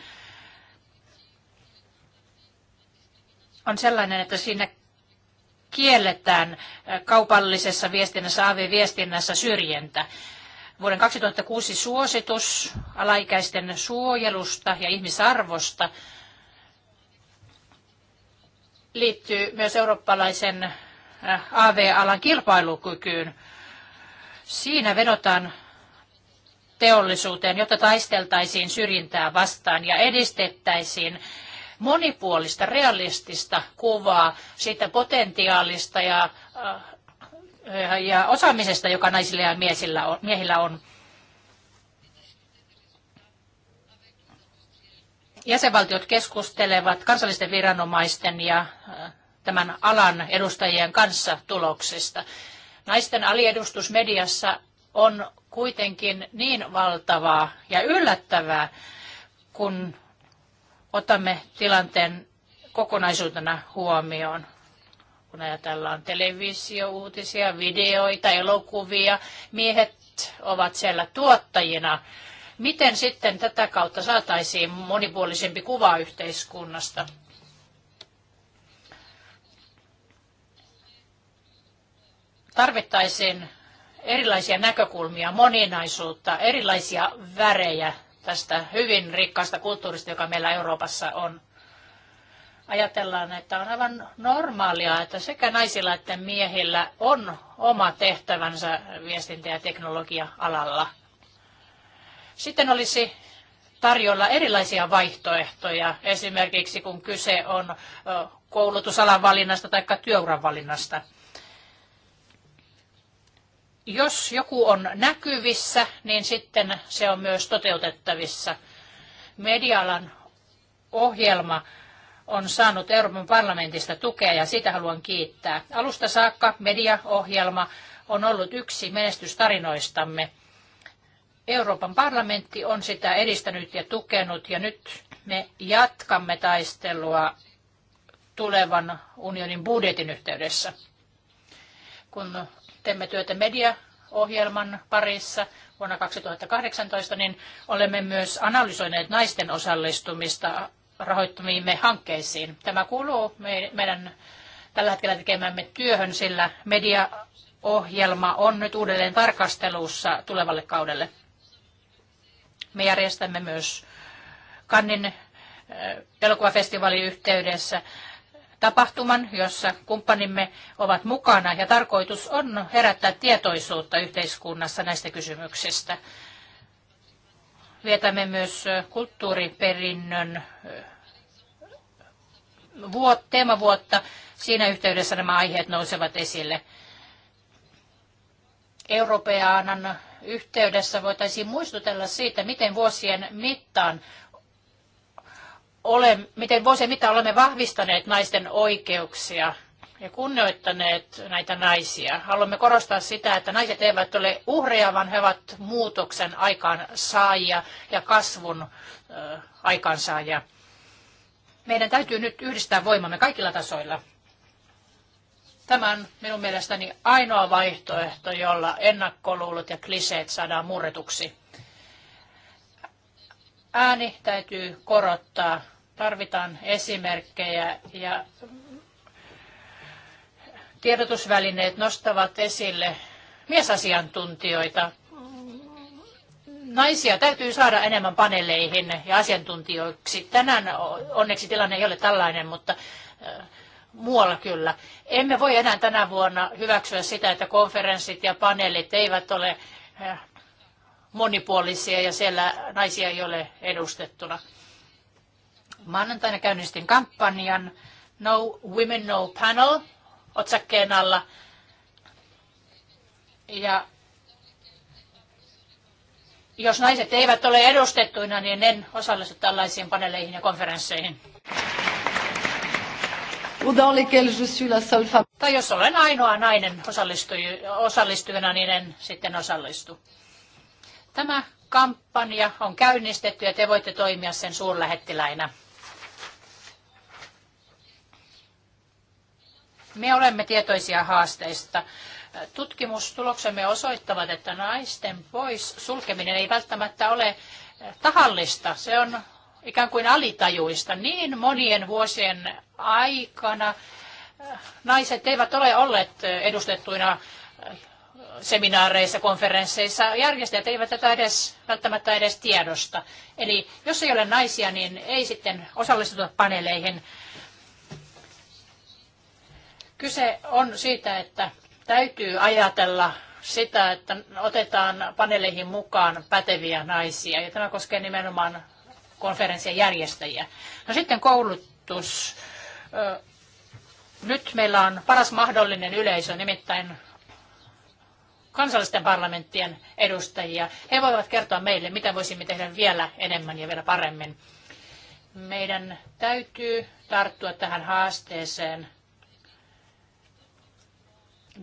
on sellainen, että siinä kielletään äh, kaupallisessa viestinnässä, AV-viestinnässä syrjintä. Vuoden 2006 suositus alaikäisten suojelusta ja ihmisarvosta liittyy myös eurooppalaisen äh, AV-alan kilpailukykyyn. Siinä vedotaan teollisuuteen, jotta taisteltaisiin syrjintää vastaan ja edistettäisiin monipuolista, realistista kuvaa siitä potentiaalista ja, äh, ja osaamisesta, joka naisilla ja miehillä on. Miehillä on. Jäsenvaltiot keskustelevat kansallisten viranomaisten ja äh, tämän alan edustajien kanssa tuloksista. Naisten aliedustus mediassa on kuitenkin niin valtavaa ja yllättävää, kun otamme tilanteen kokonaisuutena huomioon, kun ajatellaan televisiouutisia, videoita, elokuvia. Miehet ovat siellä tuottajina. Miten sitten tätä kautta saataisiin monipuolisempi kuva yhteiskunnasta? Tarvittaisiin erilaisia näkökulmia, moninaisuutta, erilaisia värejä tästä hyvin rikkaasta kulttuurista, joka meillä Euroopassa on. Ajatellaan, että on aivan normaalia, että sekä naisilla että miehillä on oma tehtävänsä viestintä- ja teknologia-alalla. Sitten olisi tarjolla erilaisia vaihtoehtoja, esimerkiksi kun kyse on koulutusalan valinnasta tai työuran valinnasta jos joku on näkyvissä, niin sitten se on myös toteutettavissa. Medialan ohjelma on saanut Euroopan parlamentista tukea ja sitä haluan kiittää. Alusta saakka mediaohjelma on ollut yksi menestystarinoistamme. Euroopan parlamentti on sitä edistänyt ja tukenut ja nyt me jatkamme taistelua tulevan unionin budjetin yhteydessä. Kun teemme työtä mediaohjelman parissa vuonna 2018, niin olemme myös analysoineet naisten osallistumista rahoittamiimme hankkeisiin. Tämä kuuluu meidän tällä hetkellä tekemämme työhön, sillä mediaohjelma on nyt uudelleen tarkastelussa tulevalle kaudelle. Me järjestämme myös Kannin äh, elokuvafestivaalin yhteydessä tapahtuman, jossa kumppanimme ovat mukana ja tarkoitus on herättää tietoisuutta yhteiskunnassa näistä kysymyksistä. Vietämme myös kulttuuriperinnön vuot, teemavuotta. Siinä yhteydessä nämä aiheet nousevat esille. Europeanan yhteydessä voitaisiin muistutella siitä, miten vuosien mittaan ole, miten voisi, mitä olemme vahvistaneet naisten oikeuksia ja kunnioittaneet näitä naisia. Haluamme korostaa sitä, että naiset eivät ole uhreja, vaan he ovat muutoksen aikaansaajia ja kasvun aikaansaajia. Meidän täytyy nyt yhdistää voimamme kaikilla tasoilla. Tämä on minun mielestäni ainoa vaihtoehto, jolla ennakkoluulut ja kliseet saadaan murretuksi. Ääni täytyy korottaa tarvitaan esimerkkejä ja tiedotusvälineet nostavat esille miesasiantuntijoita. Naisia täytyy saada enemmän paneeleihin ja asiantuntijoiksi. Tänään onneksi tilanne ei ole tällainen, mutta muualla kyllä. Emme voi enää tänä vuonna hyväksyä sitä, että konferenssit ja paneelit eivät ole monipuolisia ja siellä naisia ei ole edustettuna. Maanantaina käynnistin kampanjan No Women No Panel otsakkeen alla. Ja jos naiset eivät ole edustettuina, niin en osallistu tällaisiin paneeleihin ja konferensseihin. Tai jos olen ainoa nainen osallistujana, niin en sitten osallistu. Tämä kampanja on käynnistetty ja te voitte toimia sen suurlähettiläinä. Me olemme tietoisia haasteista. Tutkimustuloksemme osoittavat, että naisten pois sulkeminen ei välttämättä ole tahallista. Se on ikään kuin alitajuista. Niin monien vuosien aikana äh, naiset eivät ole olleet edustettuina äh, seminaareissa, konferensseissa. Järjestäjät eivät tätä edes, välttämättä edes tiedosta. Eli jos ei ole naisia, niin ei sitten osallistuta paneeleihin Kyse on siitä, että täytyy ajatella sitä, että otetaan paneeleihin mukaan päteviä naisia, ja tämä koskee nimenomaan konferenssien järjestäjiä. No sitten koulutus. Nyt meillä on paras mahdollinen yleisö, nimittäin kansallisten parlamenttien edustajia. He voivat kertoa meille, mitä voisimme tehdä vielä enemmän ja vielä paremmin. Meidän täytyy tarttua tähän haasteeseen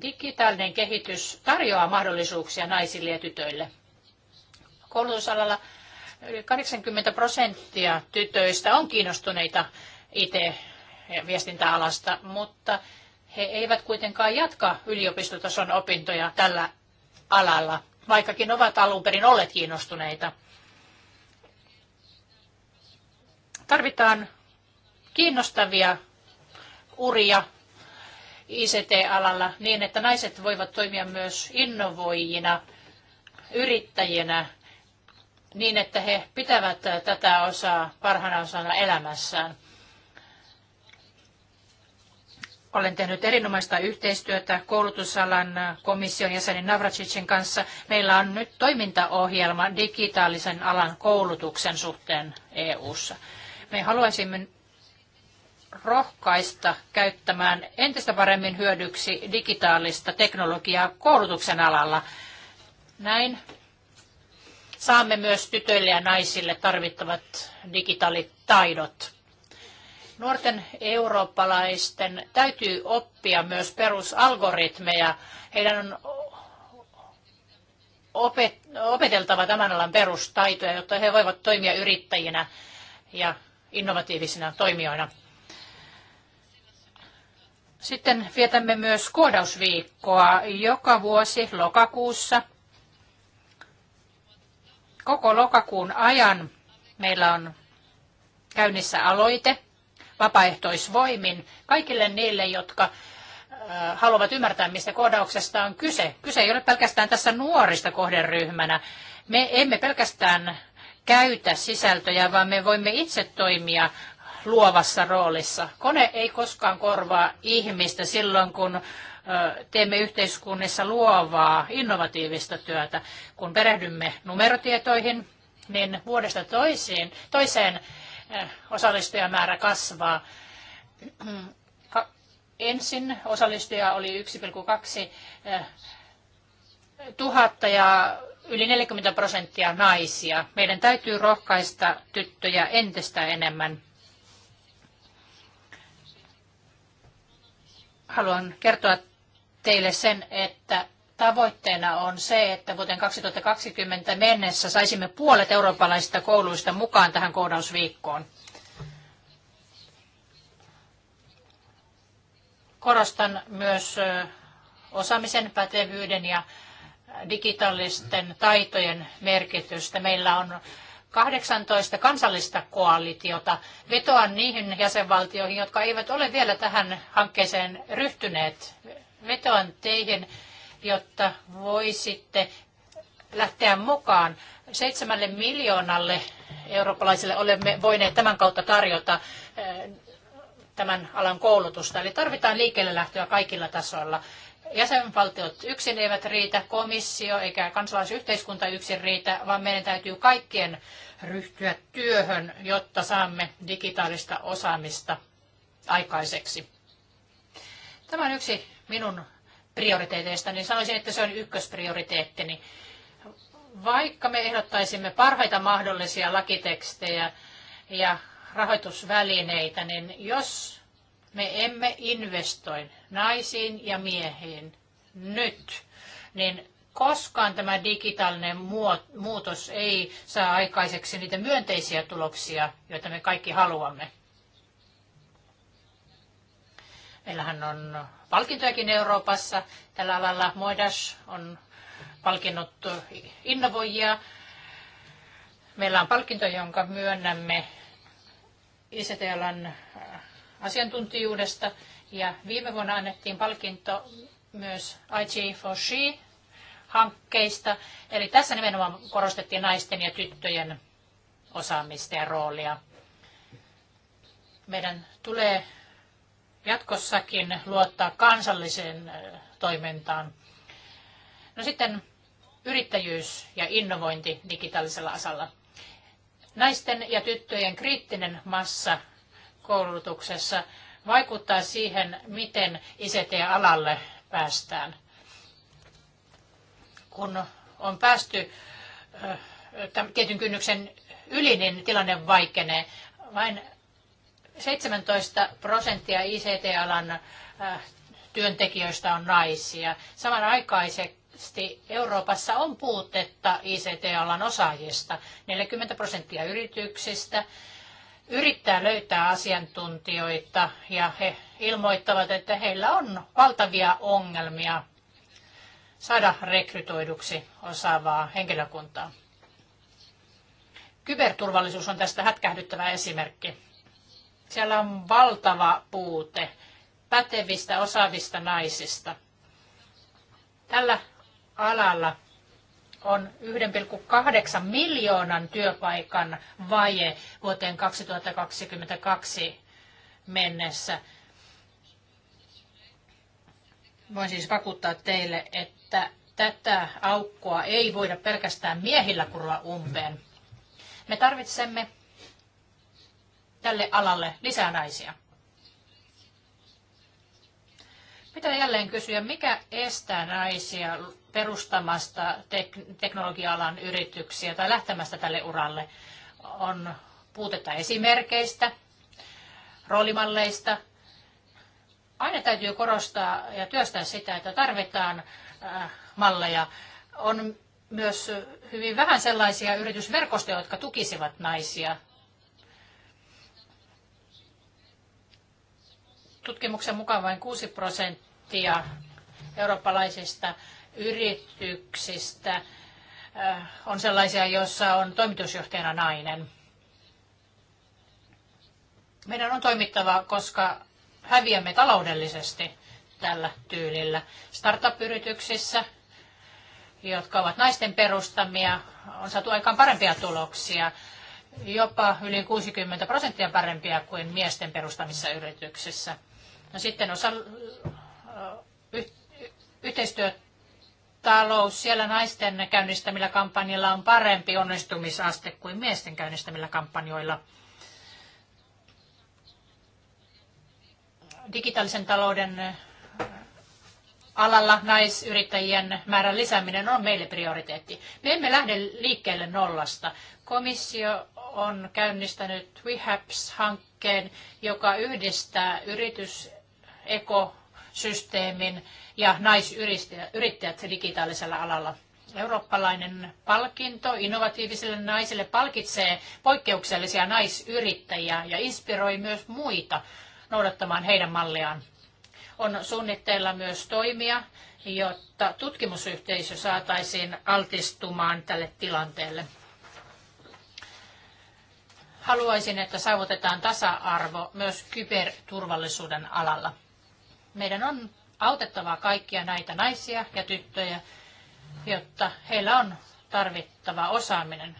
Digitaalinen kehitys tarjoaa mahdollisuuksia naisille ja tytöille. Koulutusalalla 80 prosenttia tytöistä on kiinnostuneita IT- ja viestintäalasta, mutta he eivät kuitenkaan jatka yliopistotason opintoja tällä alalla, vaikkakin ovat alun perin olleet kiinnostuneita. Tarvitaan kiinnostavia uria ICT-alalla niin, että naiset voivat toimia myös innovoijina, yrittäjinä, niin että he pitävät tätä osaa parhaana osana elämässään. Olen tehnyt erinomaista yhteistyötä koulutusalan komission jäsenen Navracicin kanssa. Meillä on nyt toimintaohjelma digitaalisen alan koulutuksen suhteen EU:ssa. Me haluaisimme rohkaista käyttämään entistä paremmin hyödyksi digitaalista teknologiaa koulutuksen alalla. Näin saamme myös tytöille ja naisille tarvittavat digitaalitaidot. Nuorten eurooppalaisten täytyy oppia myös perusalgoritmeja. Heidän on opeteltava tämän alan perustaitoja, jotta he voivat toimia yrittäjinä ja innovatiivisina toimijoina. Sitten vietämme myös koodausviikkoa joka vuosi lokakuussa. Koko lokakuun ajan meillä on käynnissä aloite vapaaehtoisvoimin kaikille niille, jotka äh, haluavat ymmärtää, mistä koodauksesta on kyse. Kyse ei ole pelkästään tässä nuorista kohderyhmänä. Me emme pelkästään käytä sisältöjä, vaan me voimme itse toimia luovassa roolissa. Kone ei koskaan korvaa ihmistä silloin, kun teemme yhteiskunnissa luovaa, innovatiivista työtä. Kun perehdymme numerotietoihin, niin vuodesta toiseen, toiseen osallistujamäärä kasvaa. Ensin osallistuja oli 1,2 tuhatta ja yli 40 prosenttia naisia. Meidän täytyy rohkaista tyttöjä entistä enemmän haluan kertoa teille sen, että tavoitteena on se, että vuoteen 2020 mennessä saisimme puolet eurooppalaisista kouluista mukaan tähän koodausviikkoon. Korostan myös osaamisen, pätevyyden ja digitaalisten taitojen merkitystä. Meillä on 18 kansallista koalitiota. Vetoan niihin jäsenvaltioihin, jotka eivät ole vielä tähän hankkeeseen ryhtyneet. Vetoan teihin, jotta voisitte lähteä mukaan. Seitsemälle miljoonalle eurooppalaisille olemme voineet tämän kautta tarjota eh, tämän alan koulutusta. Eli tarvitaan liikkeelle lähtöä kaikilla tasoilla jäsenvaltiot yksin eivät riitä, komissio eikä kansalaisyhteiskunta yksin riitä, vaan meidän täytyy kaikkien ryhtyä työhön, jotta saamme digitaalista osaamista aikaiseksi. Tämä on yksi minun prioriteeteistani. Niin sanoisin, että se on ykkösprioriteettini. Vaikka me ehdottaisimme parhaita mahdollisia lakitekstejä ja rahoitusvälineitä, niin jos me emme investoi naisiin ja miehiin nyt, niin koskaan tämä digitaalinen muutos ei saa aikaiseksi niitä myönteisiä tuloksia, joita me kaikki haluamme. Meillähän on palkintojakin Euroopassa tällä alalla. Moidas on palkinnut innovoijia. Meillä on palkinto, jonka myönnämme ICT-alan asiantuntijuudesta. Ja viime vuonna annettiin palkinto myös IG for She hankkeista. Eli tässä nimenomaan korostettiin naisten ja tyttöjen osaamista ja roolia. Meidän tulee jatkossakin luottaa kansalliseen toimintaan. No sitten yrittäjyys ja innovointi digitaalisella asalla. Naisten ja tyttöjen kriittinen massa koulutuksessa vaikuttaa siihen, miten ICT-alalle päästään. Kun on päästy tietyn kynnyksen yli, niin tilanne vaikenee. Vain 17 prosenttia ICT-alan työntekijöistä on naisia. Samanaikaisesti Euroopassa on puutetta ICT-alan osaajista. 40 prosenttia yrityksistä yrittää löytää asiantuntijoita ja he ilmoittavat, että heillä on valtavia ongelmia saada rekrytoiduksi osaavaa henkilökuntaa. Kyberturvallisuus on tästä hätkähdyttävä esimerkki. Siellä on valtava puute pätevistä, osaavista naisista. Tällä alalla on 1,8 miljoonan työpaikan vaje vuoteen 2022 mennessä. Voin siis vakuuttaa teille, että tätä aukkoa ei voida pelkästään miehillä kurva umpeen. Me tarvitsemme tälle alalle lisää naisia. Pitää jälleen kysyä, mikä estää naisia perustamasta tek- teknologia-alan yrityksiä tai lähtemästä tälle uralle? On puutetta esimerkkeistä, roolimalleista. Aina täytyy korostaa ja työstää sitä, että tarvitaan äh, malleja. On myös hyvin vähän sellaisia yritysverkostoja, jotka tukisivat naisia Tutkimuksen mukaan vain 6 prosenttia eurooppalaisista yrityksistä äh, on sellaisia, joissa on toimitusjohtajana nainen. Meidän on toimittava, koska häviämme taloudellisesti tällä tyylillä. Startup-yrityksissä, jotka ovat naisten perustamia, on saatu aikaan parempia tuloksia, jopa yli 60 prosenttia parempia kuin miesten perustamissa yrityksissä. No sitten osa yhteistyötalous, siellä naisten käynnistämillä kampanjilla on parempi onnistumisaste kuin miesten käynnistämillä kampanjoilla. Digitaalisen talouden alalla naisyrittäjien määrän lisääminen on meille prioriteetti. Me emme lähde liikkeelle nollasta. Komissio on käynnistänyt WeHaps-hankkeen, joka yhdistää yritys ekosysteemin ja naisyrittäjät digitaalisella alalla. Eurooppalainen palkinto innovatiivisille naisille palkitsee poikkeuksellisia naisyrittäjiä ja inspiroi myös muita noudattamaan heidän malliaan. On suunnitteilla myös toimia, jotta tutkimusyhteisö saataisiin altistumaan tälle tilanteelle. Haluaisin, että saavutetaan tasa-arvo myös kyberturvallisuuden alalla. Meidän on autettava kaikkia näitä naisia ja tyttöjä, jotta heillä on tarvittava osaaminen.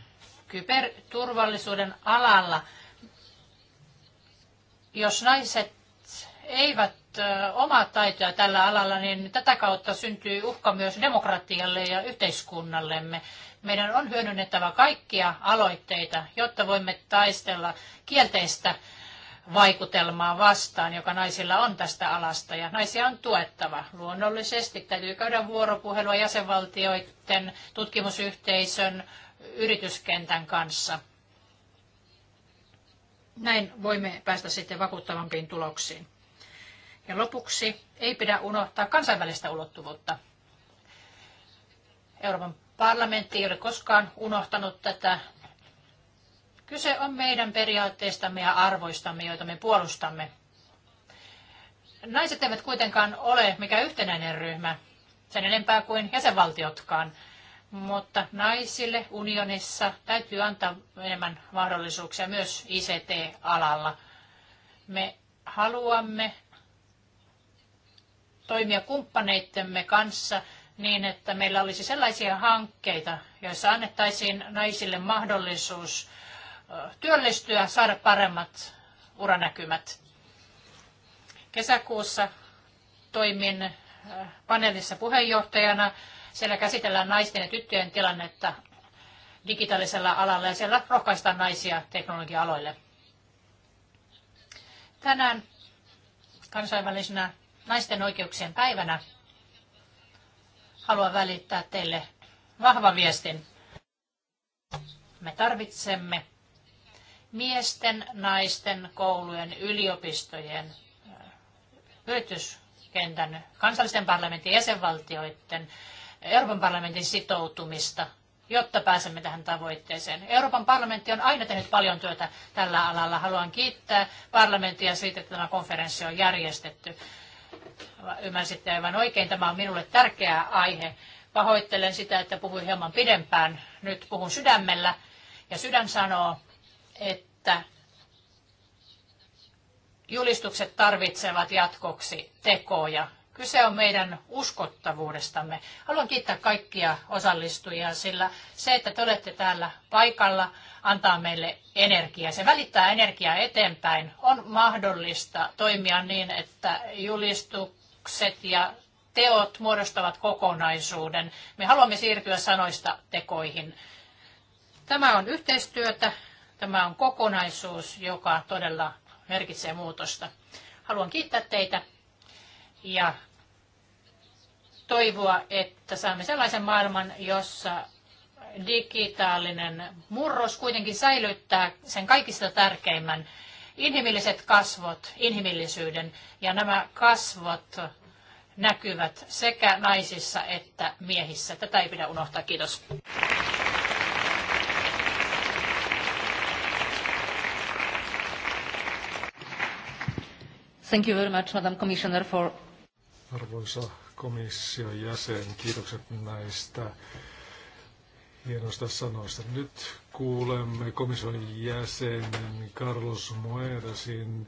Kyberturvallisuuden alalla, jos naiset eivät omaa taitoja tällä alalla, niin tätä kautta syntyy uhka myös demokratialle ja yhteiskunnallemme. Meidän on hyödynnettävä kaikkia aloitteita, jotta voimme taistella kielteistä vaikutelmaa vastaan, joka naisilla on tästä alasta. Ja naisia on tuettava luonnollisesti. Täytyy käydä vuoropuhelua jäsenvaltioiden, tutkimusyhteisön, yrityskentän kanssa. Näin voimme päästä sitten vakuuttavampiin tuloksiin. Ja lopuksi ei pidä unohtaa kansainvälistä ulottuvuutta. Euroopan parlamentti ei ole koskaan unohtanut tätä Kyse on meidän periaatteistamme ja arvoistamme, joita me puolustamme. Naiset eivät kuitenkaan ole mikä yhtenäinen ryhmä, sen enempää kuin jäsenvaltiotkaan, mutta naisille unionissa täytyy antaa enemmän mahdollisuuksia myös ICT-alalla. Me haluamme toimia kumppaneittemme kanssa niin, että meillä olisi sellaisia hankkeita, joissa annettaisiin naisille mahdollisuus työllistyä, saada paremmat uranäkymät. Kesäkuussa toimin paneelissa puheenjohtajana. Siellä käsitellään naisten ja tyttöjen tilannetta digitaalisella alalla ja siellä rohkaistaan naisia teknologia-aloille. Tänään kansainvälisenä naisten oikeuksien päivänä haluan välittää teille vahvan viestin. Me tarvitsemme miesten, naisten, koulujen, yliopistojen, yrityskentän, kansallisten parlamentin jäsenvaltioiden, Euroopan parlamentin sitoutumista, jotta pääsemme tähän tavoitteeseen. Euroopan parlamentti on aina tehnyt paljon työtä tällä alalla. Haluan kiittää parlamenttia siitä, että tämä konferenssi on järjestetty. Ymmärsitte aivan oikein, tämä on minulle tärkeä aihe. Pahoittelen sitä, että puhuin hieman pidempään. Nyt puhun sydämellä ja sydän sanoo, että julistukset tarvitsevat jatkoksi tekoja. Kyse on meidän uskottavuudestamme. Haluan kiittää kaikkia osallistujia, sillä se, että te olette täällä paikalla, antaa meille energiaa. Se välittää energiaa eteenpäin. On mahdollista toimia niin, että julistukset ja teot muodostavat kokonaisuuden. Me haluamme siirtyä sanoista tekoihin. Tämä on yhteistyötä Tämä on kokonaisuus, joka todella merkitsee muutosta. Haluan kiittää teitä ja toivoa, että saamme sellaisen maailman, jossa digitaalinen murros kuitenkin säilyttää sen kaikista tärkeimmän inhimilliset kasvot, inhimillisyyden. Ja nämä kasvot näkyvät sekä naisissa että miehissä. Tätä ei pidä unohtaa. Kiitos. Thank you very much, Madam Commissioner, for... Arvoisa komission jäsen, kiitokset näistä hienoista sanoista. Nyt kuulemme komission jäsenen Carlos Moerasin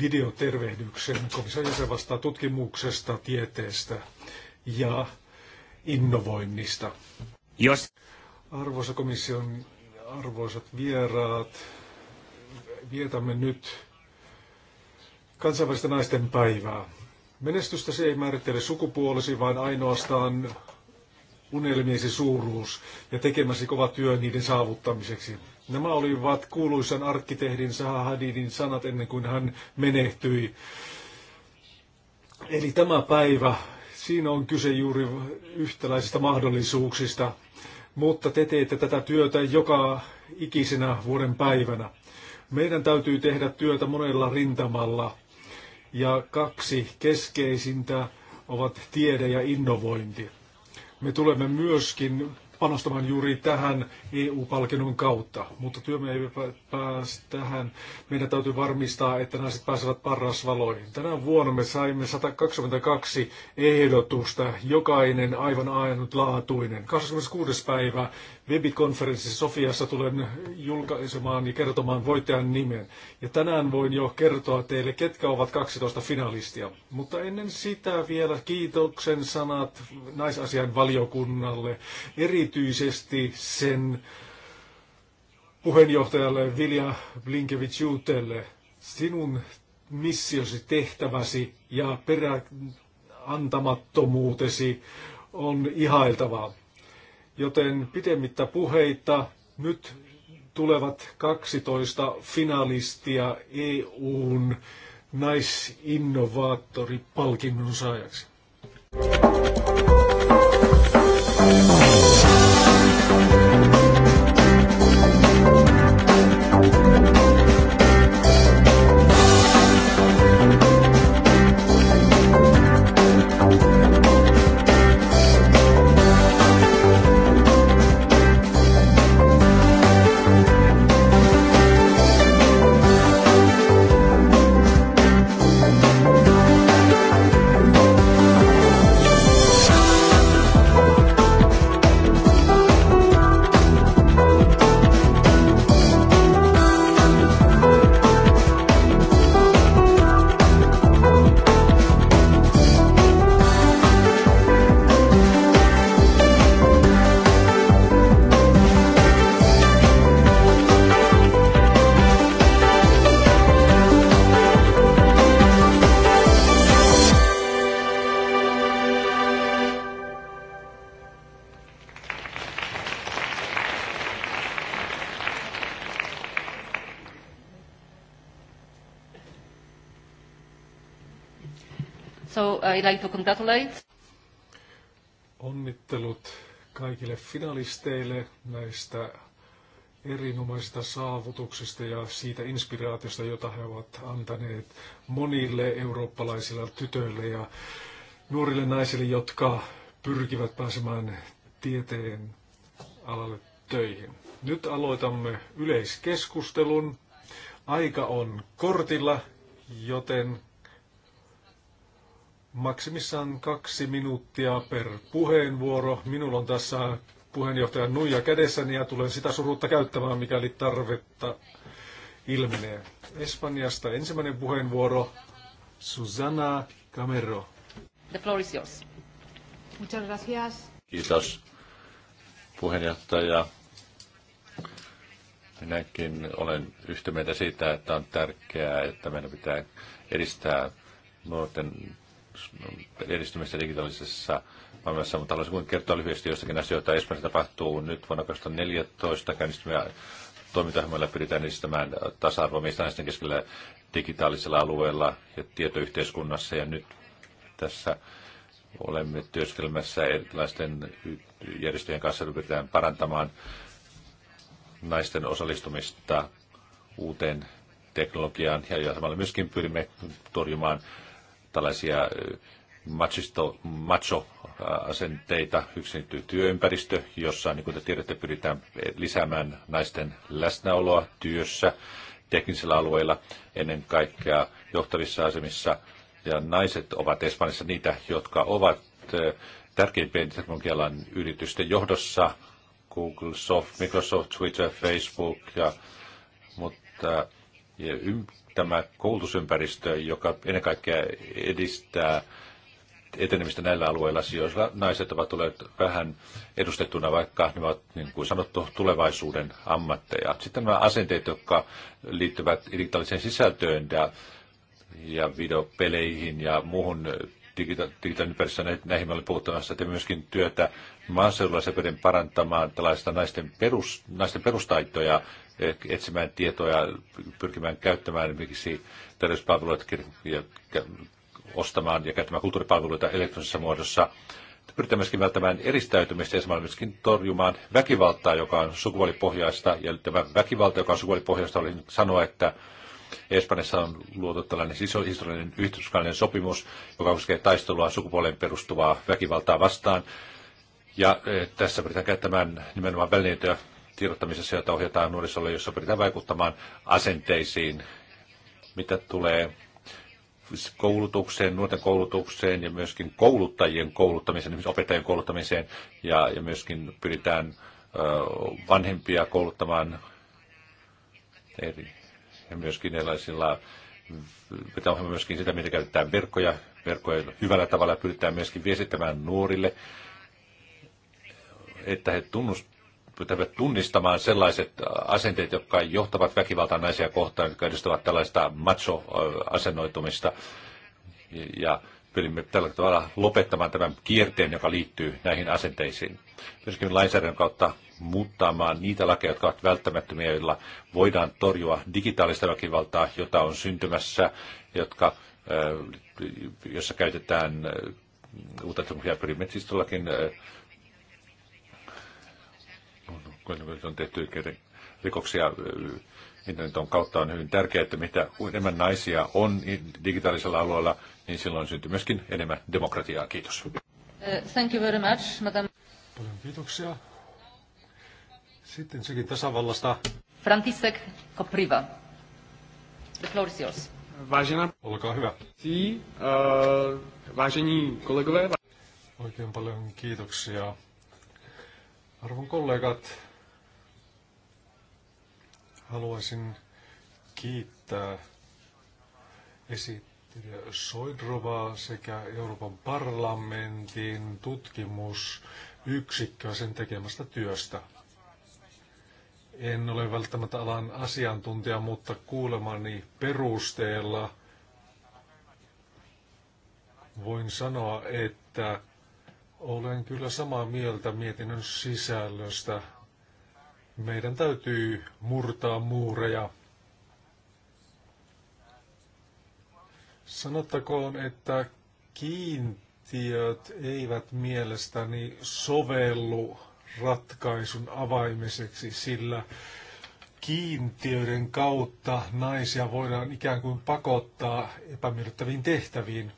videotervehdyksen. Komission jäsen vastaa tutkimuksesta, tieteestä ja innovoinnista. Jos... Arvoisa komission arvoisat vieraat, vietämme nyt kansainvälistä naisten päivää. Menestystä se ei määrittele sukupuolesi, vaan ainoastaan unelmiesi suuruus ja tekemäsi kova työ niiden saavuttamiseksi. Nämä olivat kuuluisan arkkitehdin Saha Hadidin sanat ennen kuin hän menehtyi. Eli tämä päivä, siinä on kyse juuri yhtäläisistä mahdollisuuksista, mutta te teette tätä työtä joka ikisenä vuoden päivänä. Meidän täytyy tehdä työtä monella rintamalla – ja kaksi keskeisintä ovat tiede ja innovointi. Me tulemme myöskin panostamaan juuri tähän EU-palkinnon kautta, mutta työmme ei pääse tähän. Meidän täytyy varmistaa, että naiset pääsevät parrasvaloihin. Tänä vuonna me saimme 122 ehdotusta, jokainen aivan ainutlaatuinen. 26. päivä webikonferenssi Sofiassa tulen julkaisemaan ja kertomaan voittajan nimen. Ja tänään voin jo kertoa teille, ketkä ovat 12 finalistia. Mutta ennen sitä vielä kiitoksen sanat naisasian valiokunnalle, erityisesti sen puheenjohtajalle Vilja Blinkevich-Jutelle. Sinun missiosi, tehtäväsi ja perä antamattomuutesi on ihailtavaa. Joten pitemmittä puheita nyt tulevat 12 finalistia EUn naisinnovaattoripalkinnon saajaksi. kaikille finalisteille näistä erinomaisista saavutuksista ja siitä inspiraatiosta, jota he ovat antaneet monille eurooppalaisille tytöille ja nuorille naisille, jotka pyrkivät pääsemään tieteen alalle töihin. Nyt aloitamme yleiskeskustelun. Aika on kortilla, joten Maksimissaan kaksi minuuttia per puheenvuoro. Minulla on tässä puheenjohtajan nuija kädessäni ja tulen sitä suruutta käyttämään, mikäli tarvetta ilmenee. Espanjasta ensimmäinen puheenvuoro. Susana Camero. The floor is yours. Muchas gracias. Kiitos puheenjohtaja. Minäkin olen yhtä mieltä siitä, että on tärkeää, että meidän pitää edistää nuorten edistymistä digitaalisessa maailmassa, mutta haluaisin kertoa lyhyesti jostakin asioita. Espanjassa tapahtuu nyt vuonna 2014 käynnistyviä toimintaohjelmalla pyritään edistämään tasa-arvoa miesten naisten keskellä digitaalisella alueella ja tietoyhteiskunnassa. Ja nyt tässä olemme työskelmässä erilaisten järjestöjen kanssa, pyritään parantamaan naisten osallistumista uuteen teknologiaan ja samalla myöskin pyrimme torjumaan tällaisia machisto, macho-asenteita. Yksi liittyy työympäristö, jossa, niin kuin te tiedätte, pyritään lisäämään naisten läsnäoloa työssä, teknisillä alueilla, ennen kaikkea johtavissa asemissa. Ja naiset ovat Espanjassa niitä, jotka ovat tärkeimpien teknologialan yritysten johdossa, Google, Soft, Microsoft, Twitter, Facebook, ja, mutta tämä koulutusympäristö, joka ennen kaikkea edistää etenemistä näillä alueilla, joissa naiset ovat tulleet vähän edustettuna, vaikka ne ovat, niin kuin sanottu, tulevaisuuden ammatteja. Sitten nämä asenteet, jotka liittyvät digitaaliseen sisältöön ja, ja videopeleihin ja muuhun digita- digitaaliympäristöön, näihin olen puhuttamassa, että myöskin työtä maaseudulla se parantamaan tällaista naisten, perus, naisten perustaitoja, etsimään tietoa ja pyrkimään käyttämään esimerkiksi terveyspalveluita ja ostamaan ja käyttämään kulttuuripalveluita elektronisessa muodossa. Pyritään myöskin välttämään eristäytymistä ja samalla myöskin torjumaan väkivaltaa, joka on sukupuolipohjaista. Ja tämä väkivalta, joka on sukupuolipohjaista, oli sanoa, että Espanjassa on luotu tällainen historiallinen yhteiskunnallinen sopimus, joka koskee taistelua sukupuoleen perustuvaa väkivaltaa vastaan. Ja eh, tässä pyritään käyttämään nimenomaan välineitä, tiedottamisessa, jota ohjataan nuorisolle, jossa pyritään vaikuttamaan asenteisiin, mitä tulee koulutukseen, nuorten koulutukseen ja myöskin kouluttajien kouluttamiseen, esimerkiksi opettajien kouluttamiseen ja, ja myöskin pyritään vanhempia kouluttamaan eri, ja myöskin erilaisilla pitää ohjelma myöskin sitä, miten käytetään verkkoja, verkkoja hyvällä tavalla pyritään myöskin viestittämään nuorille, että he tunnust, pyytävät tunnistamaan sellaiset asenteet, jotka johtavat väkivaltaan naisia kohtaan, jotka edustavat tällaista macho-asennoitumista. Ja pyrimme tällä tavalla lopettamaan tämän kierteen, joka liittyy näihin asenteisiin. Myöskin lainsäädännön kautta muuttamaan niitä lakeja, jotka ovat välttämättömiä, joilla voidaan torjua digitaalista väkivaltaa, jota on syntymässä, jotka, jossa käytetään uutta teknologiaa. Pyrimme siis kun on tehty rikoksia äh, internetin kautta, on hyvin tärkeää, että mitä enemmän naisia on digitaalisella alueella, niin silloin syntyy myöskin enemmän demokratiaa. Kiitos. Uh, thank you very much, madam. Paljon kiitoksia. Sitten sekin tasavallasta. František Kopriva. The floor is yours. Vážená, olkaa hyvä. Si, uh, vážení kolegové. Oikein paljon kiitoksia. Arvon kollegat, Haluaisin kiittää esittelijä Soidrovaa sekä Euroopan parlamentin tutkimusyksikköä sen tekemästä työstä. En ole välttämättä alan asiantuntija, mutta kuulemani perusteella voin sanoa, että olen kyllä samaa mieltä mietinnön sisällöstä meidän täytyy murtaa muureja. Sanottakoon, että kiintiöt eivät mielestäni sovellu ratkaisun avaimiseksi, sillä kiintiöiden kautta naisia voidaan ikään kuin pakottaa epämiellyttäviin tehtäviin.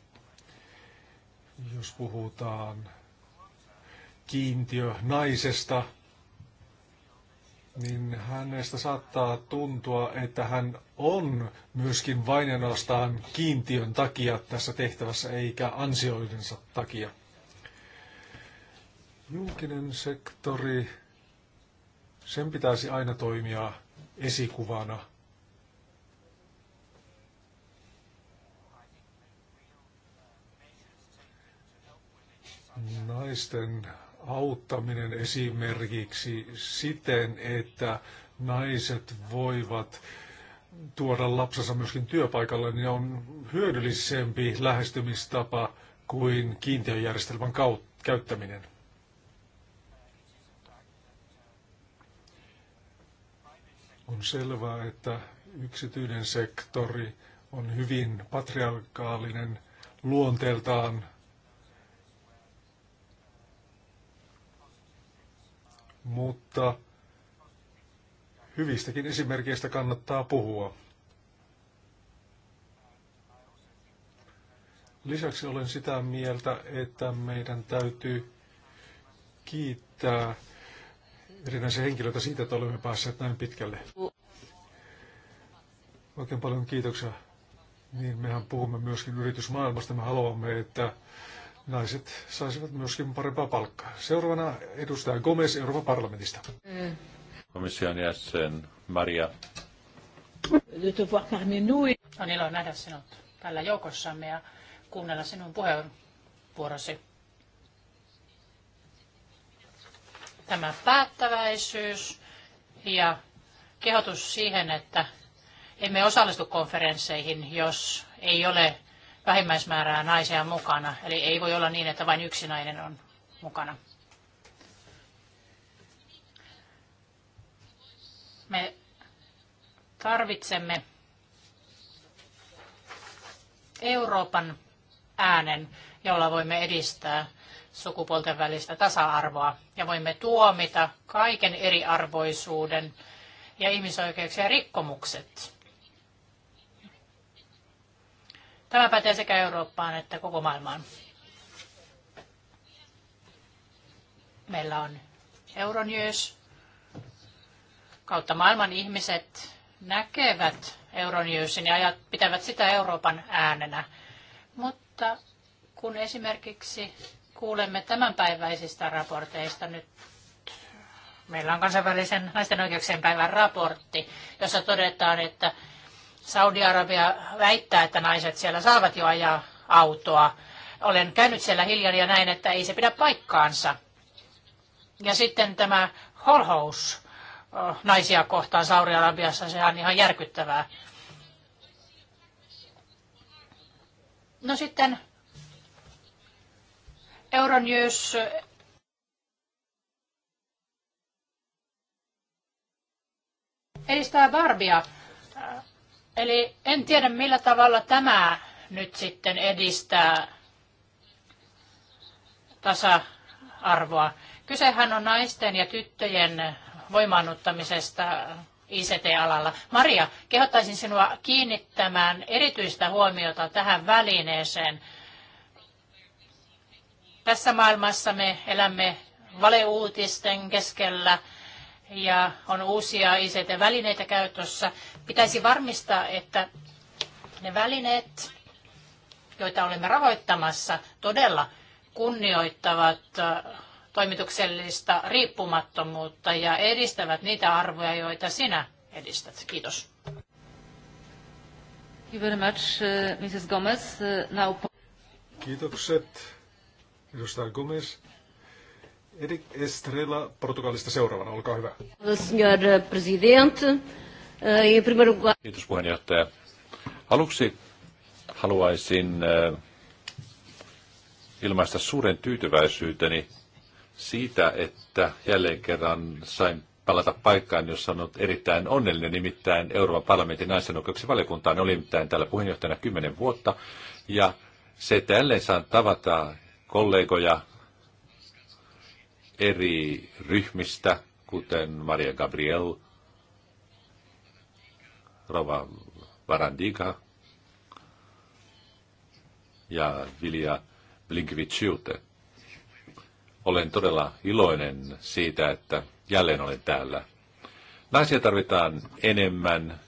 Jos puhutaan kiintiö naisesta, niin hänestä saattaa tuntua, että hän on myöskin vain ainoastaan kiintiön takia tässä tehtävässä, eikä ansioidensa takia. Julkinen sektori, sen pitäisi aina toimia esikuvana. Naisten auttaminen esimerkiksi siten, että naiset voivat tuoda lapsensa myöskin työpaikalle, niin on hyödyllisempi lähestymistapa kuin kiintiöjärjestelmän käyttäminen. On selvää, että yksityinen sektori on hyvin patriarkaalinen luonteeltaan mutta hyvistäkin esimerkkeistä kannattaa puhua. Lisäksi olen sitä mieltä, että meidän täytyy kiittää erinäisiä henkilöitä siitä, että olemme päässeet näin pitkälle. Oikein paljon kiitoksia. Niin mehän puhumme myöskin yritysmaailmasta. Me haluamme, että naiset saisivat myöskin parempaa palkkaa. Seuraavana edustaja Gomez Euroopan parlamentista. Komission jäsen Maria. Niin on ilo nähdä sinut tällä joukossamme ja kuunnella sinun puheenvuorosi. Tämä päättäväisyys ja kehotus siihen, että emme osallistu konferensseihin, jos ei ole vähimmäismäärää naisia mukana. Eli ei voi olla niin, että vain yksi nainen on mukana. Me tarvitsemme Euroopan äänen, jolla voimme edistää sukupuolten välistä tasa-arvoa ja voimme tuomita kaiken eriarvoisuuden ja ihmisoikeuksien rikkomukset. Tämä pätee sekä Eurooppaan että koko maailmaan. Meillä on Euronews. Kautta maailman ihmiset näkevät Euronewsin ja pitävät sitä Euroopan äänenä. Mutta kun esimerkiksi kuulemme tämänpäiväisistä raporteista nyt Meillä on kansainvälisen naisten oikeuksien päivän raportti, jossa todetaan, että Saudi-Arabia väittää, että naiset siellä saavat jo ajaa autoa. Olen käynyt siellä hiljan ja näin, että ei se pidä paikkaansa. Ja sitten tämä holhous naisia kohtaan Saudi-Arabiassa, sehän on ihan järkyttävää. No sitten Euronews edistää Barbia Eli en tiedä millä tavalla tämä nyt sitten edistää tasa-arvoa. Kysehän on naisten ja tyttöjen voimaannuttamisesta ICT-alalla. Maria, kehottaisin sinua kiinnittämään erityistä huomiota tähän välineeseen. Tässä maailmassa me elämme valeuutisten keskellä ja on uusia ICT-välineitä käytössä. Pitäisi varmistaa, että ne välineet, joita olemme rahoittamassa, todella kunnioittavat äh, toimituksellista riippumattomuutta ja edistävät niitä arvoja, joita sinä edistät. Kiitos. Uh, uh, Kiitokset, edustaja Gomez. Erik Estrella Portugalista seuraavana, olkaa hyvä. Senhor presidente, Kiitos puheenjohtaja. Aluksi haluaisin ilmaista suuren tyytyväisyyteni siitä, että jälleen kerran sain palata paikkaan, jossa on ollut erittäin onnellinen, nimittäin Euroopan parlamentin naisen oikeuksien valiokuntaan. Olin nimittäin täällä puheenjohtajana kymmenen vuotta. Ja se, että jälleen saan tavata kollegoja eri ryhmistä, kuten Maria Gabriel – Rova Varandika ja Vilja Blinkvitsiute. Olen todella iloinen siitä, että jälleen olen täällä. Naisia tarvitaan enemmän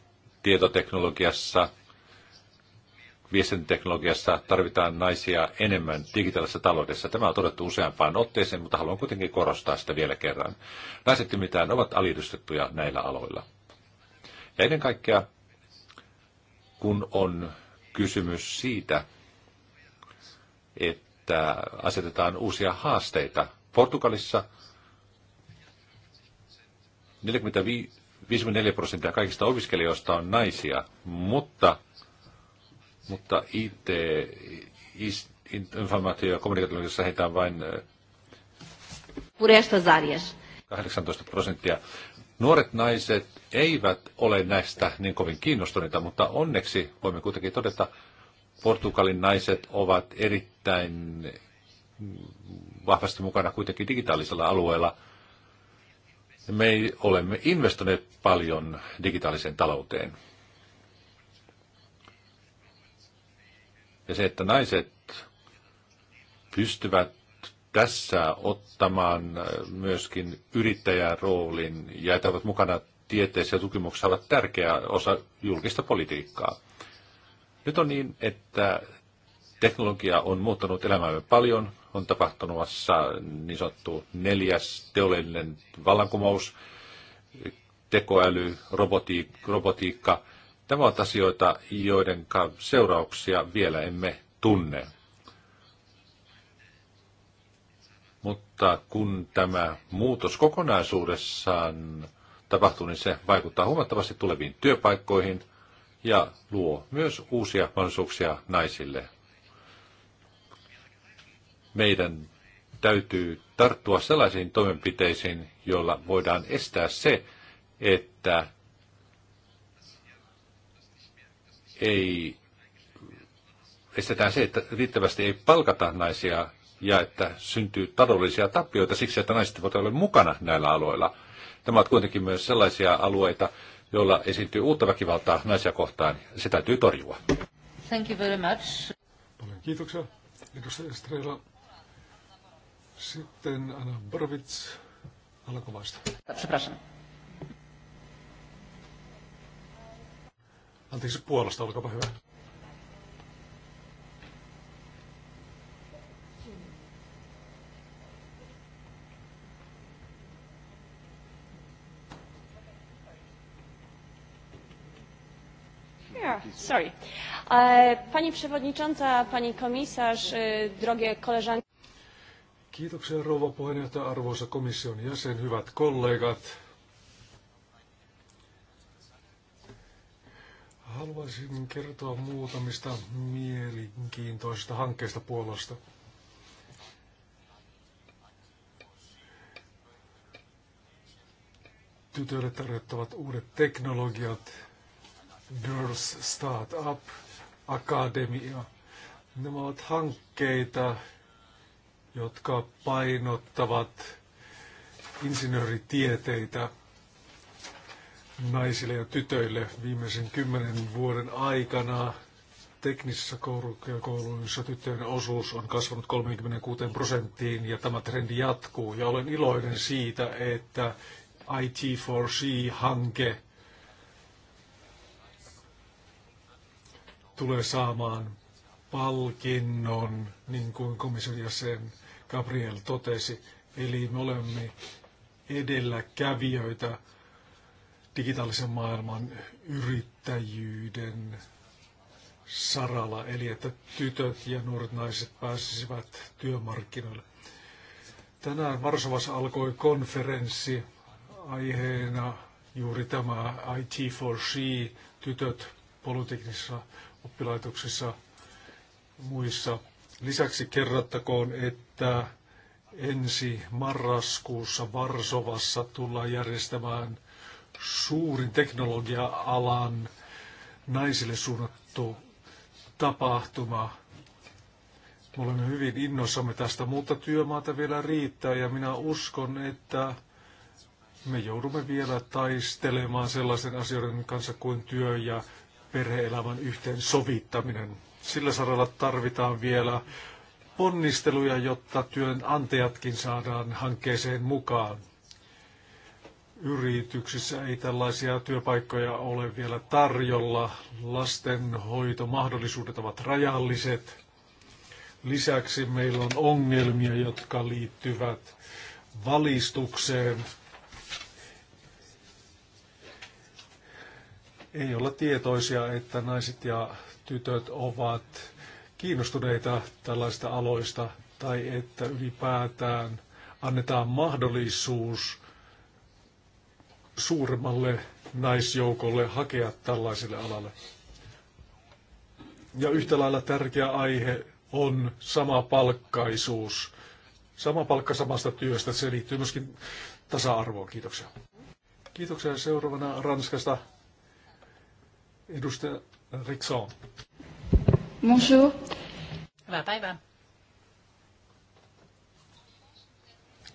tietoteknologiassa, viestintäteknologiassa tarvitaan naisia enemmän digitaalisessa taloudessa. Tämä on todettu useampaan otteeseen, mutta haluan kuitenkin korostaa sitä vielä kerran. Naiset mitään ovat alidustettuja näillä aloilla. Ja ennen kaikkea, kun on kysymys siitä, että asetetaan uusia haasteita. Portugalissa 54 prosenttia kaikista opiskelijoista on naisia, mutta, mutta IT, informaatio- ja kommunikaatioissa heitä on vain 18 äh, prosenttia. Nuoret naiset eivät ole näistä niin kovin kiinnostuneita, mutta onneksi voimme kuitenkin todeta, Portugalin naiset ovat erittäin vahvasti mukana kuitenkin digitaalisella alueella. Me olemme investoineet paljon digitaaliseen talouteen. Ja se, että naiset pystyvät tässä ottamaan myöskin yrittäjän roolin ja että ovat mukana tieteessä ja tutkimuksessa ovat tärkeä osa julkista politiikkaa. Nyt on niin, että teknologia on muuttanut elämäämme paljon. On tapahtunut niin sanottu neljäs teollinen vallankumous, tekoäly, roboti, robotiikka. Tämä ovat asioita, joiden seurauksia vielä emme tunne. mutta kun tämä muutos kokonaisuudessaan tapahtuu, niin se vaikuttaa huomattavasti tuleviin työpaikkoihin ja luo myös uusia mahdollisuuksia naisille. Meidän täytyy tarttua sellaisiin toimenpiteisiin, joilla voidaan estää se, että ei estetään se, että riittävästi ei palkata naisia ja että syntyy taloudellisia tappioita siksi, että naiset voivat olla mukana näillä aloilla. Nämä ovat kuitenkin myös sellaisia alueita, joilla esiintyy uutta väkivaltaa naisia kohtaan. Se täytyy torjua. Thank you very much. Paljon kiitoksia. Edustaja Estrella. Sitten Anna Borovits alkomaista. Przepraszam. Anteeksi, Puolasta, olkaapa hyvä. Sorry. E, pani przewodnicząca, pani komisarz, e, drogie koleżanki. Kiitoksia rouva puheenjohtaja, arvoisa komission jäsen, hyvät kollegat. Haluaisin kertoa muutamista mielenkiintoisista hankkeista Puolasta. Tytöille tarjottavat uudet teknologiat Girls Start Up, Akademia. Nämä ovat hankkeita, jotka painottavat insinööritieteitä naisille ja tytöille viimeisen kymmenen vuoden aikana. Teknisissä korkeakouluissa tyttöjen osuus on kasvanut 36 prosenttiin ja tämä trendi jatkuu. Ja olen iloinen siitä, että IT4C-hanke tulee saamaan palkinnon, niin kuin komission jäsen Gabriel totesi. Eli me olemme edelläkävijöitä digitaalisen maailman yrittäjyyden saralla, eli että tytöt ja nuoret naiset pääsisivät työmarkkinoille. Tänään Varsovassa alkoi konferenssi aiheena juuri tämä IT for She, tytöt polyteknisessa oppilaitoksissa muissa. Lisäksi kerrattakoon, että ensi marraskuussa Varsovassa tullaan järjestämään suurin teknologia-alan naisille suunnattu tapahtuma. Me olemme hyvin innoissamme tästä, mutta työmaata vielä riittää ja minä uskon, että me joudumme vielä taistelemaan sellaisen asioiden kanssa kuin työ ja perheelämän yhteen sovittaminen. Sillä saralla tarvitaan vielä ponnisteluja, jotta työnantajatkin saadaan hankkeeseen mukaan. Yrityksissä ei tällaisia työpaikkoja ole vielä tarjolla. Lastenhoitomahdollisuudet ovat rajalliset. Lisäksi meillä on ongelmia, jotka liittyvät valistukseen, ei olla tietoisia, että naiset ja tytöt ovat kiinnostuneita tällaista aloista tai että ylipäätään annetaan mahdollisuus suuremmalle naisjoukolle hakea tällaiselle alalle. Ja yhtä lailla tärkeä aihe on sama palkkaisuus. Sama palkka samasta työstä, se liittyy myöskin tasa-arvoon. Kiitoksia. Kiitoksia seuraavana Ranskasta Edustaja Bonjour. Hyvää päivää.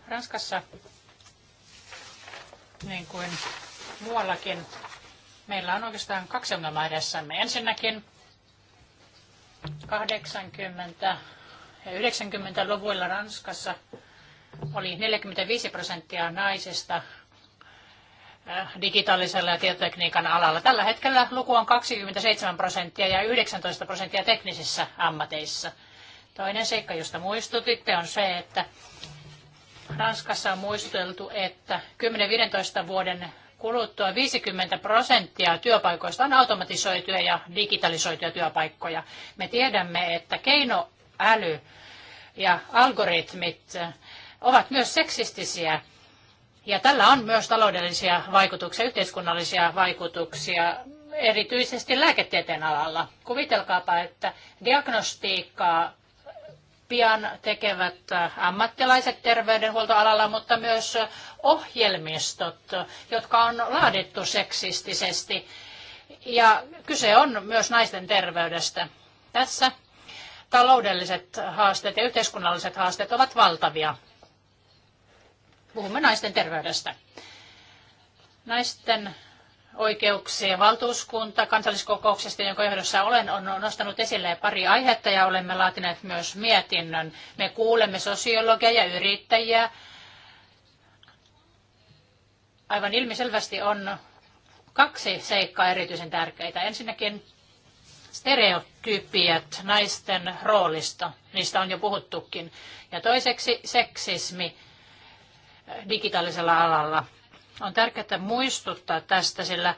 Ranskassa, niin kuin muuallakin, meillä on oikeastaan kaksi ongelmaa edessämme. Ensinnäkin 80- ja 90-luvuilla Ranskassa oli 45 prosenttia naisista Äh, digitaalisella ja tietotekniikan alalla. Tällä hetkellä luku on 27 prosenttia ja 19 prosenttia teknisissä ammateissa. Toinen seikka, josta muistutitte, on se, että Ranskassa on muistuteltu, että 10-15 vuoden kuluttua 50 prosenttia työpaikoista on automatisoituja ja digitalisoituja työpaikkoja. Me tiedämme, että keinoäly ja algoritmit ovat myös seksistisiä ja tällä on myös taloudellisia vaikutuksia, yhteiskunnallisia vaikutuksia, erityisesti lääketieteen alalla. Kuvitelkaapa, että diagnostiikkaa pian tekevät ammattilaiset terveydenhuoltoalalla, mutta myös ohjelmistot, jotka on laadittu seksistisesti. Ja kyse on myös naisten terveydestä. Tässä taloudelliset haasteet ja yhteiskunnalliset haasteet ovat valtavia. Puhumme naisten terveydestä. Naisten oikeuksien valtuuskunta kansalliskokouksesta, jonka johdossa olen, on nostanut esille pari aihetta ja olemme laatineet myös mietinnön. Me kuulemme sosiologeja ja yrittäjiä. Aivan ilmiselvästi on kaksi seikkaa erityisen tärkeitä. Ensinnäkin stereotypiat naisten roolista, niistä on jo puhuttukin. Ja toiseksi seksismi digitaalisella alalla. On tärkeää muistuttaa tästä, sillä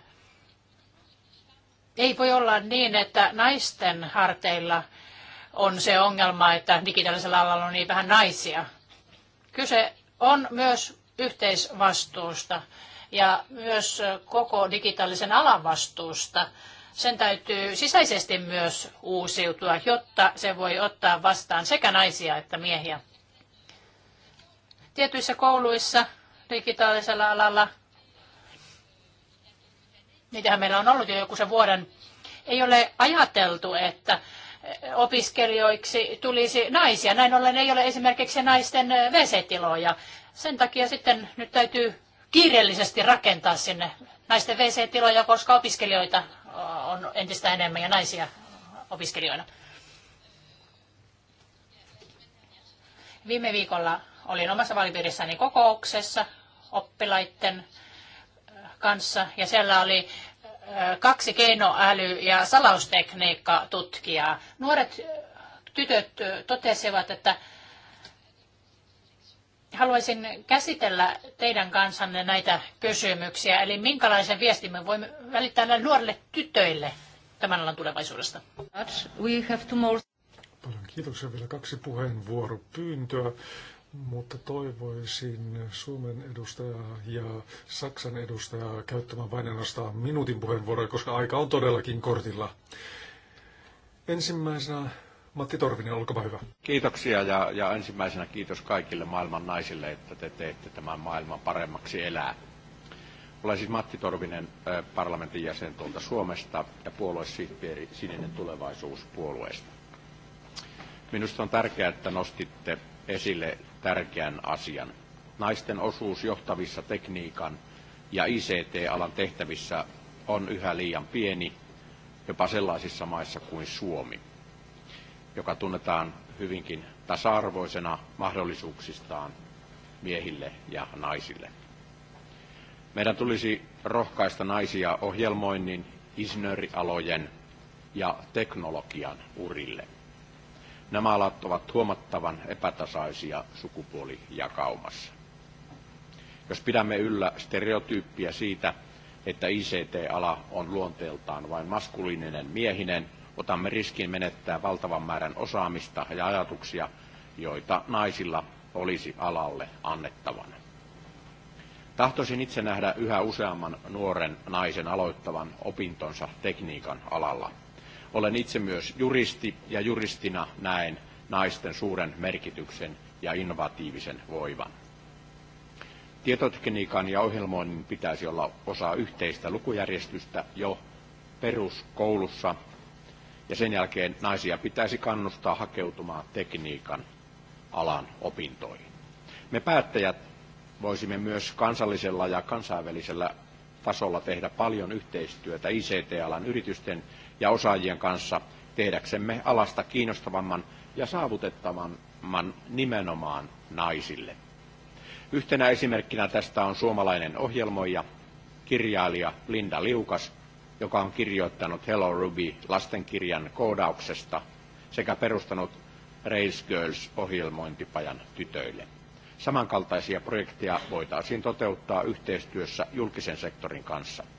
ei voi olla niin, että naisten harteilla on se ongelma, että digitaalisella alalla on niin vähän naisia. Kyse on myös yhteisvastuusta ja myös koko digitaalisen alan vastuusta. Sen täytyy sisäisesti myös uusiutua, jotta se voi ottaa vastaan sekä naisia että miehiä. Tietyissä kouluissa digitaalisella alalla, niitähän meillä on ollut jo joku se vuoden, ei ole ajateltu, että eh, opiskelijoiksi tulisi naisia. Näin ollen ei ole esimerkiksi naisten vesetiloja. Eh, sen takia sitten nyt täytyy kiireellisesti rakentaa sinne naisten vesetiloja, koska opiskelijoita eh, on entistä enemmän ja naisia opiskelijoina. Viime viikolla Olin omassa vaalipiirissäni kokouksessa oppilaiden äh, kanssa ja siellä oli äh, kaksi keinoäly- ja salaustekniikka-tutkijaa. Nuoret äh, tytöt totesivat, että haluaisin käsitellä teidän kanssanne näitä kysymyksiä. Eli minkälaisen viestin me voimme välittää näille nuorille tytöille tämän alan tulevaisuudesta? We have two more... Paljon kiitoksia. Vielä kaksi puheenvuoropyyntöä mutta toivoisin Suomen edustajaa ja Saksan edustajaa käyttämään vain ainoastaan minuutin puheenvuoroja, koska aika on todellakin kortilla. Ensimmäisenä Matti Torvinen, olkaa hyvä. Kiitoksia ja, ja ensimmäisenä kiitos kaikille maailman naisille, että te teette tämän maailman paremmaksi elää. Olen siis Matti Torvinen, parlamentin jäsen tuolta Suomesta ja puoluesihteeri Sininen tulevaisuus puolueesta. Minusta on tärkeää, että nostitte esille tärkeän asian. Naisten osuus johtavissa tekniikan ja ICT-alan tehtävissä on yhä liian pieni, jopa sellaisissa maissa kuin Suomi, joka tunnetaan hyvinkin tasa-arvoisena mahdollisuuksistaan miehille ja naisille. Meidän tulisi rohkaista naisia ohjelmoinnin, insinöörialojen ja teknologian urille. Nämä alat ovat huomattavan epätasaisia sukupuolijakaumassa. Jos pidämme yllä stereotyyppiä siitä, että ICT-ala on luonteeltaan vain maskuliininen miehinen, otamme riskin menettää valtavan määrän osaamista ja ajatuksia, joita naisilla olisi alalle annettavana. Tahtoisin itse nähdä yhä useamman nuoren naisen aloittavan opintonsa tekniikan alalla – olen itse myös juristi ja juristina näen naisten suuren merkityksen ja innovatiivisen voiman. Tietotekniikan ja ohjelmoinnin pitäisi olla osa yhteistä lukujärjestystä jo peruskoulussa, ja sen jälkeen naisia pitäisi kannustaa hakeutumaan tekniikan alan opintoihin. Me päättäjät voisimme myös kansallisella ja kansainvälisellä tasolla tehdä paljon yhteistyötä ICT-alan yritysten ja osaajien kanssa tehdäksemme alasta kiinnostavamman ja saavutettavamman nimenomaan naisille. Yhtenä esimerkkinä tästä on suomalainen ohjelmoija, kirjailija Linda Liukas, joka on kirjoittanut Hello Ruby lastenkirjan koodauksesta sekä perustanut Race Girls-ohjelmointipajan tytöille. Samankaltaisia projekteja voitaisiin toteuttaa yhteistyössä julkisen sektorin kanssa –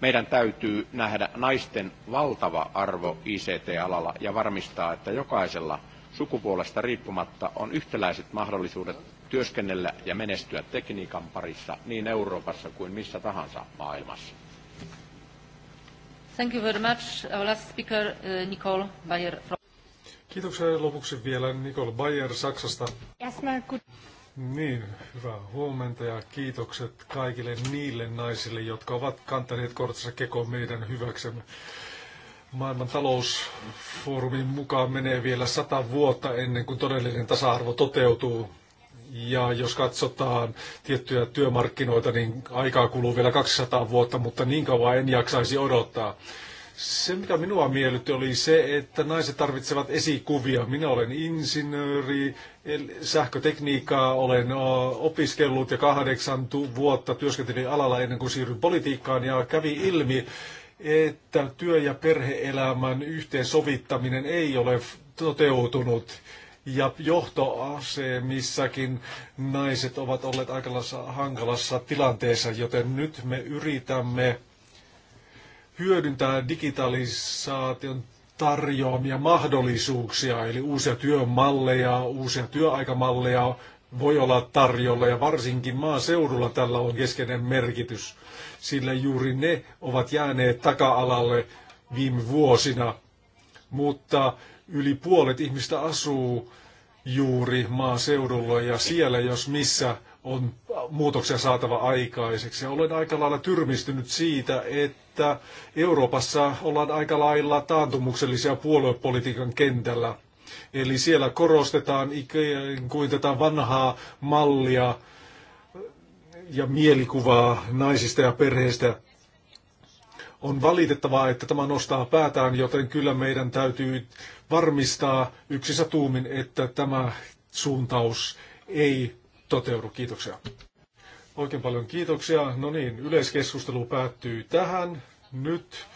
meidän täytyy nähdä naisten valtava arvo ICT-alalla ja varmistaa, että jokaisella sukupuolesta riippumatta on yhtäläiset mahdollisuudet työskennellä ja menestyä tekniikan parissa niin Euroopassa kuin missä tahansa maailmassa. Thank you very much. Our last speaker, uh, Nicole Bayer. Kiitoksia lopuksi vielä Nicole Bayer Saksasta. Yes, niin, hyvää huomenta ja kiitokset kaikille niille naisille, jotka ovat kantaneet kortissa kekoon meidän hyväksemme. Maailman talousfoorumin mukaan menee vielä sata vuotta ennen kuin todellinen tasa-arvo toteutuu. Ja jos katsotaan tiettyjä työmarkkinoita, niin aikaa kuluu vielä 200 vuotta, mutta niin kauan en jaksaisi odottaa. Se, mikä minua miellytti, oli se, että naiset tarvitsevat esikuvia. Minä olen insinööri, sähkötekniikkaa olen opiskellut ja kahdeksan vuotta työskentelin alalla ennen kuin siirryin politiikkaan ja kävi ilmi, että työ- ja perheelämän yhteensovittaminen ei ole toteutunut. Ja johtoasemissakin naiset ovat olleet aika hankalassa tilanteessa, joten nyt me yritämme hyödyntää digitalisaation tarjoamia mahdollisuuksia, eli uusia työmalleja, uusia työaikamalleja voi olla tarjolla ja varsinkin maaseudulla tällä on keskeinen merkitys, sillä juuri ne ovat jääneet taka-alalle viime vuosina, mutta yli puolet ihmistä asuu juuri maaseudulla ja siellä jos missä on muutoksia saatava aikaiseksi. Olen aika lailla tyrmistynyt siitä, että Euroopassa ollaan aika lailla taantumuksellisia puoluepolitiikan kentällä. Eli siellä korostetaan ikään kuin tätä vanhaa mallia ja mielikuvaa naisista ja perheistä. On valitettavaa, että tämä nostaa päätään, joten kyllä meidän täytyy varmistaa yksissä tuumin, että tämä suuntaus ei toteudu. Kiitoksia. Oikein paljon kiitoksia. No niin, yleiskeskustelu päättyy tähän. Nyt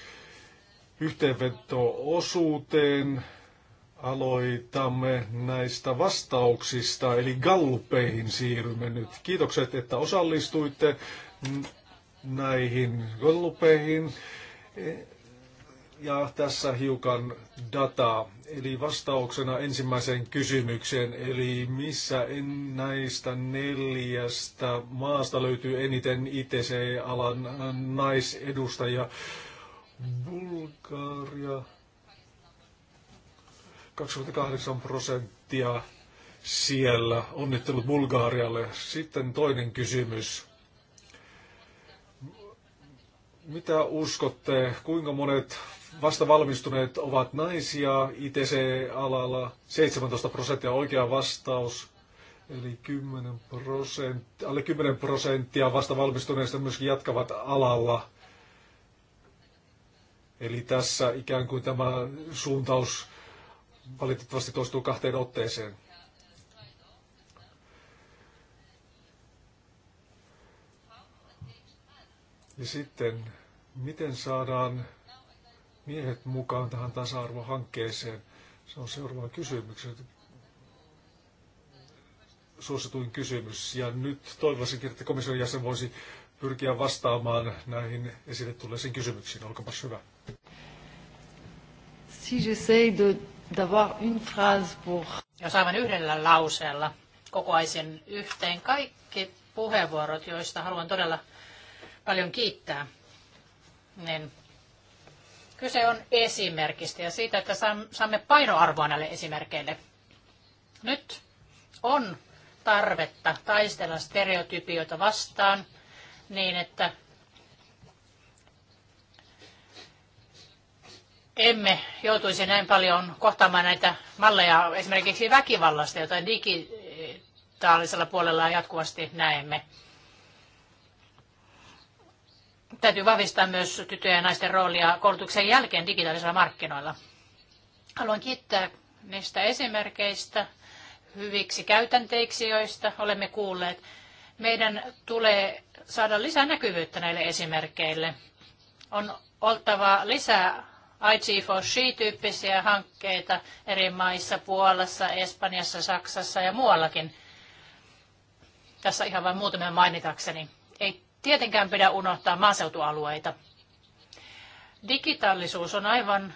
yhteenveto-osuuteen aloitamme näistä vastauksista, eli gallupeihin siirrymme nyt. Kiitokset, että osallistuitte näihin gallupeihin. Ja tässä hiukan dataa. Eli vastauksena ensimmäiseen kysymykseen, eli missä näistä neljästä maasta löytyy eniten ITC-alan naisedustajia? Bulgaria 28 prosenttia siellä. Onnittelut Bulgaarialle. Sitten toinen kysymys. Mitä uskotte, kuinka monet Vasta valmistuneet ovat naisia, ITC-alalla 17 prosenttia oikea vastaus, eli 10 prosenttia, alle 10 prosenttia vasta valmistuneista myöskin jatkavat alalla. Eli tässä ikään kuin tämä suuntaus valitettavasti toistuu kahteen otteeseen. Ja sitten, miten saadaan miehet mukaan tähän tasa-arvohankkeeseen? Se on seuraava kysymys. Suosituin kysymys. Ja nyt toivoisinkin, että komission jäsen voisi pyrkiä vastaamaan näihin esille tulleisiin kysymyksiin. Olkapas hyvä. Si j'essaie de, d'avoir une phrase pour... Jos aivan yhdellä lauseella kokoaisin yhteen kaikki puheenvuorot, joista haluan todella paljon kiittää, niin Kyse on esimerkistä ja siitä, että saamme painoarvoa näille esimerkkeille. Nyt on tarvetta taistella stereotypioita vastaan niin, että emme joutuisi näin paljon kohtaamaan näitä malleja esimerkiksi väkivallasta, jota digitaalisella puolella jatkuvasti näemme täytyy vahvistaa myös tyttöjen ja naisten roolia koulutuksen jälkeen digitaalisilla markkinoilla. Haluan kiittää näistä esimerkkeistä, hyviksi käytänteiksi, joista olemme kuulleet. Meidän tulee saada lisää näkyvyyttä näille esimerkkeille. On oltava lisää IG4C-tyyppisiä hankkeita eri maissa, Puolassa, Espanjassa, Saksassa ja muuallakin. Tässä ihan vain muutamia mainitakseni. Ei tietenkään pidä unohtaa maaseutualueita. Digitaalisuus on aivan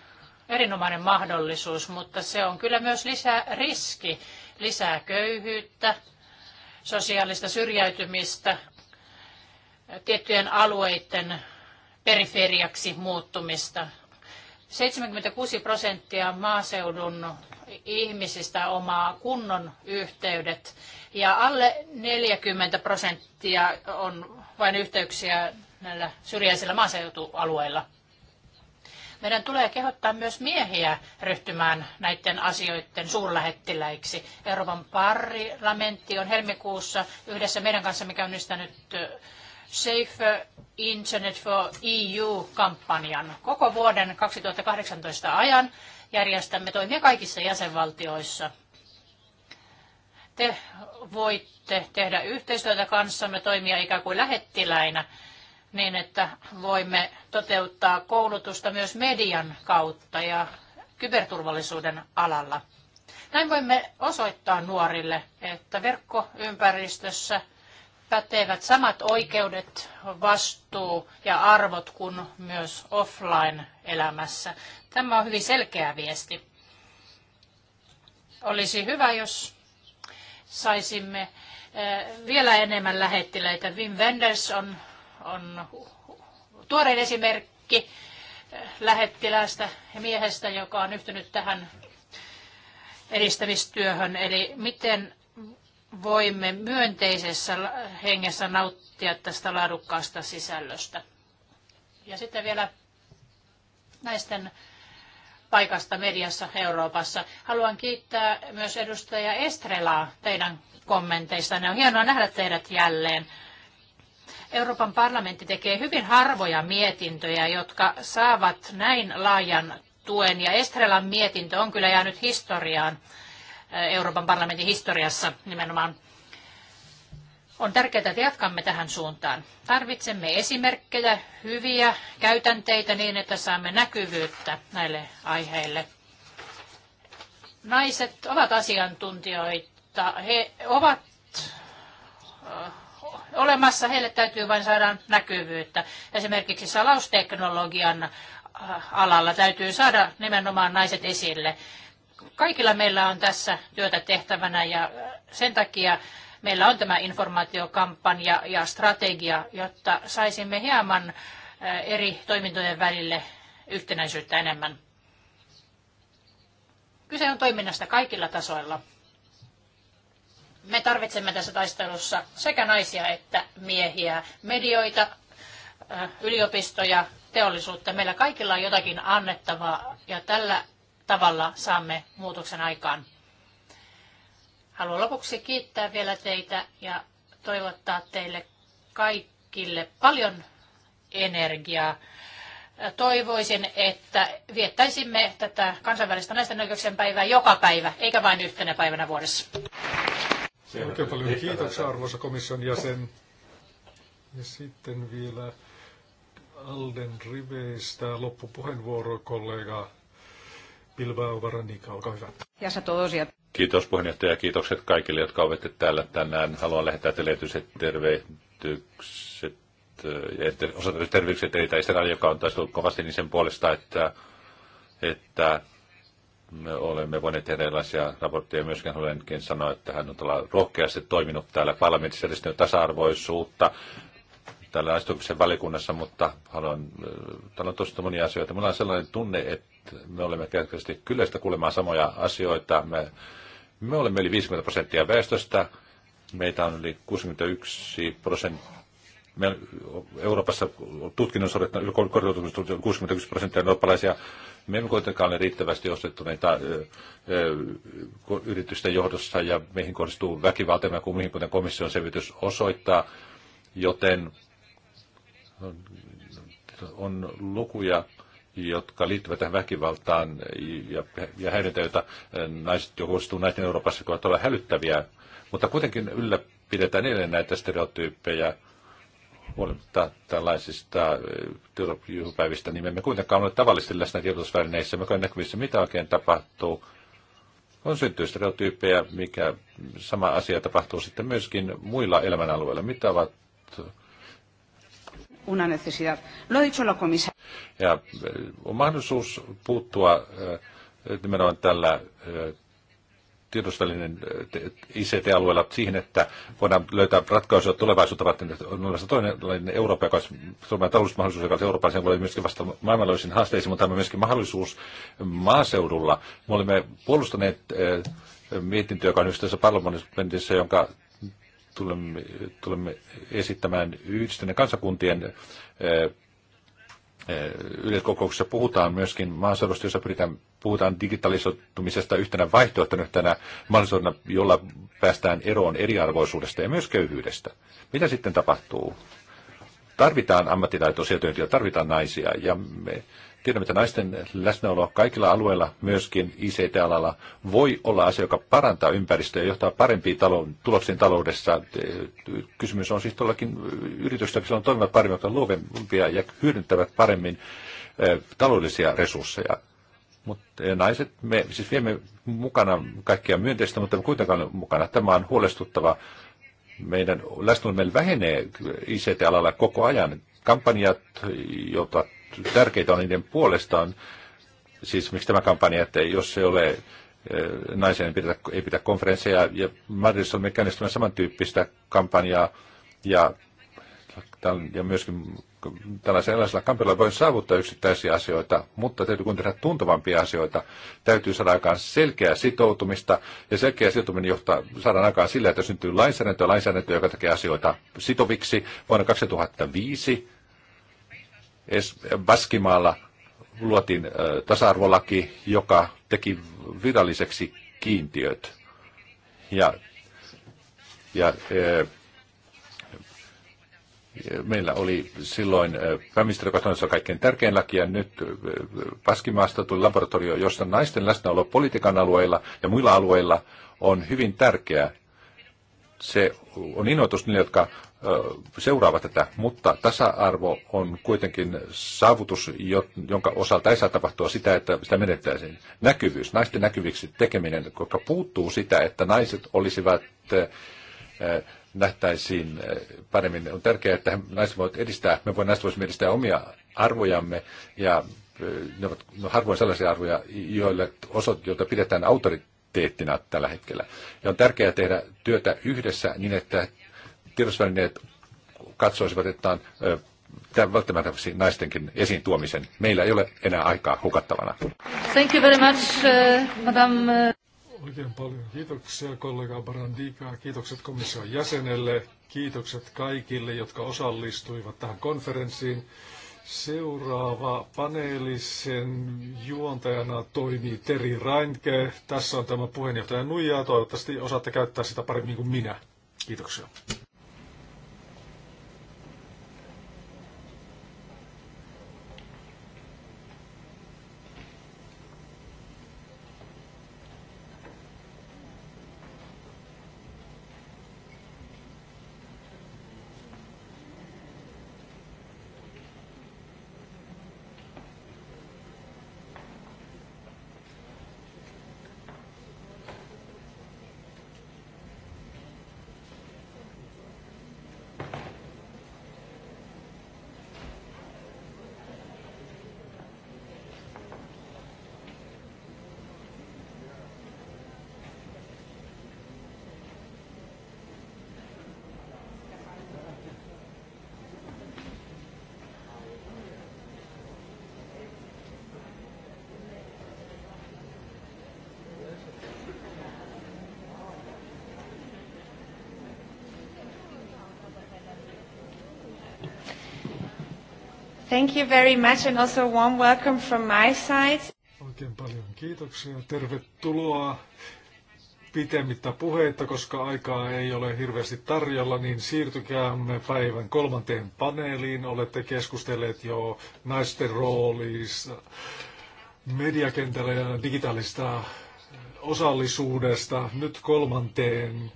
erinomainen mahdollisuus, mutta se on kyllä myös lisää riski, lisää köyhyyttä, sosiaalista syrjäytymistä, tiettyjen alueiden periferiaksi muuttumista. 76 prosenttia maaseudun ihmisistä omaa kunnon yhteydet ja alle 40 prosenttia on vain yhteyksiä näillä syrjäisillä maaseutualueilla. Meidän tulee kehottaa myös miehiä ryhtymään näiden asioiden suurlähettiläiksi. Euroopan parlamentti on helmikuussa yhdessä meidän kanssamme käynnistänyt Safe Internet for EU-kampanjan. Koko vuoden 2018 ajan järjestämme toimia kaikissa jäsenvaltioissa te voitte tehdä yhteistyötä kanssamme, toimia ikään kuin lähettiläinä, niin että voimme toteuttaa koulutusta myös median kautta ja kyberturvallisuuden alalla. Näin voimme osoittaa nuorille, että verkkoympäristössä pätevät samat oikeudet, vastuu ja arvot kuin myös offline-elämässä. Tämä on hyvin selkeä viesti. Olisi hyvä, jos saisimme eh, vielä enemmän lähettiläitä. Wim Wenders on, on tuorein esimerkki eh, lähettilästä ja miehestä, joka on yhtynyt tähän edistämistyöhön. Eli miten voimme myönteisessä hengessä nauttia tästä laadukkaasta sisällöstä. Ja sitten vielä naisten paikasta mediassa Euroopassa. Haluan kiittää myös edustaja Estrelaa teidän kommenteistanne. On hienoa nähdä teidät jälleen. Euroopan parlamentti tekee hyvin harvoja mietintöjä, jotka saavat näin laajan tuen. Ja Estrelan mietintö on kyllä jäänyt historiaan, Euroopan parlamentin historiassa nimenomaan. On tärkeää, että jatkamme tähän suuntaan. Tarvitsemme esimerkkejä, hyviä käytänteitä niin, että saamme näkyvyyttä näille aiheille. Naiset ovat asiantuntijoita. He ovat olemassa, heille täytyy vain saada näkyvyyttä. Esimerkiksi salausteknologian alalla täytyy saada nimenomaan naiset esille. Kaikilla meillä on tässä työtä tehtävänä ja sen takia meillä on tämä informaatiokampanja ja strategia, jotta saisimme hieman eri toimintojen välille yhtenäisyyttä enemmän. Kyse on toiminnasta kaikilla tasoilla. Me tarvitsemme tässä taistelussa sekä naisia että miehiä, medioita, yliopistoja, teollisuutta. Meillä kaikilla on jotakin annettavaa ja tällä tavalla saamme muutoksen aikaan. Haluan lopuksi kiittää vielä teitä ja toivottaa teille kaikille paljon energiaa. Toivoisin, että viettäisimme tätä kansainvälistä naisten oikeuksien päivää joka päivä, eikä vain yhtenä päivänä vuodessa. Oikein paljon kiitoksia arvoisa komission jäsen. Ja sitten vielä Alden Riveistä loppupuheenvuoro kollega Bilbao Varanika, olkaa hyvä. Ja Kiitos puheenjohtaja ja kiitokset kaikille, jotka olette täällä tänään. Haluan lähettää teille erityiset terveytykset. Osa tervehdykset eh, teitä Israel, joka on taistellut kovasti niin sen puolesta, että, että me olemme voineet tehdä erilaisia raportteja. Myöskin haluan sanoa, että hän on rohkeasti toiminut täällä parlamentissa edistänyt tasa-arvoisuutta täällä astuksen valikunnassa, mutta haluan, eh, täällä on tosiaan monia asioita. Mulla on sellainen tunne, että me olemme käytännössä sitä kuulemaan samoja asioita. Me me olemme yli 50 prosenttia väestöstä. Meitä on yli 61 prosenttia. Euroopassa tutkinnon suorittanut 61 prosenttia eurooppalaisia. Me emme kuitenkaan ole riittävästi ostettuneita yritysten johdossa ja meihin kohdistuu väkivaltaa, kuin mihin kuten komission selvitys osoittaa. Joten on lukuja jotka liittyvät tähän väkivaltaan ja, ja häirintä, joita eh, naiset jo huostuu naisten Euroopassa, kun ovat olla hälyttäviä. Mutta kuitenkin ylläpidetään edelleen näitä stereotyyppejä huolimatta tällaisista eh, työpäivistä, niin me emme kuitenkaan ole tavallisesti läsnä tiedotusvälineissä, me näkyvissä, mitä oikein tapahtuu. On syntyy stereotyyppejä, mikä sama asia tapahtuu sitten myöskin muilla elämänalueilla. Mitä ovat una necesidad. Lo ha dicho la comisaria. Ja on mahdollisuus puuttua nimenomaan tällä tiedotusvälinen ICT-alueella siihen, että voidaan löytää ratkaisuja tulevaisuutta varten, että on olemassa toinen Eurooppa, joka olisi Suomen talousmahdollisuus, joka olisi Euroopan, voi myöskin vasta maailmanlaajuisiin haasteisiin, mutta tämä on myöskin mahdollisuus maaseudulla. Me olemme puolustaneet mietintöä, joka on yhteydessä parlamentissa, jonka tulemme, tulemme esittämään yhdistyneen kansakuntien yleiskokouksessa puhutaan myöskin maaseudusta, jossa pyritään, puhutaan digitalisoitumisesta yhtenä vaihtoehtona, yhtenä mahdollisuutena, jolla päästään eroon eriarvoisuudesta ja myös köyhyydestä. Mitä sitten tapahtuu? Tarvitaan ammattitaitoisia työntekijöitä, tarvitaan naisia ja me Tiedämme, että naisten läsnäolo kaikilla alueilla, myöskin ICT-alalla, voi olla asia, joka parantaa ympäristöä ja johtaa parempiin talou- tuloksiin taloudessa. Kysymys on siis tuollakin yrityksistä, jotka on toimivat paremmin, jotka luovempia ja hyödyntävät paremmin eh, taloudellisia resursseja. Mutta eh, naiset, me siis viemme mukana kaikkia myönteistä, mutta kuitenkaan mukana. Tämä on huolestuttava. Meidän läsnäolo meillä vähenee ICT-alalla koko ajan kampanjat, joita tärkeitä on niiden puolestaan, siis miksi tämä kampanja, että jos ei ole eh, naisen ei pidetä, ei pidä konferensseja, ja Madridissa olemme käynnistämään samantyyppistä kampanjaa, ja, ja myöskin tällaisella erilaisella kampanjalla voi saavuttaa yksittäisiä asioita, mutta täytyy kun tehdä tuntuvampia asioita, täytyy saada aikaan selkeää sitoutumista, ja selkeä sitoutuminen johtaa, saadaan aikaan sillä, että syntyy lainsäädäntöä, lainsäädäntöä, joka tekee asioita sitoviksi. Vuonna 2005 Baskimaalla luotiin tasa-arvolaki, joka teki viralliseksi kiintiöt. Ja, ja e, meillä oli silloin pääministeri, joka sanoi, kaikkein tärkein laki, ja nyt Paskimaasta tuli laboratorio, jossa naisten läsnäolo politiikan alueilla ja muilla alueilla on hyvin tärkeää. Se on innoitus niille, jotka seuraavat tätä, mutta tasa-arvo on kuitenkin saavutus, jonka osalta ei saa tapahtua sitä, että sitä menettäisiin. Näkyvyys, naisten näkyviksi tekeminen, koska puuttuu sitä, että naiset olisivat nähtäisiin paremmin. On tärkeää, että naiset voivat edistää, me voimme naiset voisimme edistää omia arvojamme ja ne ovat no, harvoin sellaisia arvoja, joille osoit, joita pidetään autoriteettina tällä hetkellä. Ja on tärkeää tehdä työtä yhdessä niin, että tiedotusvälineet katsoisivat, että on tämän välttämättä naistenkin esiin tuomisen. Meillä ei ole enää aikaa hukattavana. Thank you very much, uh, madame. Oikein paljon kiitoksia kollega Barandika, kiitokset komission jäsenelle, kiitokset kaikille, jotka osallistuivat tähän konferenssiin. Seuraava paneelisen juontajana toimii Teri Reinke. Tässä on tämä puheenjohtaja Nuija. Toivottavasti osaatte käyttää sitä paremmin kuin minä. Kiitoksia. Thank you very much and also warm welcome from my side. Oikein paljon kiitoksia. Tervetuloa pitemmittä puheita, koska aikaa ei ole hirveästi tarjolla, niin siirtykäämme päivän kolmanteen paneeliin. Olette keskustelleet jo naisten roolista, mediakentällä ja digitaalista osallisuudesta. Nyt kolmanteen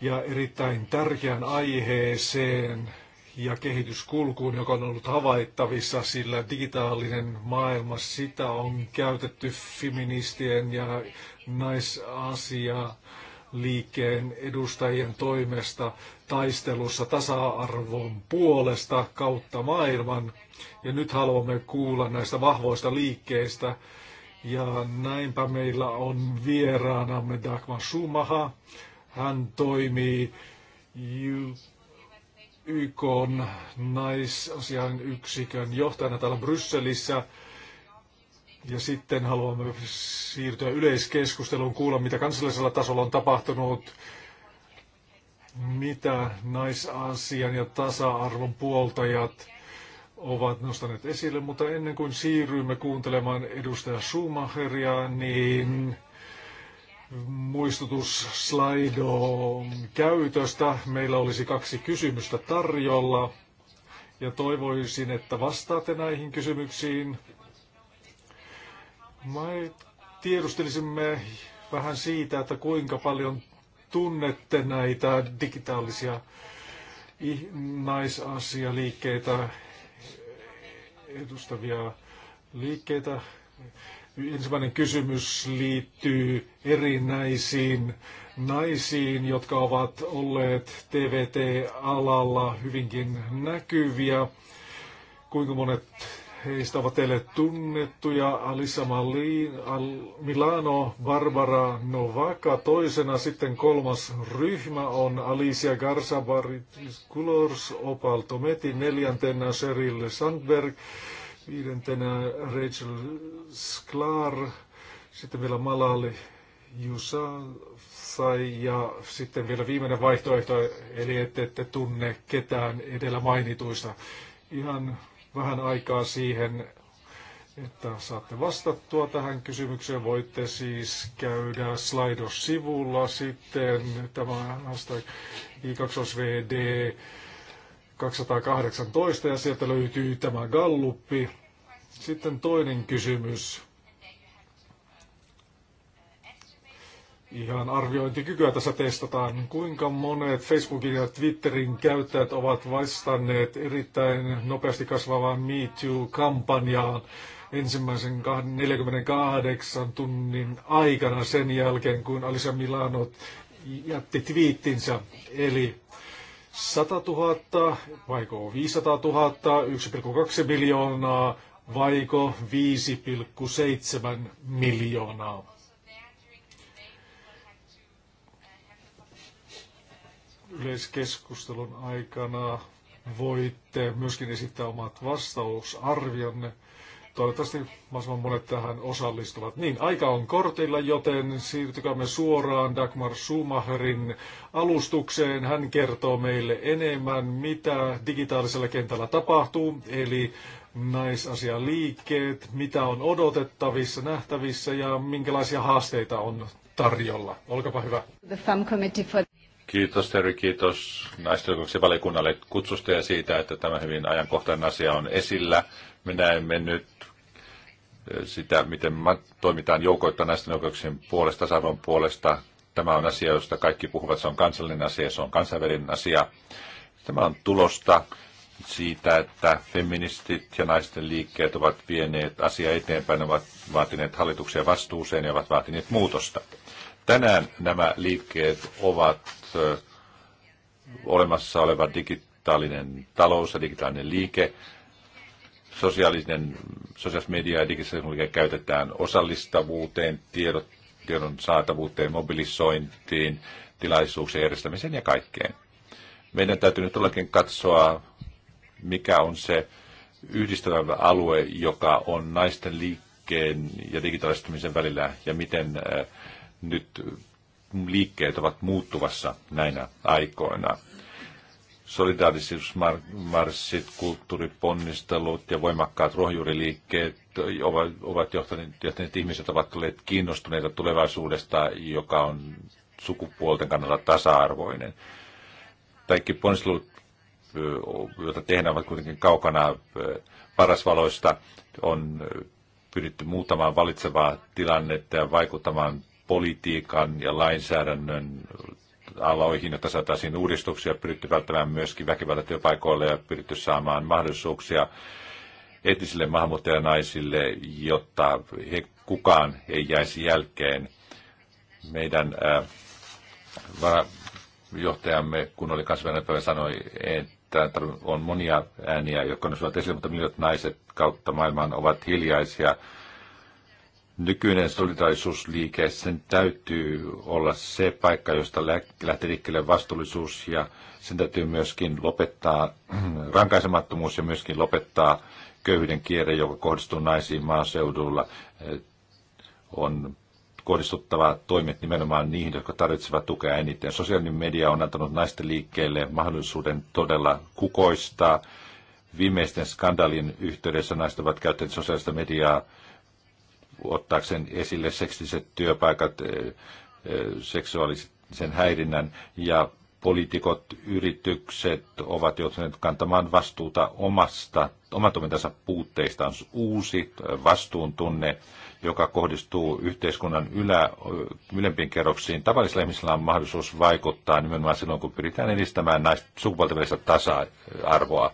ja erittäin tärkeän aiheeseen – ja kehityskulkuun, joka on ollut havaittavissa, sillä digitaalinen maailma, sitä on käytetty feministien ja naisasia liikkeen edustajien toimesta taistelussa tasa-arvon puolesta kautta maailman. Ja nyt haluamme kuulla näistä vahvoista liikkeistä. Ja näinpä meillä on vieraanamme Dagmar Schumacher. Hän toimii YK naisasian yksikön johtajana täällä Brysselissä. Ja sitten haluamme siirtyä yleiskeskusteluun, kuulla mitä kansallisella tasolla on tapahtunut, mitä naisasian ja tasa-arvon puoltajat ovat nostaneet esille. Mutta ennen kuin siirrymme kuuntelemaan edustaja Schumacheria, niin muistutus Slidon käytöstä. Meillä olisi kaksi kysymystä tarjolla ja toivoisin, että vastaatte näihin kysymyksiin. Me tiedustelisimme vähän siitä, että kuinka paljon tunnette näitä digitaalisia naisasialiikkeitä edustavia liikkeitä. Ensimmäinen kysymys liittyy erinäisiin naisiin, jotka ovat olleet TVT-alalla hyvinkin näkyviä. Kuinka monet heistä ovat teille tunnettuja? Alissa Malin, Al, Milano, Barbara Novaka toisena, sitten kolmas ryhmä on Alicia Garza, Baritis Kulors, Opal Tometi, neljäntenä Sheryl Sandberg, Viidentenä Rachel Sklar, sitten vielä Malali Yusafzai ja sitten vielä viimeinen vaihtoehto, eli ette, ette tunne ketään edellä mainituista. Ihan vähän aikaa siihen, että saatte vastattua tähän kysymykseen. Voitte siis käydä Slidos sivulla sitten tämä hashtag i2vd 218 ja sieltä löytyy tämä galluppi. Sitten toinen kysymys. Ihan arviointikykyä tässä testataan. Kuinka monet Facebookin ja Twitterin käyttäjät ovat vastanneet erittäin nopeasti kasvavaan metoo kampanjaan ensimmäisen 48 tunnin aikana sen jälkeen, kun Alisa Milano jätti twiittinsä. Eli 100 000, vaiko 500 000, 1,2 miljoonaa, vaiko 5,7 miljoonaa. Yleiskeskustelun aikana voitte myöskin esittää omat vastausarvionne. Toivottavasti mahdollisimman monet tähän osallistuvat. Niin, aika on kortilla, joten siirtykäämme suoraan Dagmar Schumacherin alustukseen. Hän kertoo meille enemmän, mitä digitaalisella kentällä tapahtuu, eli naisasialiikkeet, mitä on odotettavissa, nähtävissä ja minkälaisia haasteita on tarjolla. Olkapa hyvä. Kiitos Terry, kiitos naisten valiokunnalle kutsusta ja siitä, että tämä hyvin ajankohtainen asia on esillä. Me näemme nyt sitä, miten toimitaan joukoita näistä oikeuksien puolesta, saavon puolesta. Tämä on asia, josta kaikki puhuvat. Se on kansallinen asia, se on kansainvälinen asia. Tämä on tulosta siitä, että feministit ja naisten liikkeet ovat vieneet asiaa eteenpäin, ovat vaatineet hallituksia vastuuseen ja ovat vaatineet muutosta. Tänään nämä liikkeet ovat olemassa oleva digitaalinen talous ja digitaalinen liike, sosiaalinen, sosiaalista mediaa ja digitaalista käytetään osallistavuuteen, tiedot, tiedon saatavuuteen, mobilisointiin, tilaisuuksien järjestämiseen ja kaikkeen. Meidän täytyy nyt todellakin katsoa, mikä on se yhdistävä alue, joka on naisten liikkeen ja digitaalistumisen välillä ja miten äh, nyt liikkeet ovat muuttuvassa näinä aikoina solidaarisuusmarssit, kulttuuriponnistelut ja voimakkaat rohjuuriliikkeet ovat, ovat johtaneet, johtaneet ihmiset ovat tulleet kiinnostuneita tulevaisuudesta, joka on sukupuolten kannalta tasa-arvoinen. Kaikki ponnistelut, joita tehdään, ovat kuitenkin kaukana parasvaloista. On pyritty muuttamaan valitsevaa tilannetta ja vaikuttamaan politiikan ja lainsäädännön aloihin, jotta saataisiin uudistuksia, pyritty välttämään myöskin väkivallat työpaikoille ja pyritty saamaan mahdollisuuksia etnisille maahanmuuttajanaisille, jotta he, kukaan ei jäisi jälkeen. Meidän ää, äh, johtajamme, kun oli kansainvälinen sanoi, että on monia ääniä, jotka nousivat esille, mutta miljoonat naiset kautta maailmaan ovat hiljaisia nykyinen solidaarisuusliike, sen täytyy olla se paikka, josta lähtee liikkeelle vastuullisuus ja sen täytyy myöskin lopettaa rankaisemattomuus ja myöskin lopettaa köyhyyden kierre, joka kohdistuu naisiin maaseudulla. Eh, on kohdistuttava toimet nimenomaan niihin, jotka tarvitsevat tukea eniten. Sosiaalinen media on antanut naisten liikkeelle mahdollisuuden todella kukoistaa. Viimeisten skandaalin yhteydessä naiset ovat käyttäneet sosiaalista mediaa ottaakseen esille seksiset työpaikat, eh, eh, seksuaalisen häirinnän ja poliitikot, yritykset ovat joutuneet kantamaan vastuuta omasta, oman toimintansa puutteista. On uusi vastuuntunne, joka kohdistuu yhteiskunnan ylä, ylempiin kerroksiin. Tavallisilla ihmisillä on mahdollisuus vaikuttaa nimenomaan silloin, kun pyritään edistämään naisten sukupuolten välistä tasa-arvoa.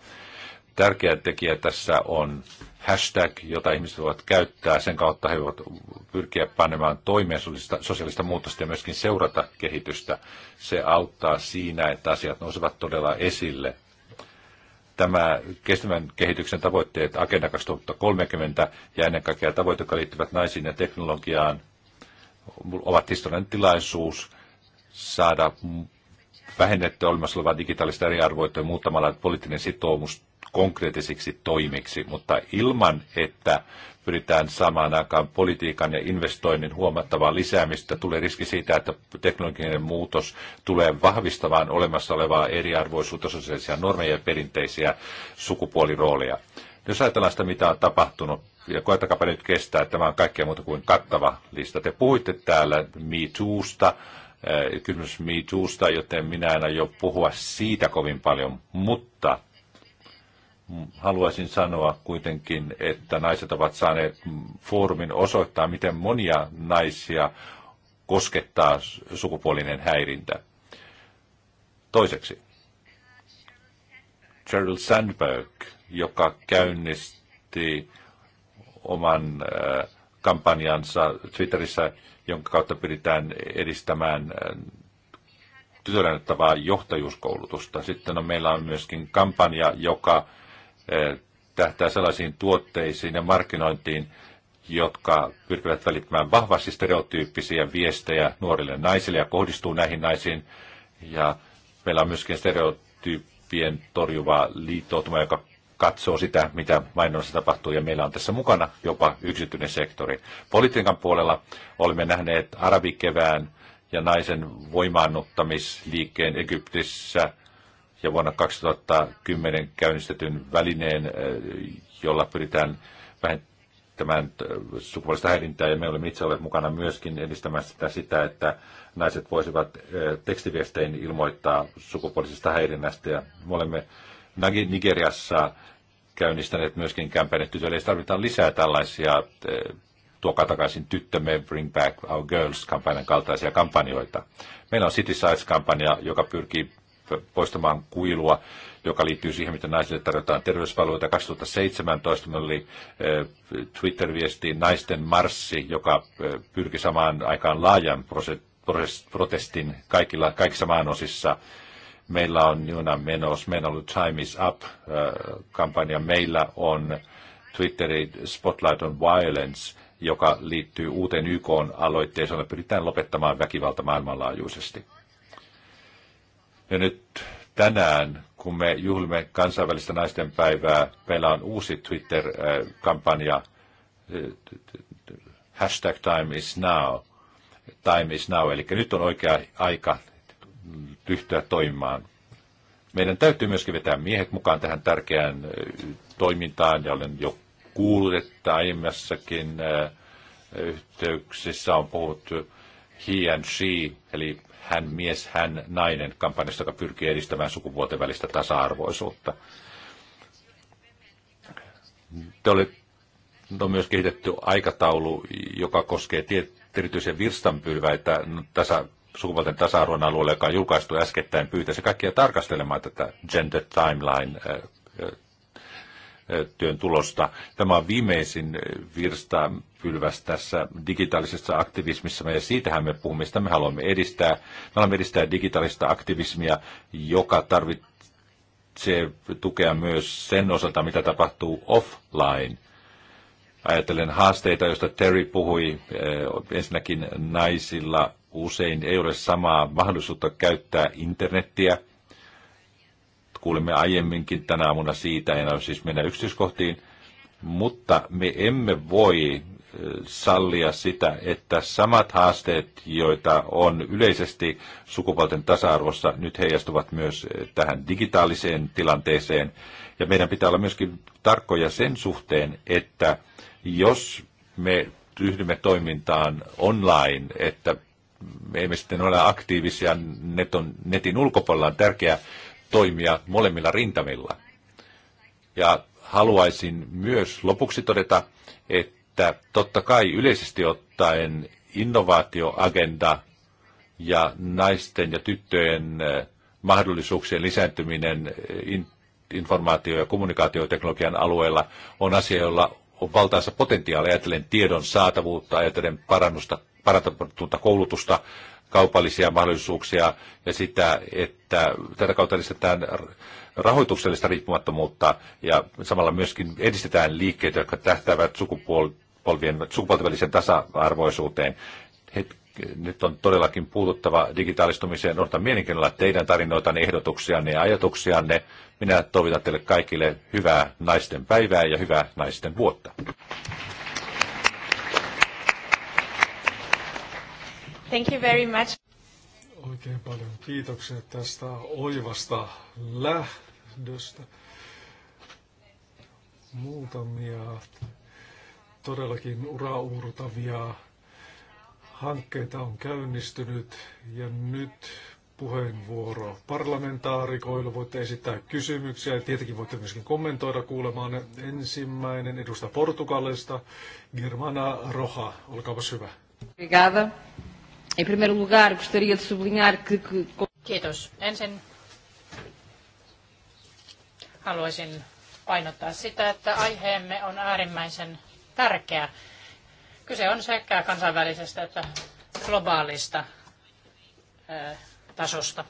Tärkeä tekijä tässä on hashtag, jota ihmiset voivat käyttää. Sen kautta he voivat pyrkiä panemaan toimeen sosiaalista, muutosta ja myöskin seurata kehitystä. Se auttaa siinä, että asiat nousevat todella esille. Tämä kestävän kehityksen tavoitteet Agenda 2030 ja ennen kaikkea tavoitteet, jotka liittyvät naisiin ja teknologiaan, ovat historiallinen tilaisuus saada vähennetty olemassa olevaa digitaalista eriarvoitua muuttamalla poliittinen sitoumus konkreettisiksi toimiksi, mutta ilman, että pyritään samaan aikaan politiikan ja investoinnin huomattavaa lisäämistä, tulee riski siitä, että teknologinen muutos tulee vahvistamaan olemassa olevaa eriarvoisuutta, sosiaalisia normeja ja perinteisiä sukupuolirooleja. Jos ajatellaan sitä, mitä on tapahtunut, ja koettakapa nyt kestää, että tämä on kaikkea muuta kuin kattava lista. Te puhuitte täällä Me Eh, kysymys MeToosta, joten minä en aio puhua siitä kovin paljon, mutta haluaisin sanoa kuitenkin, että naiset ovat saaneet foorumin osoittaa, miten monia naisia koskettaa sukupuolinen häirintä. Toiseksi, Cheryl Sandberg, joka käynnisti oman eh, kampanjansa Twitterissä jonka kautta pyritään edistämään äh, tytönnettävää johtajuuskoulutusta. Sitten on, meillä on myöskin kampanja, joka äh, tähtää sellaisiin tuotteisiin ja markkinointiin, jotka pyrkivät välittämään vahvasti stereotyyppisiä viestejä nuorille naisille ja kohdistuu näihin naisiin. Ja meillä on myöskin stereotyyppien torjuva liittoutuma, joka katsoo sitä, mitä mainonnassa tapahtuu, ja meillä on tässä mukana jopa yksityinen sektori. Politiikan puolella olemme nähneet arabikevään ja naisen voimaannuttamisliikkeen Egyptissä ja vuonna 2010 käynnistetyn välineen, eh, jolla pyritään vähentämään eh, sukupuolista häirintää, ja me olemme itse olleet mukana myöskin edistämässä sitä, sitä että naiset voisivat eh, tekstiviestein ilmoittaa sukupuolisesta häirinnästä, ja me olemme Nigeriassa käynnistäneet myöskin kämpäneet tytöille. Eli tarvitaan lisää tällaisia eh, tuokaa takaisin tyttömme, Bring Back Our Girls-kampanjan kaltaisia kampanjoita. Meillä on City Sides-kampanja, joka pyrkii poistamaan kuilua, joka liittyy siihen, miten naisille tarjotaan terveyspalveluita. 2017 oli eh, Twitter-viesti Naisten marssi, joka eh, pyrki samaan aikaan laajan protestin kaikilla, kaikissa maanosissa. Meillä on juna menos, meillä on Time is Up-kampanja, äh, meillä on Twitterin Spotlight on Violence, joka liittyy uuteen YK-aloitteeseen, jolla pyritään lopettamaan väkivalta maailmanlaajuisesti. Ja nyt tänään, kun me juhlimme kansainvälistä naisten päivää, meillä on uusi Twitter-kampanja, äh, hashtag time is now, time is now, eli nyt on oikea aika ryhtyä toimimaan. Meidän täytyy myöskin vetää miehet mukaan tähän tärkeään toimintaan, ja olen jo kuullut, että aiemmassakin yhteyksissä on puhuttu he and she, eli hän mies, hän nainen kampanjasta, joka pyrkii edistämään sukupuolten välistä tasa-arvoisuutta. Oli, on myös kehitetty aikataulu, joka koskee tiet, erityisen virstanpylväitä no, tasa, sukupuolten tasa-arvon alueella, joka on julkaistu äskettäin, pyytäisi kaikkia tarkastelemaan tätä gender timeline työn tulosta. Tämä on viimeisin virsta pylväs tässä digitaalisessa aktivismissa, ja siitähän me puhumme, sitä me haluamme edistää. Me haluamme edistää digitaalista aktivismia, joka tarvitsee tukea myös sen osalta, mitä tapahtuu offline. Ajattelen haasteita, joista Terry puhui, ensinnäkin naisilla usein ei ole samaa mahdollisuutta käyttää internettiä. Kuulemme aiemminkin tänä aamuna siitä, en ole siis mennä yksityiskohtiin, mutta me emme voi sallia sitä, että samat haasteet, joita on yleisesti sukupuolten tasa-arvossa, nyt heijastuvat myös tähän digitaaliseen tilanteeseen. Ja meidän pitää olla myöskin tarkkoja sen suhteen, että jos me ryhdymme toimintaan online, että me emme sitten ole aktiivisia neton, netin ulkopuolella, on tärkeää toimia molemmilla rintamilla. Ja haluaisin myös lopuksi todeta, että totta kai yleisesti ottaen innovaatioagenda ja naisten ja tyttöjen eh, mahdollisuuksien lisääntyminen eh, informaatio- ja kommunikaatioteknologian alueella on asia, jolla on valtaansa potentiaalia ajatellen tiedon saatavuutta, ajatellen parannusta parantunutta koulutusta, kaupallisia mahdollisuuksia ja sitä, että tätä kautta edistetään rahoituksellista riippumattomuutta ja samalla myöskin edistetään liikkeitä, jotka tähtäävät sukupolvien, sukupolvien välisen tasa-arvoisuuteen. nyt on todellakin puututtava digitaalistumiseen. Odotan mielenkiinnolla teidän tarinoitanne, ehdotuksianne ja ajatuksianne. Minä toivotan teille kaikille hyvää naisten päivää ja hyvää naisten vuotta. Thank you very much. Oikein paljon kiitoksia tästä oivasta lähdöstä. Muutamia todellakin uraurtavia hankkeita on käynnistynyt ja nyt puheenvuoro parlamentaarikoille. Voitte esittää kysymyksiä ja tietenkin voitte myöskin kommentoida kuulemaan. Ensimmäinen edustaja Portugalista, Germana Roja. Olkaapas hyvä. Obrigada. Em primeiro lugar, gostaria de sublinhar que... que... Kiitos. Ensin haluaisin painottaa sitä, että aiheemme on äärimmäisen tärkeä. Kyse on sekä kansainvälisestä että globaalista tasosta.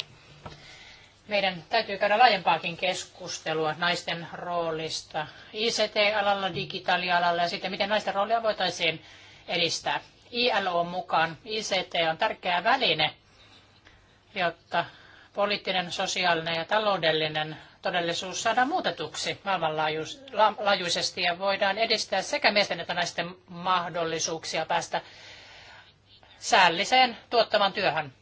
Meidän täytyy käydä laajempaakin keskustelua naisten roolista ICT-alalla, digitaalialalla ja sitten miten naisten roolia voitaisiin edistää. ILO mukaan ICT on tärkeä väline, jotta poliittinen, sosiaalinen ja taloudellinen todellisuus saadaan muutetuksi maailmanlaajuisesti ja voidaan edistää sekä miesten että naisten mahdollisuuksia päästä säälliseen tuottavan työhön.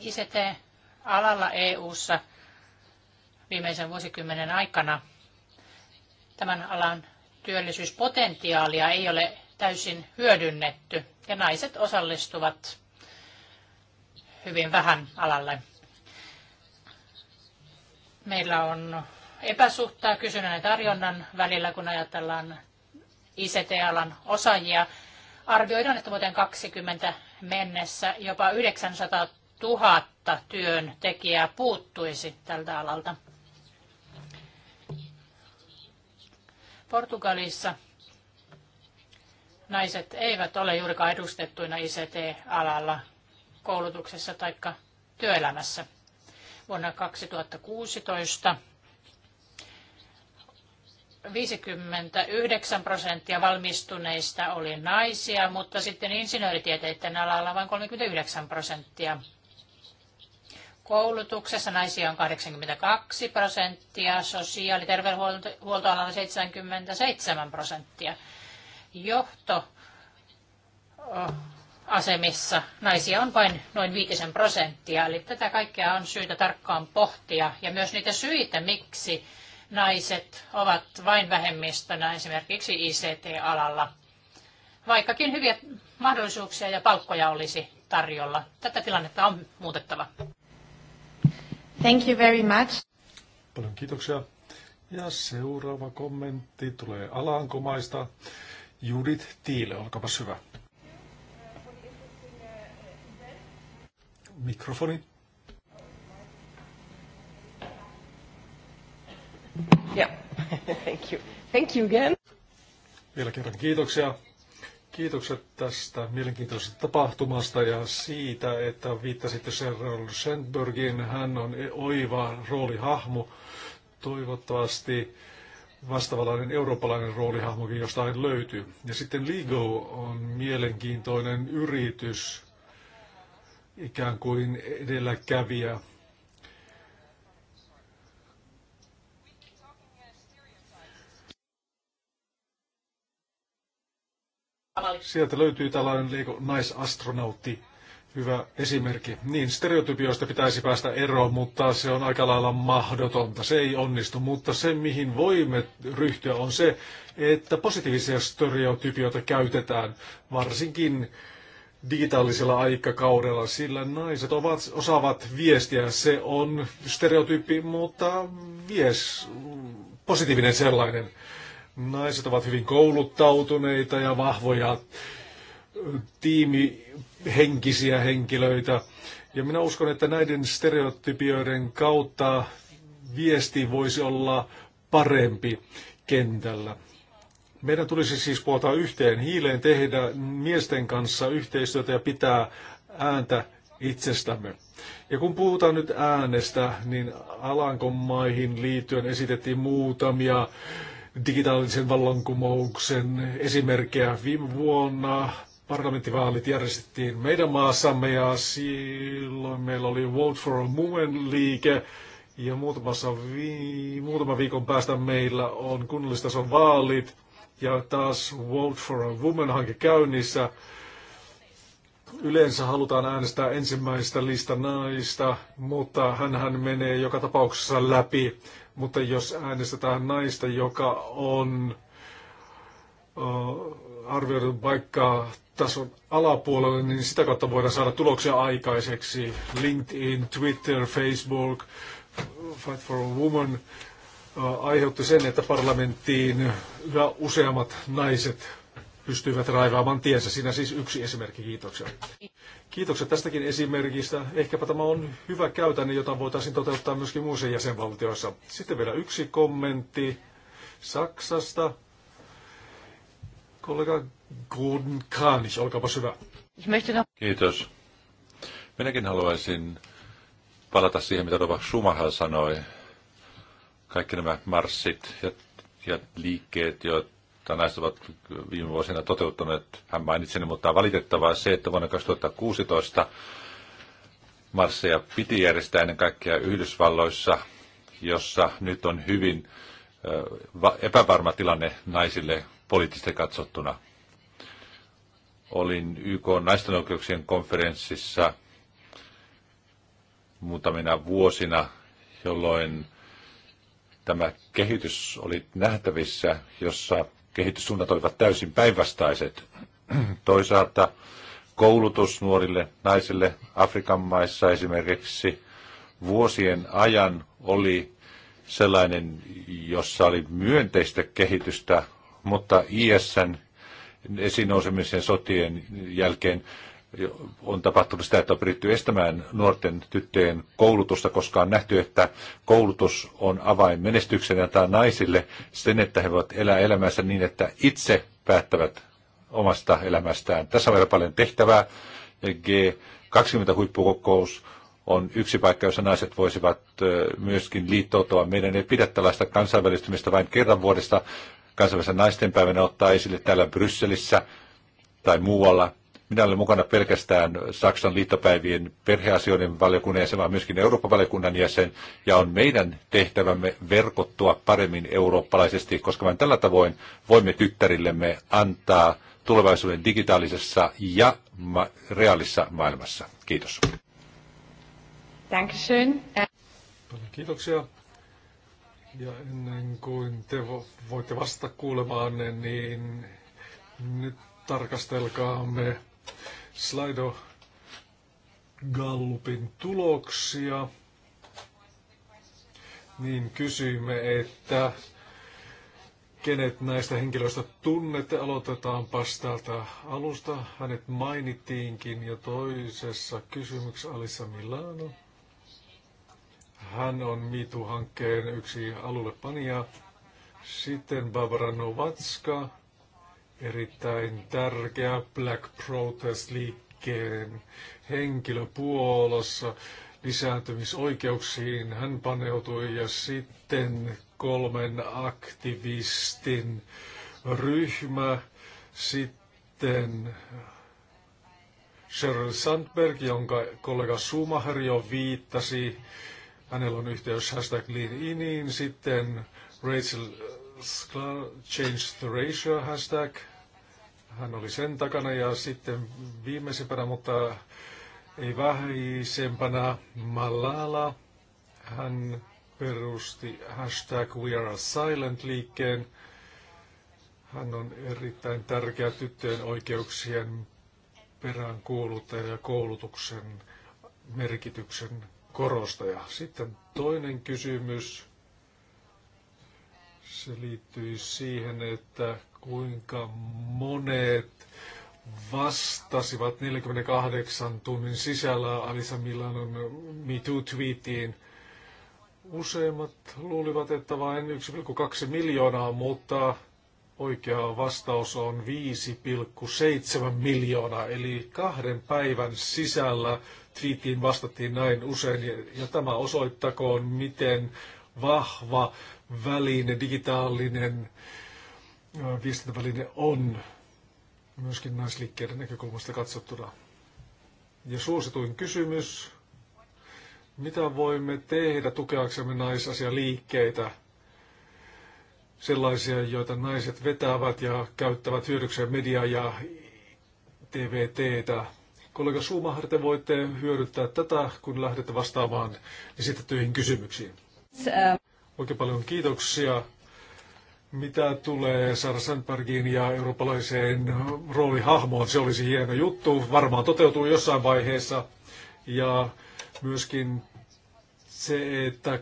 ICT-alalla EU:ssa viimeisen vuosikymmenen aikana tämän alan työllisyyspotentiaalia ei ole täysin hyödynnetty ja naiset osallistuvat hyvin vähän alalle. Meillä on epäsuhtaa kysynnän ja tarjonnan välillä, kun ajatellaan ICT-alan osaajia. Arvioidaan, että vuoteen 2020 mennessä jopa 900 000 työntekijää puuttuisi tältä alalta. Portugalissa naiset eivät ole juurikaan edustettuina ICT-alalla koulutuksessa tai työelämässä. Vuonna 2016 59 prosenttia valmistuneista oli naisia, mutta sitten insinööritieteiden alalla vain 39 prosenttia. Koulutuksessa naisia on 82 prosenttia, sosiaali- ja terveydenhuoltoalalla 77 prosenttia. Johto asemissa naisia on vain noin 5 prosenttia, eli tätä kaikkea on syytä tarkkaan pohtia ja myös niitä syitä, miksi naiset ovat vain vähemmistönä esimerkiksi ICT-alalla, vaikkakin hyviä mahdollisuuksia ja palkkoja olisi tarjolla. Tätä tilannetta on muutettava. Thank you very much. Paljon kiitoksia. Ja seuraava kommentti tulee Alankomaista. Judith Tiile, olkapas hyvä. Mikrofoni. Yeah. Thank you. Thank you again. Vielä kerran kiitoksia. Kiitokset tästä mielenkiintoisesta tapahtumasta ja siitä, että viittasitte Sheryl Sandbergin. Hän on oiva roolihahmo. Toivottavasti vastavalainen eurooppalainen roolihahmokin jostain löytyy. Ja sitten Lego on mielenkiintoinen yritys, ikään kuin edelläkävijä Sieltä löytyy tällainen liiko, naisastronautti, hyvä esimerkki. Niin, stereotypioista pitäisi päästä eroon, mutta se on aika lailla mahdotonta. Se ei onnistu, mutta se mihin voimme ryhtyä on se, että positiivisia stereotypioita käytetään, varsinkin digitaalisella aikakaudella, sillä naiset ovat, osaavat viestiä. Se on stereotyyppi, mutta vies, positiivinen sellainen. Naiset ovat hyvin kouluttautuneita ja vahvoja tiimihenkisiä henkilöitä. Ja minä uskon, että näiden stereotypioiden kautta viesti voisi olla parempi kentällä. Meidän tulisi siis puolta yhteen hiileen, tehdä miesten kanssa yhteistyötä ja pitää ääntä itsestämme. Ja kun puhutaan nyt äänestä, niin Alankomaihin liittyen esitettiin muutamia digitaalisen vallankumouksen esimerkkejä. Viime vuonna parlamenttivaalit järjestettiin meidän maassamme ja silloin meillä oli Vote for a Movement liike ja muutamassa vi- muutama viikon päästä meillä on kunnallistason vaalit ja taas Vote for a Woman-hanke käynnissä. Yleensä halutaan äänestää ensimmäistä lista naista, mutta hän menee joka tapauksessa läpi mutta jos äänestetään naista, joka on arvioidun vaikka tason alapuolelle, niin sitä kautta voidaan saada tuloksia aikaiseksi. LinkedIn, Twitter, Facebook, Fight for a Woman aiheutti sen, että parlamenttiin yhä useammat naiset pystyivät raivaamaan tiensä. Siinä siis yksi esimerkki. Kiitoksia. Kiitokset tästäkin esimerkistä. Ehkäpä tämä on hyvä käytäntö, jota voitaisiin toteuttaa myöskin muissa jäsenvaltioissa. Sitten vielä yksi kommentti Saksasta. Kollega Gunkanich, olkaapa hyvä. Kiitos. Minäkin haluaisin palata siihen, mitä Rova Schumacher sanoi. Kaikki nämä marssit ja, ja liikkeet, joita jota naiset ovat viime vuosina toteuttaneet. Hän mainitsi ne, mutta on valitettavaa se, että vuonna 2016 marsseja piti järjestää ennen kaikkea Yhdysvalloissa, jossa nyt on hyvin epävarma tilanne naisille poliittisesti katsottuna. Olin YK naisten oikeuksien konferenssissa muutamina vuosina, jolloin tämä kehitys oli nähtävissä, jossa kehityssuunnat olivat täysin päinvastaiset. Toisaalta koulutus nuorille naisille Afrikan maissa esimerkiksi vuosien ajan oli sellainen, jossa oli myönteistä kehitystä, mutta ISN esiin nousemisen sotien jälkeen on tapahtunut sitä, että on pyritty estämään nuorten tyttöjen koulutusta, koska on nähty, että koulutus on avain menestyksen antaa naisille sen, että he voivat elää elämänsä niin, että itse päättävät omasta elämästään. Tässä on vielä paljon tehtävää. G20-huippukokous on yksi paikka, jossa naiset voisivat myöskin liittoutua. Meidän ei pidä tällaista kansainvälistymistä vain kerran vuodesta kansainvälisen naisten päivänä ottaa esille täällä Brysselissä tai muualla, minä olen mukana pelkästään Saksan liittopäivien perheasioiden valiokunnan jäsen, vaan myöskin Euroopan valiokunnan jäsen, ja on meidän tehtävämme verkottua paremmin eurooppalaisesti, koska vain tällä tavoin voimme tyttärillemme antaa tulevaisuuden digitaalisessa ja ma- reaalissa maailmassa. Kiitos. Paljon kiitoksia. Ja ennen kuin te voitte vastata kuulemaan, niin nyt tarkastelkaamme Slido Gallupin tuloksia, niin kysyimme, että kenet näistä henkilöistä tunnette. aloitetaan täältä alusta. Hänet mainittiinkin jo toisessa kysymyksessä Alissa Milano. Hän on Mitu-hankkeen yksi alulle panija. Sitten Barbara Novatska, erittäin tärkeä Black Protest-liikkeen henkilö Puolossa lisääntymisoikeuksiin. Hän paneutui ja sitten kolmen aktivistin ryhmä, sitten Sheryl Sandberg, jonka kollega Schumacher jo viittasi, hänellä on yhteys hashtag Lean Iniin, sitten Rachel Change the Ratio hashtag, hän oli sen takana ja sitten viimeisempänä, mutta ei vähäisempänä, Malala. Hän perusti hashtag We Are Silent-liikkeen. Hän on erittäin tärkeä tyttöjen oikeuksien peräänkuuluttaja ja koulutuksen merkityksen korostaja. Sitten toinen kysymys. Se liittyy siihen, että kuinka monet vastasivat 48 tunnin sisällä Alisa Milanon MeToo-tweetiin. Useimmat luulivat, että vain 1,2 miljoonaa, mutta oikea vastaus on 5,7 miljoonaa. Eli kahden päivän sisällä twiittiin vastattiin näin usein, ja tämä osoittakoon, miten vahva väline digitaalinen viestintäväline on myöskin naisliikkeiden näkökulmasta katsottuna. Ja suosituin kysymys, mitä voimme tehdä tukeaksemme naisasialiikkeitä, sellaisia, joita naiset vetävät ja käyttävät hyödykseen mediaa ja TVTtä. Kollega Suumahar, te voitte hyödyttää tätä, kun lähdette vastaamaan esitettyihin kysymyksiin. Uh- Oikein paljon kiitoksia mitä tulee Sara Sandbergin ja eurooppalaiseen roolihahmoon, se olisi hieno juttu. Varmaan toteutuu jossain vaiheessa. Ja myöskin se, että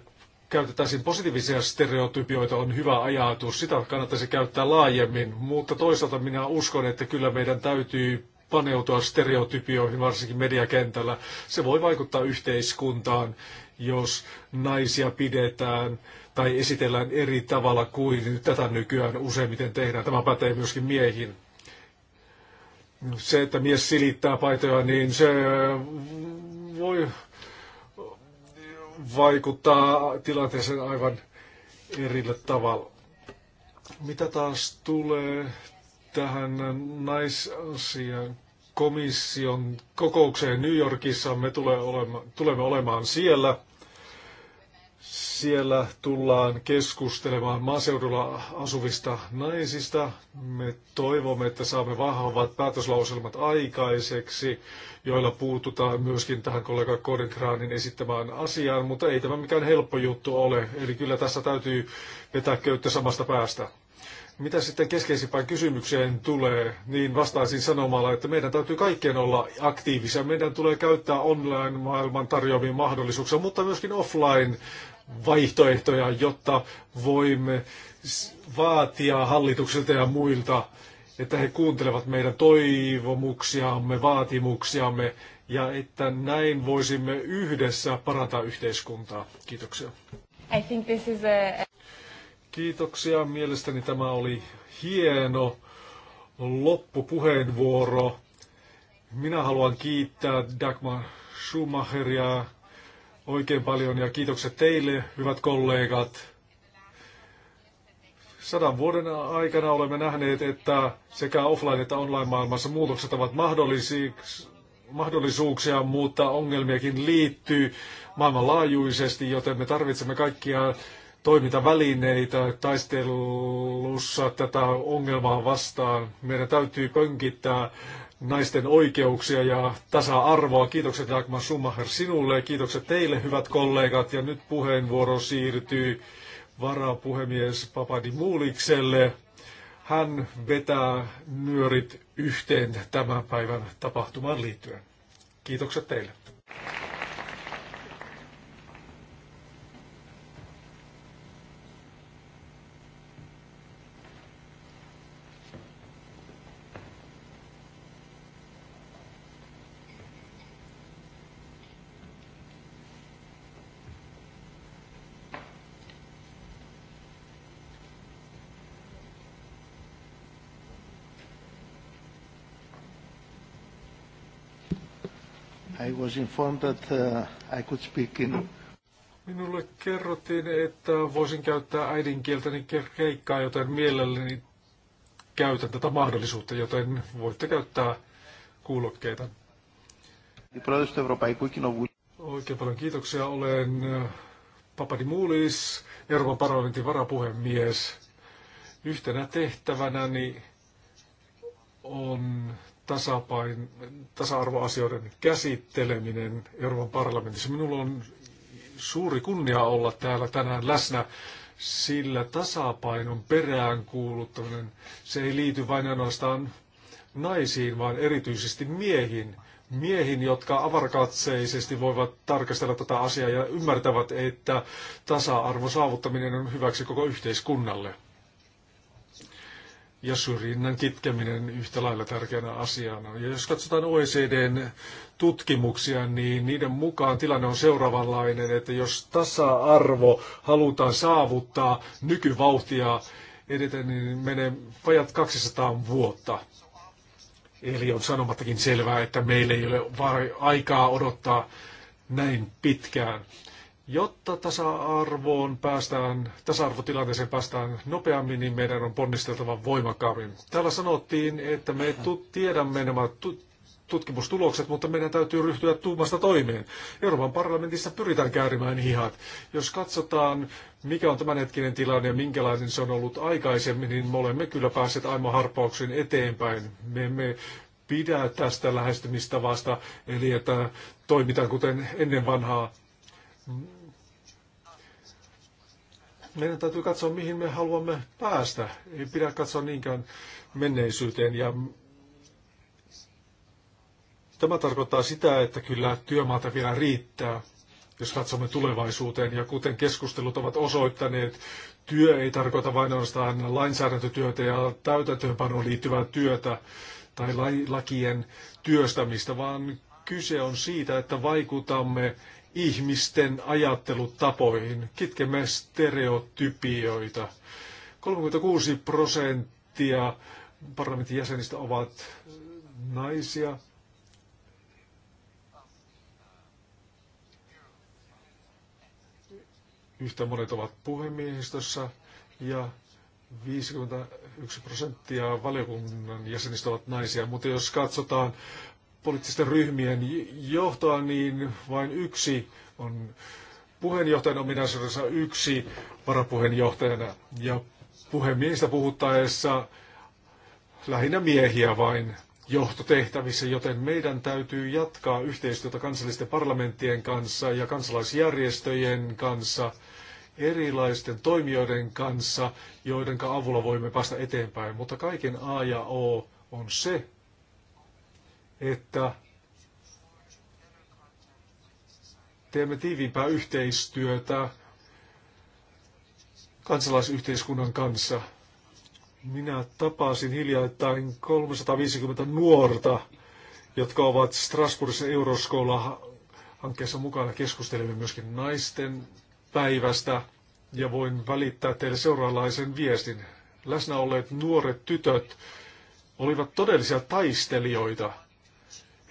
käytetään positiivisia stereotypioita, on hyvä ajatus. Sitä kannattaisi käyttää laajemmin, mutta toisaalta minä uskon, että kyllä meidän täytyy paneutua stereotypioihin, varsinkin mediakentällä. Se voi vaikuttaa yhteiskuntaan, jos naisia pidetään tai esitellään eri tavalla kuin tätä nykyään useimmiten tehdään. Tämä pätee myöskin miehiin. Se, että mies silittää paitoja, niin se voi vaikuttaa tilanteeseen aivan erillä tavalla. Mitä taas tulee tähän naisasian komission kokoukseen New Yorkissa, me tulemme olemaan siellä – siellä tullaan keskustelemaan maaseudulla asuvista naisista. Me toivomme, että saamme vahvat päätöslauselmat aikaiseksi, joilla puututaan myöskin tähän kollega Kodenkraanin esittämään asiaan, mutta ei tämä mikään helppo juttu ole. Eli kyllä tässä täytyy vetää köyttä samasta päästä. Mitä sitten keskeisimpään kysymykseen tulee, niin vastaisin sanomalla, että meidän täytyy kaikkien olla aktiivisia. Meidän tulee käyttää online-maailman tarjoamia mahdollisuuksia, mutta myöskin offline-vaihtoehtoja, jotta voimme vaatia hallituksilta ja muilta, että he kuuntelevat meidän toivomuksiamme, vaatimuksiamme ja että näin voisimme yhdessä parantaa yhteiskuntaa. Kiitoksia. I think this is a... Kiitoksia. Mielestäni tämä oli hieno loppupuheenvuoro. Minä haluan kiittää Dagmar Schumacheria oikein paljon ja kiitokset teille, hyvät kollegat. Sadan vuoden aikana olemme nähneet, että sekä offline että online-maailmassa muutokset ovat mahdollisuuksia, mutta ongelmiakin liittyy maailmanlaajuisesti, joten me tarvitsemme kaikkia toimintavälineitä taistelussa tätä ongelmaa vastaan. Meidän täytyy pönkittää naisten oikeuksia ja tasa-arvoa. Kiitokset Dagmar Schumacher sinulle ja kiitokset teille hyvät kollegat. Ja nyt puheenvuoro siirtyy varapuhemies Papadi Muulikselle. Hän vetää nyörit yhteen tämän päivän tapahtumaan liittyen. Kiitokset teille. I was informed that uh, I could speak in... Minulle kerrottiin, että voisin käyttää äidinkieltäni kreikkaa, joten mielelläni käytän tätä mahdollisuutta, joten voitte käyttää kuulokkeita. Oikein paljon kiitoksia. Olen äh, Papadi Muulis, Euroopan parlamentin varapuhemies. Yhtenä tehtävänäni on tasapain, tasa-arvoasioiden käsitteleminen Euroopan parlamentissa. Minulla on suuri kunnia olla täällä tänään läsnä, sillä tasapainon peräänkuuluttaminen, se ei liity vain ainoastaan naisiin, vaan erityisesti miehiin. Miehiin, jotka avarakatseisesti voivat tarkastella tätä asiaa ja ymmärtävät, että tasa-arvo saavuttaminen on hyväksi koko yhteiskunnalle ja syrjinnän kitkeminen yhtä lailla tärkeänä asiana. Ja jos katsotaan OECDn tutkimuksia, niin niiden mukaan tilanne on seuraavanlainen, että jos tasa-arvo halutaan saavuttaa nykyvauhtia edetä, niin menee vajat 200 vuotta. Eli on sanomattakin selvää, että meillä ei ole aikaa odottaa näin pitkään. Jotta tasa-arvoon päästään, tasa-arvotilanteeseen päästään nopeammin, niin meidän on ponnisteltava voimakkaammin. Täällä sanottiin, että me tiedämme nämä tutkimustulokset, mutta meidän täytyy ryhtyä tuumasta toimeen. Euroopan parlamentissa pyritään käärimään hihat. Jos katsotaan, mikä on tämänhetkinen tilanne ja minkälainen se on ollut aikaisemmin, niin me olemme kyllä päässeet aivan harppauksen eteenpäin. Me emme pidä tästä lähestymistavasta, eli että toimitaan kuten ennen vanhaa meidän täytyy katsoa, mihin me haluamme päästä. Ei pidä katsoa niinkään menneisyyteen. Ja tämä tarkoittaa sitä, että kyllä työmaata vielä riittää, jos katsomme tulevaisuuteen. Ja kuten keskustelut ovat osoittaneet, työ ei tarkoita vain ainoastaan lainsäädäntötyötä ja täytäntöönpanoon liittyvää työtä tai lakien työstämistä, vaan kyse on siitä, että vaikutamme ihmisten ajattelutapoihin, kitkemme stereotypioita. 36 prosenttia parlamentin jäsenistä ovat naisia. Yhtä monet ovat puhemiehistössä ja 51 prosenttia valiokunnan jäsenistä ovat naisia, mutta jos katsotaan poliittisten ryhmien johtoa, niin vain yksi on puheenjohtajan ominaisuudessa yksi varapuheenjohtajana. Ja puhemiehistä puhuttaessa lähinnä miehiä vain johtotehtävissä, joten meidän täytyy jatkaa yhteistyötä kansallisten parlamenttien kanssa ja kansalaisjärjestöjen kanssa, erilaisten toimijoiden kanssa, joiden avulla voimme päästä eteenpäin. Mutta kaiken A ja O on se, että teemme tiiviimpää yhteistyötä kansalaisyhteiskunnan kanssa. Minä tapasin hiljattain 350 nuorta, jotka ovat Strasbourgissa Euroskola hankkeessa mukana. Keskustelemme myöskin naisten päivästä ja voin välittää teille seuraavanlaisen viestin. Läsnä olleet nuoret tytöt olivat todellisia taistelijoita.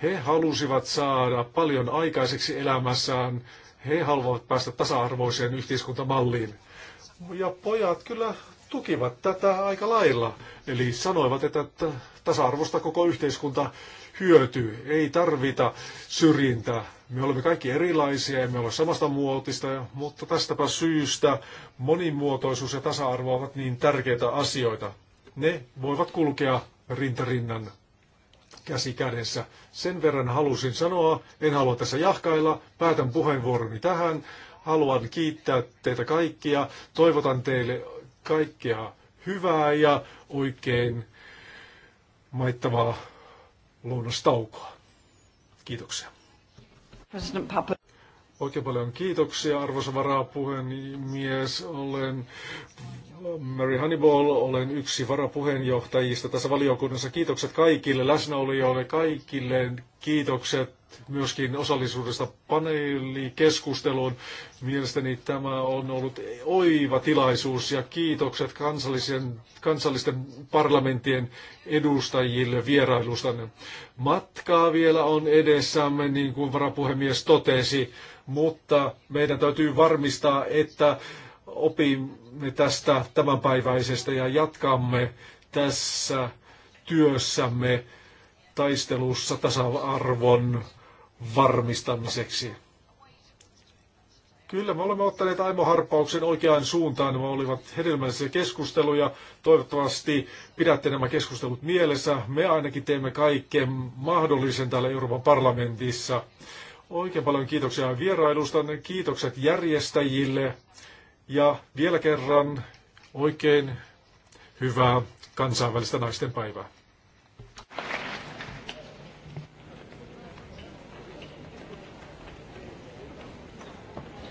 He halusivat saada paljon aikaiseksi elämässään. He haluavat päästä tasa-arvoiseen yhteiskuntamalliin. Ja pojat kyllä tukivat tätä aika lailla. Eli sanoivat, että tasa-arvosta koko yhteiskunta hyötyy. Ei tarvita syrjintää. Me olemme kaikki erilaisia, emme ole samasta muotista, mutta tästäpä syystä monimuotoisuus ja tasa-arvo ovat niin tärkeitä asioita. Ne voivat kulkea rintarinnan käsi kädessä. Sen verran halusin sanoa, en halua tässä jahkailla, päätän puheenvuoroni tähän. Haluan kiittää teitä kaikkia, toivotan teille kaikkea hyvää ja oikein maittavaa lounastaukoa. Kiitoksia. President Papa. Oikein paljon kiitoksia, arvoisa varapuhemies. Olen Mary Honeyball, olen yksi varapuheenjohtajista tässä valiokunnassa. Kiitokset kaikille läsnäolijoille, kaikille Kiitokset myöskin osallisuudesta paneelikeskusteluun. Mielestäni tämä on ollut oiva tilaisuus ja kiitokset kansallisen, kansallisten parlamenttien edustajille vierailustanne. Matkaa vielä on edessämme, niin kuin varapuhemies totesi, mutta meidän täytyy varmistaa, että opimme tästä tämänpäiväisestä ja jatkamme tässä työssämme taistelussa tasa-arvon varmistamiseksi. Kyllä, me olemme ottaneet aimoharppauksen oikeaan suuntaan. Nämä olivat hedelmällisiä keskusteluja. Toivottavasti pidätte nämä keskustelut mielessä. Me ainakin teemme kaiken mahdollisen täällä Euroopan parlamentissa. Oikein paljon kiitoksia vierailusta, kiitokset järjestäjille ja vielä kerran oikein hyvää kansainvälistä naisten päivää.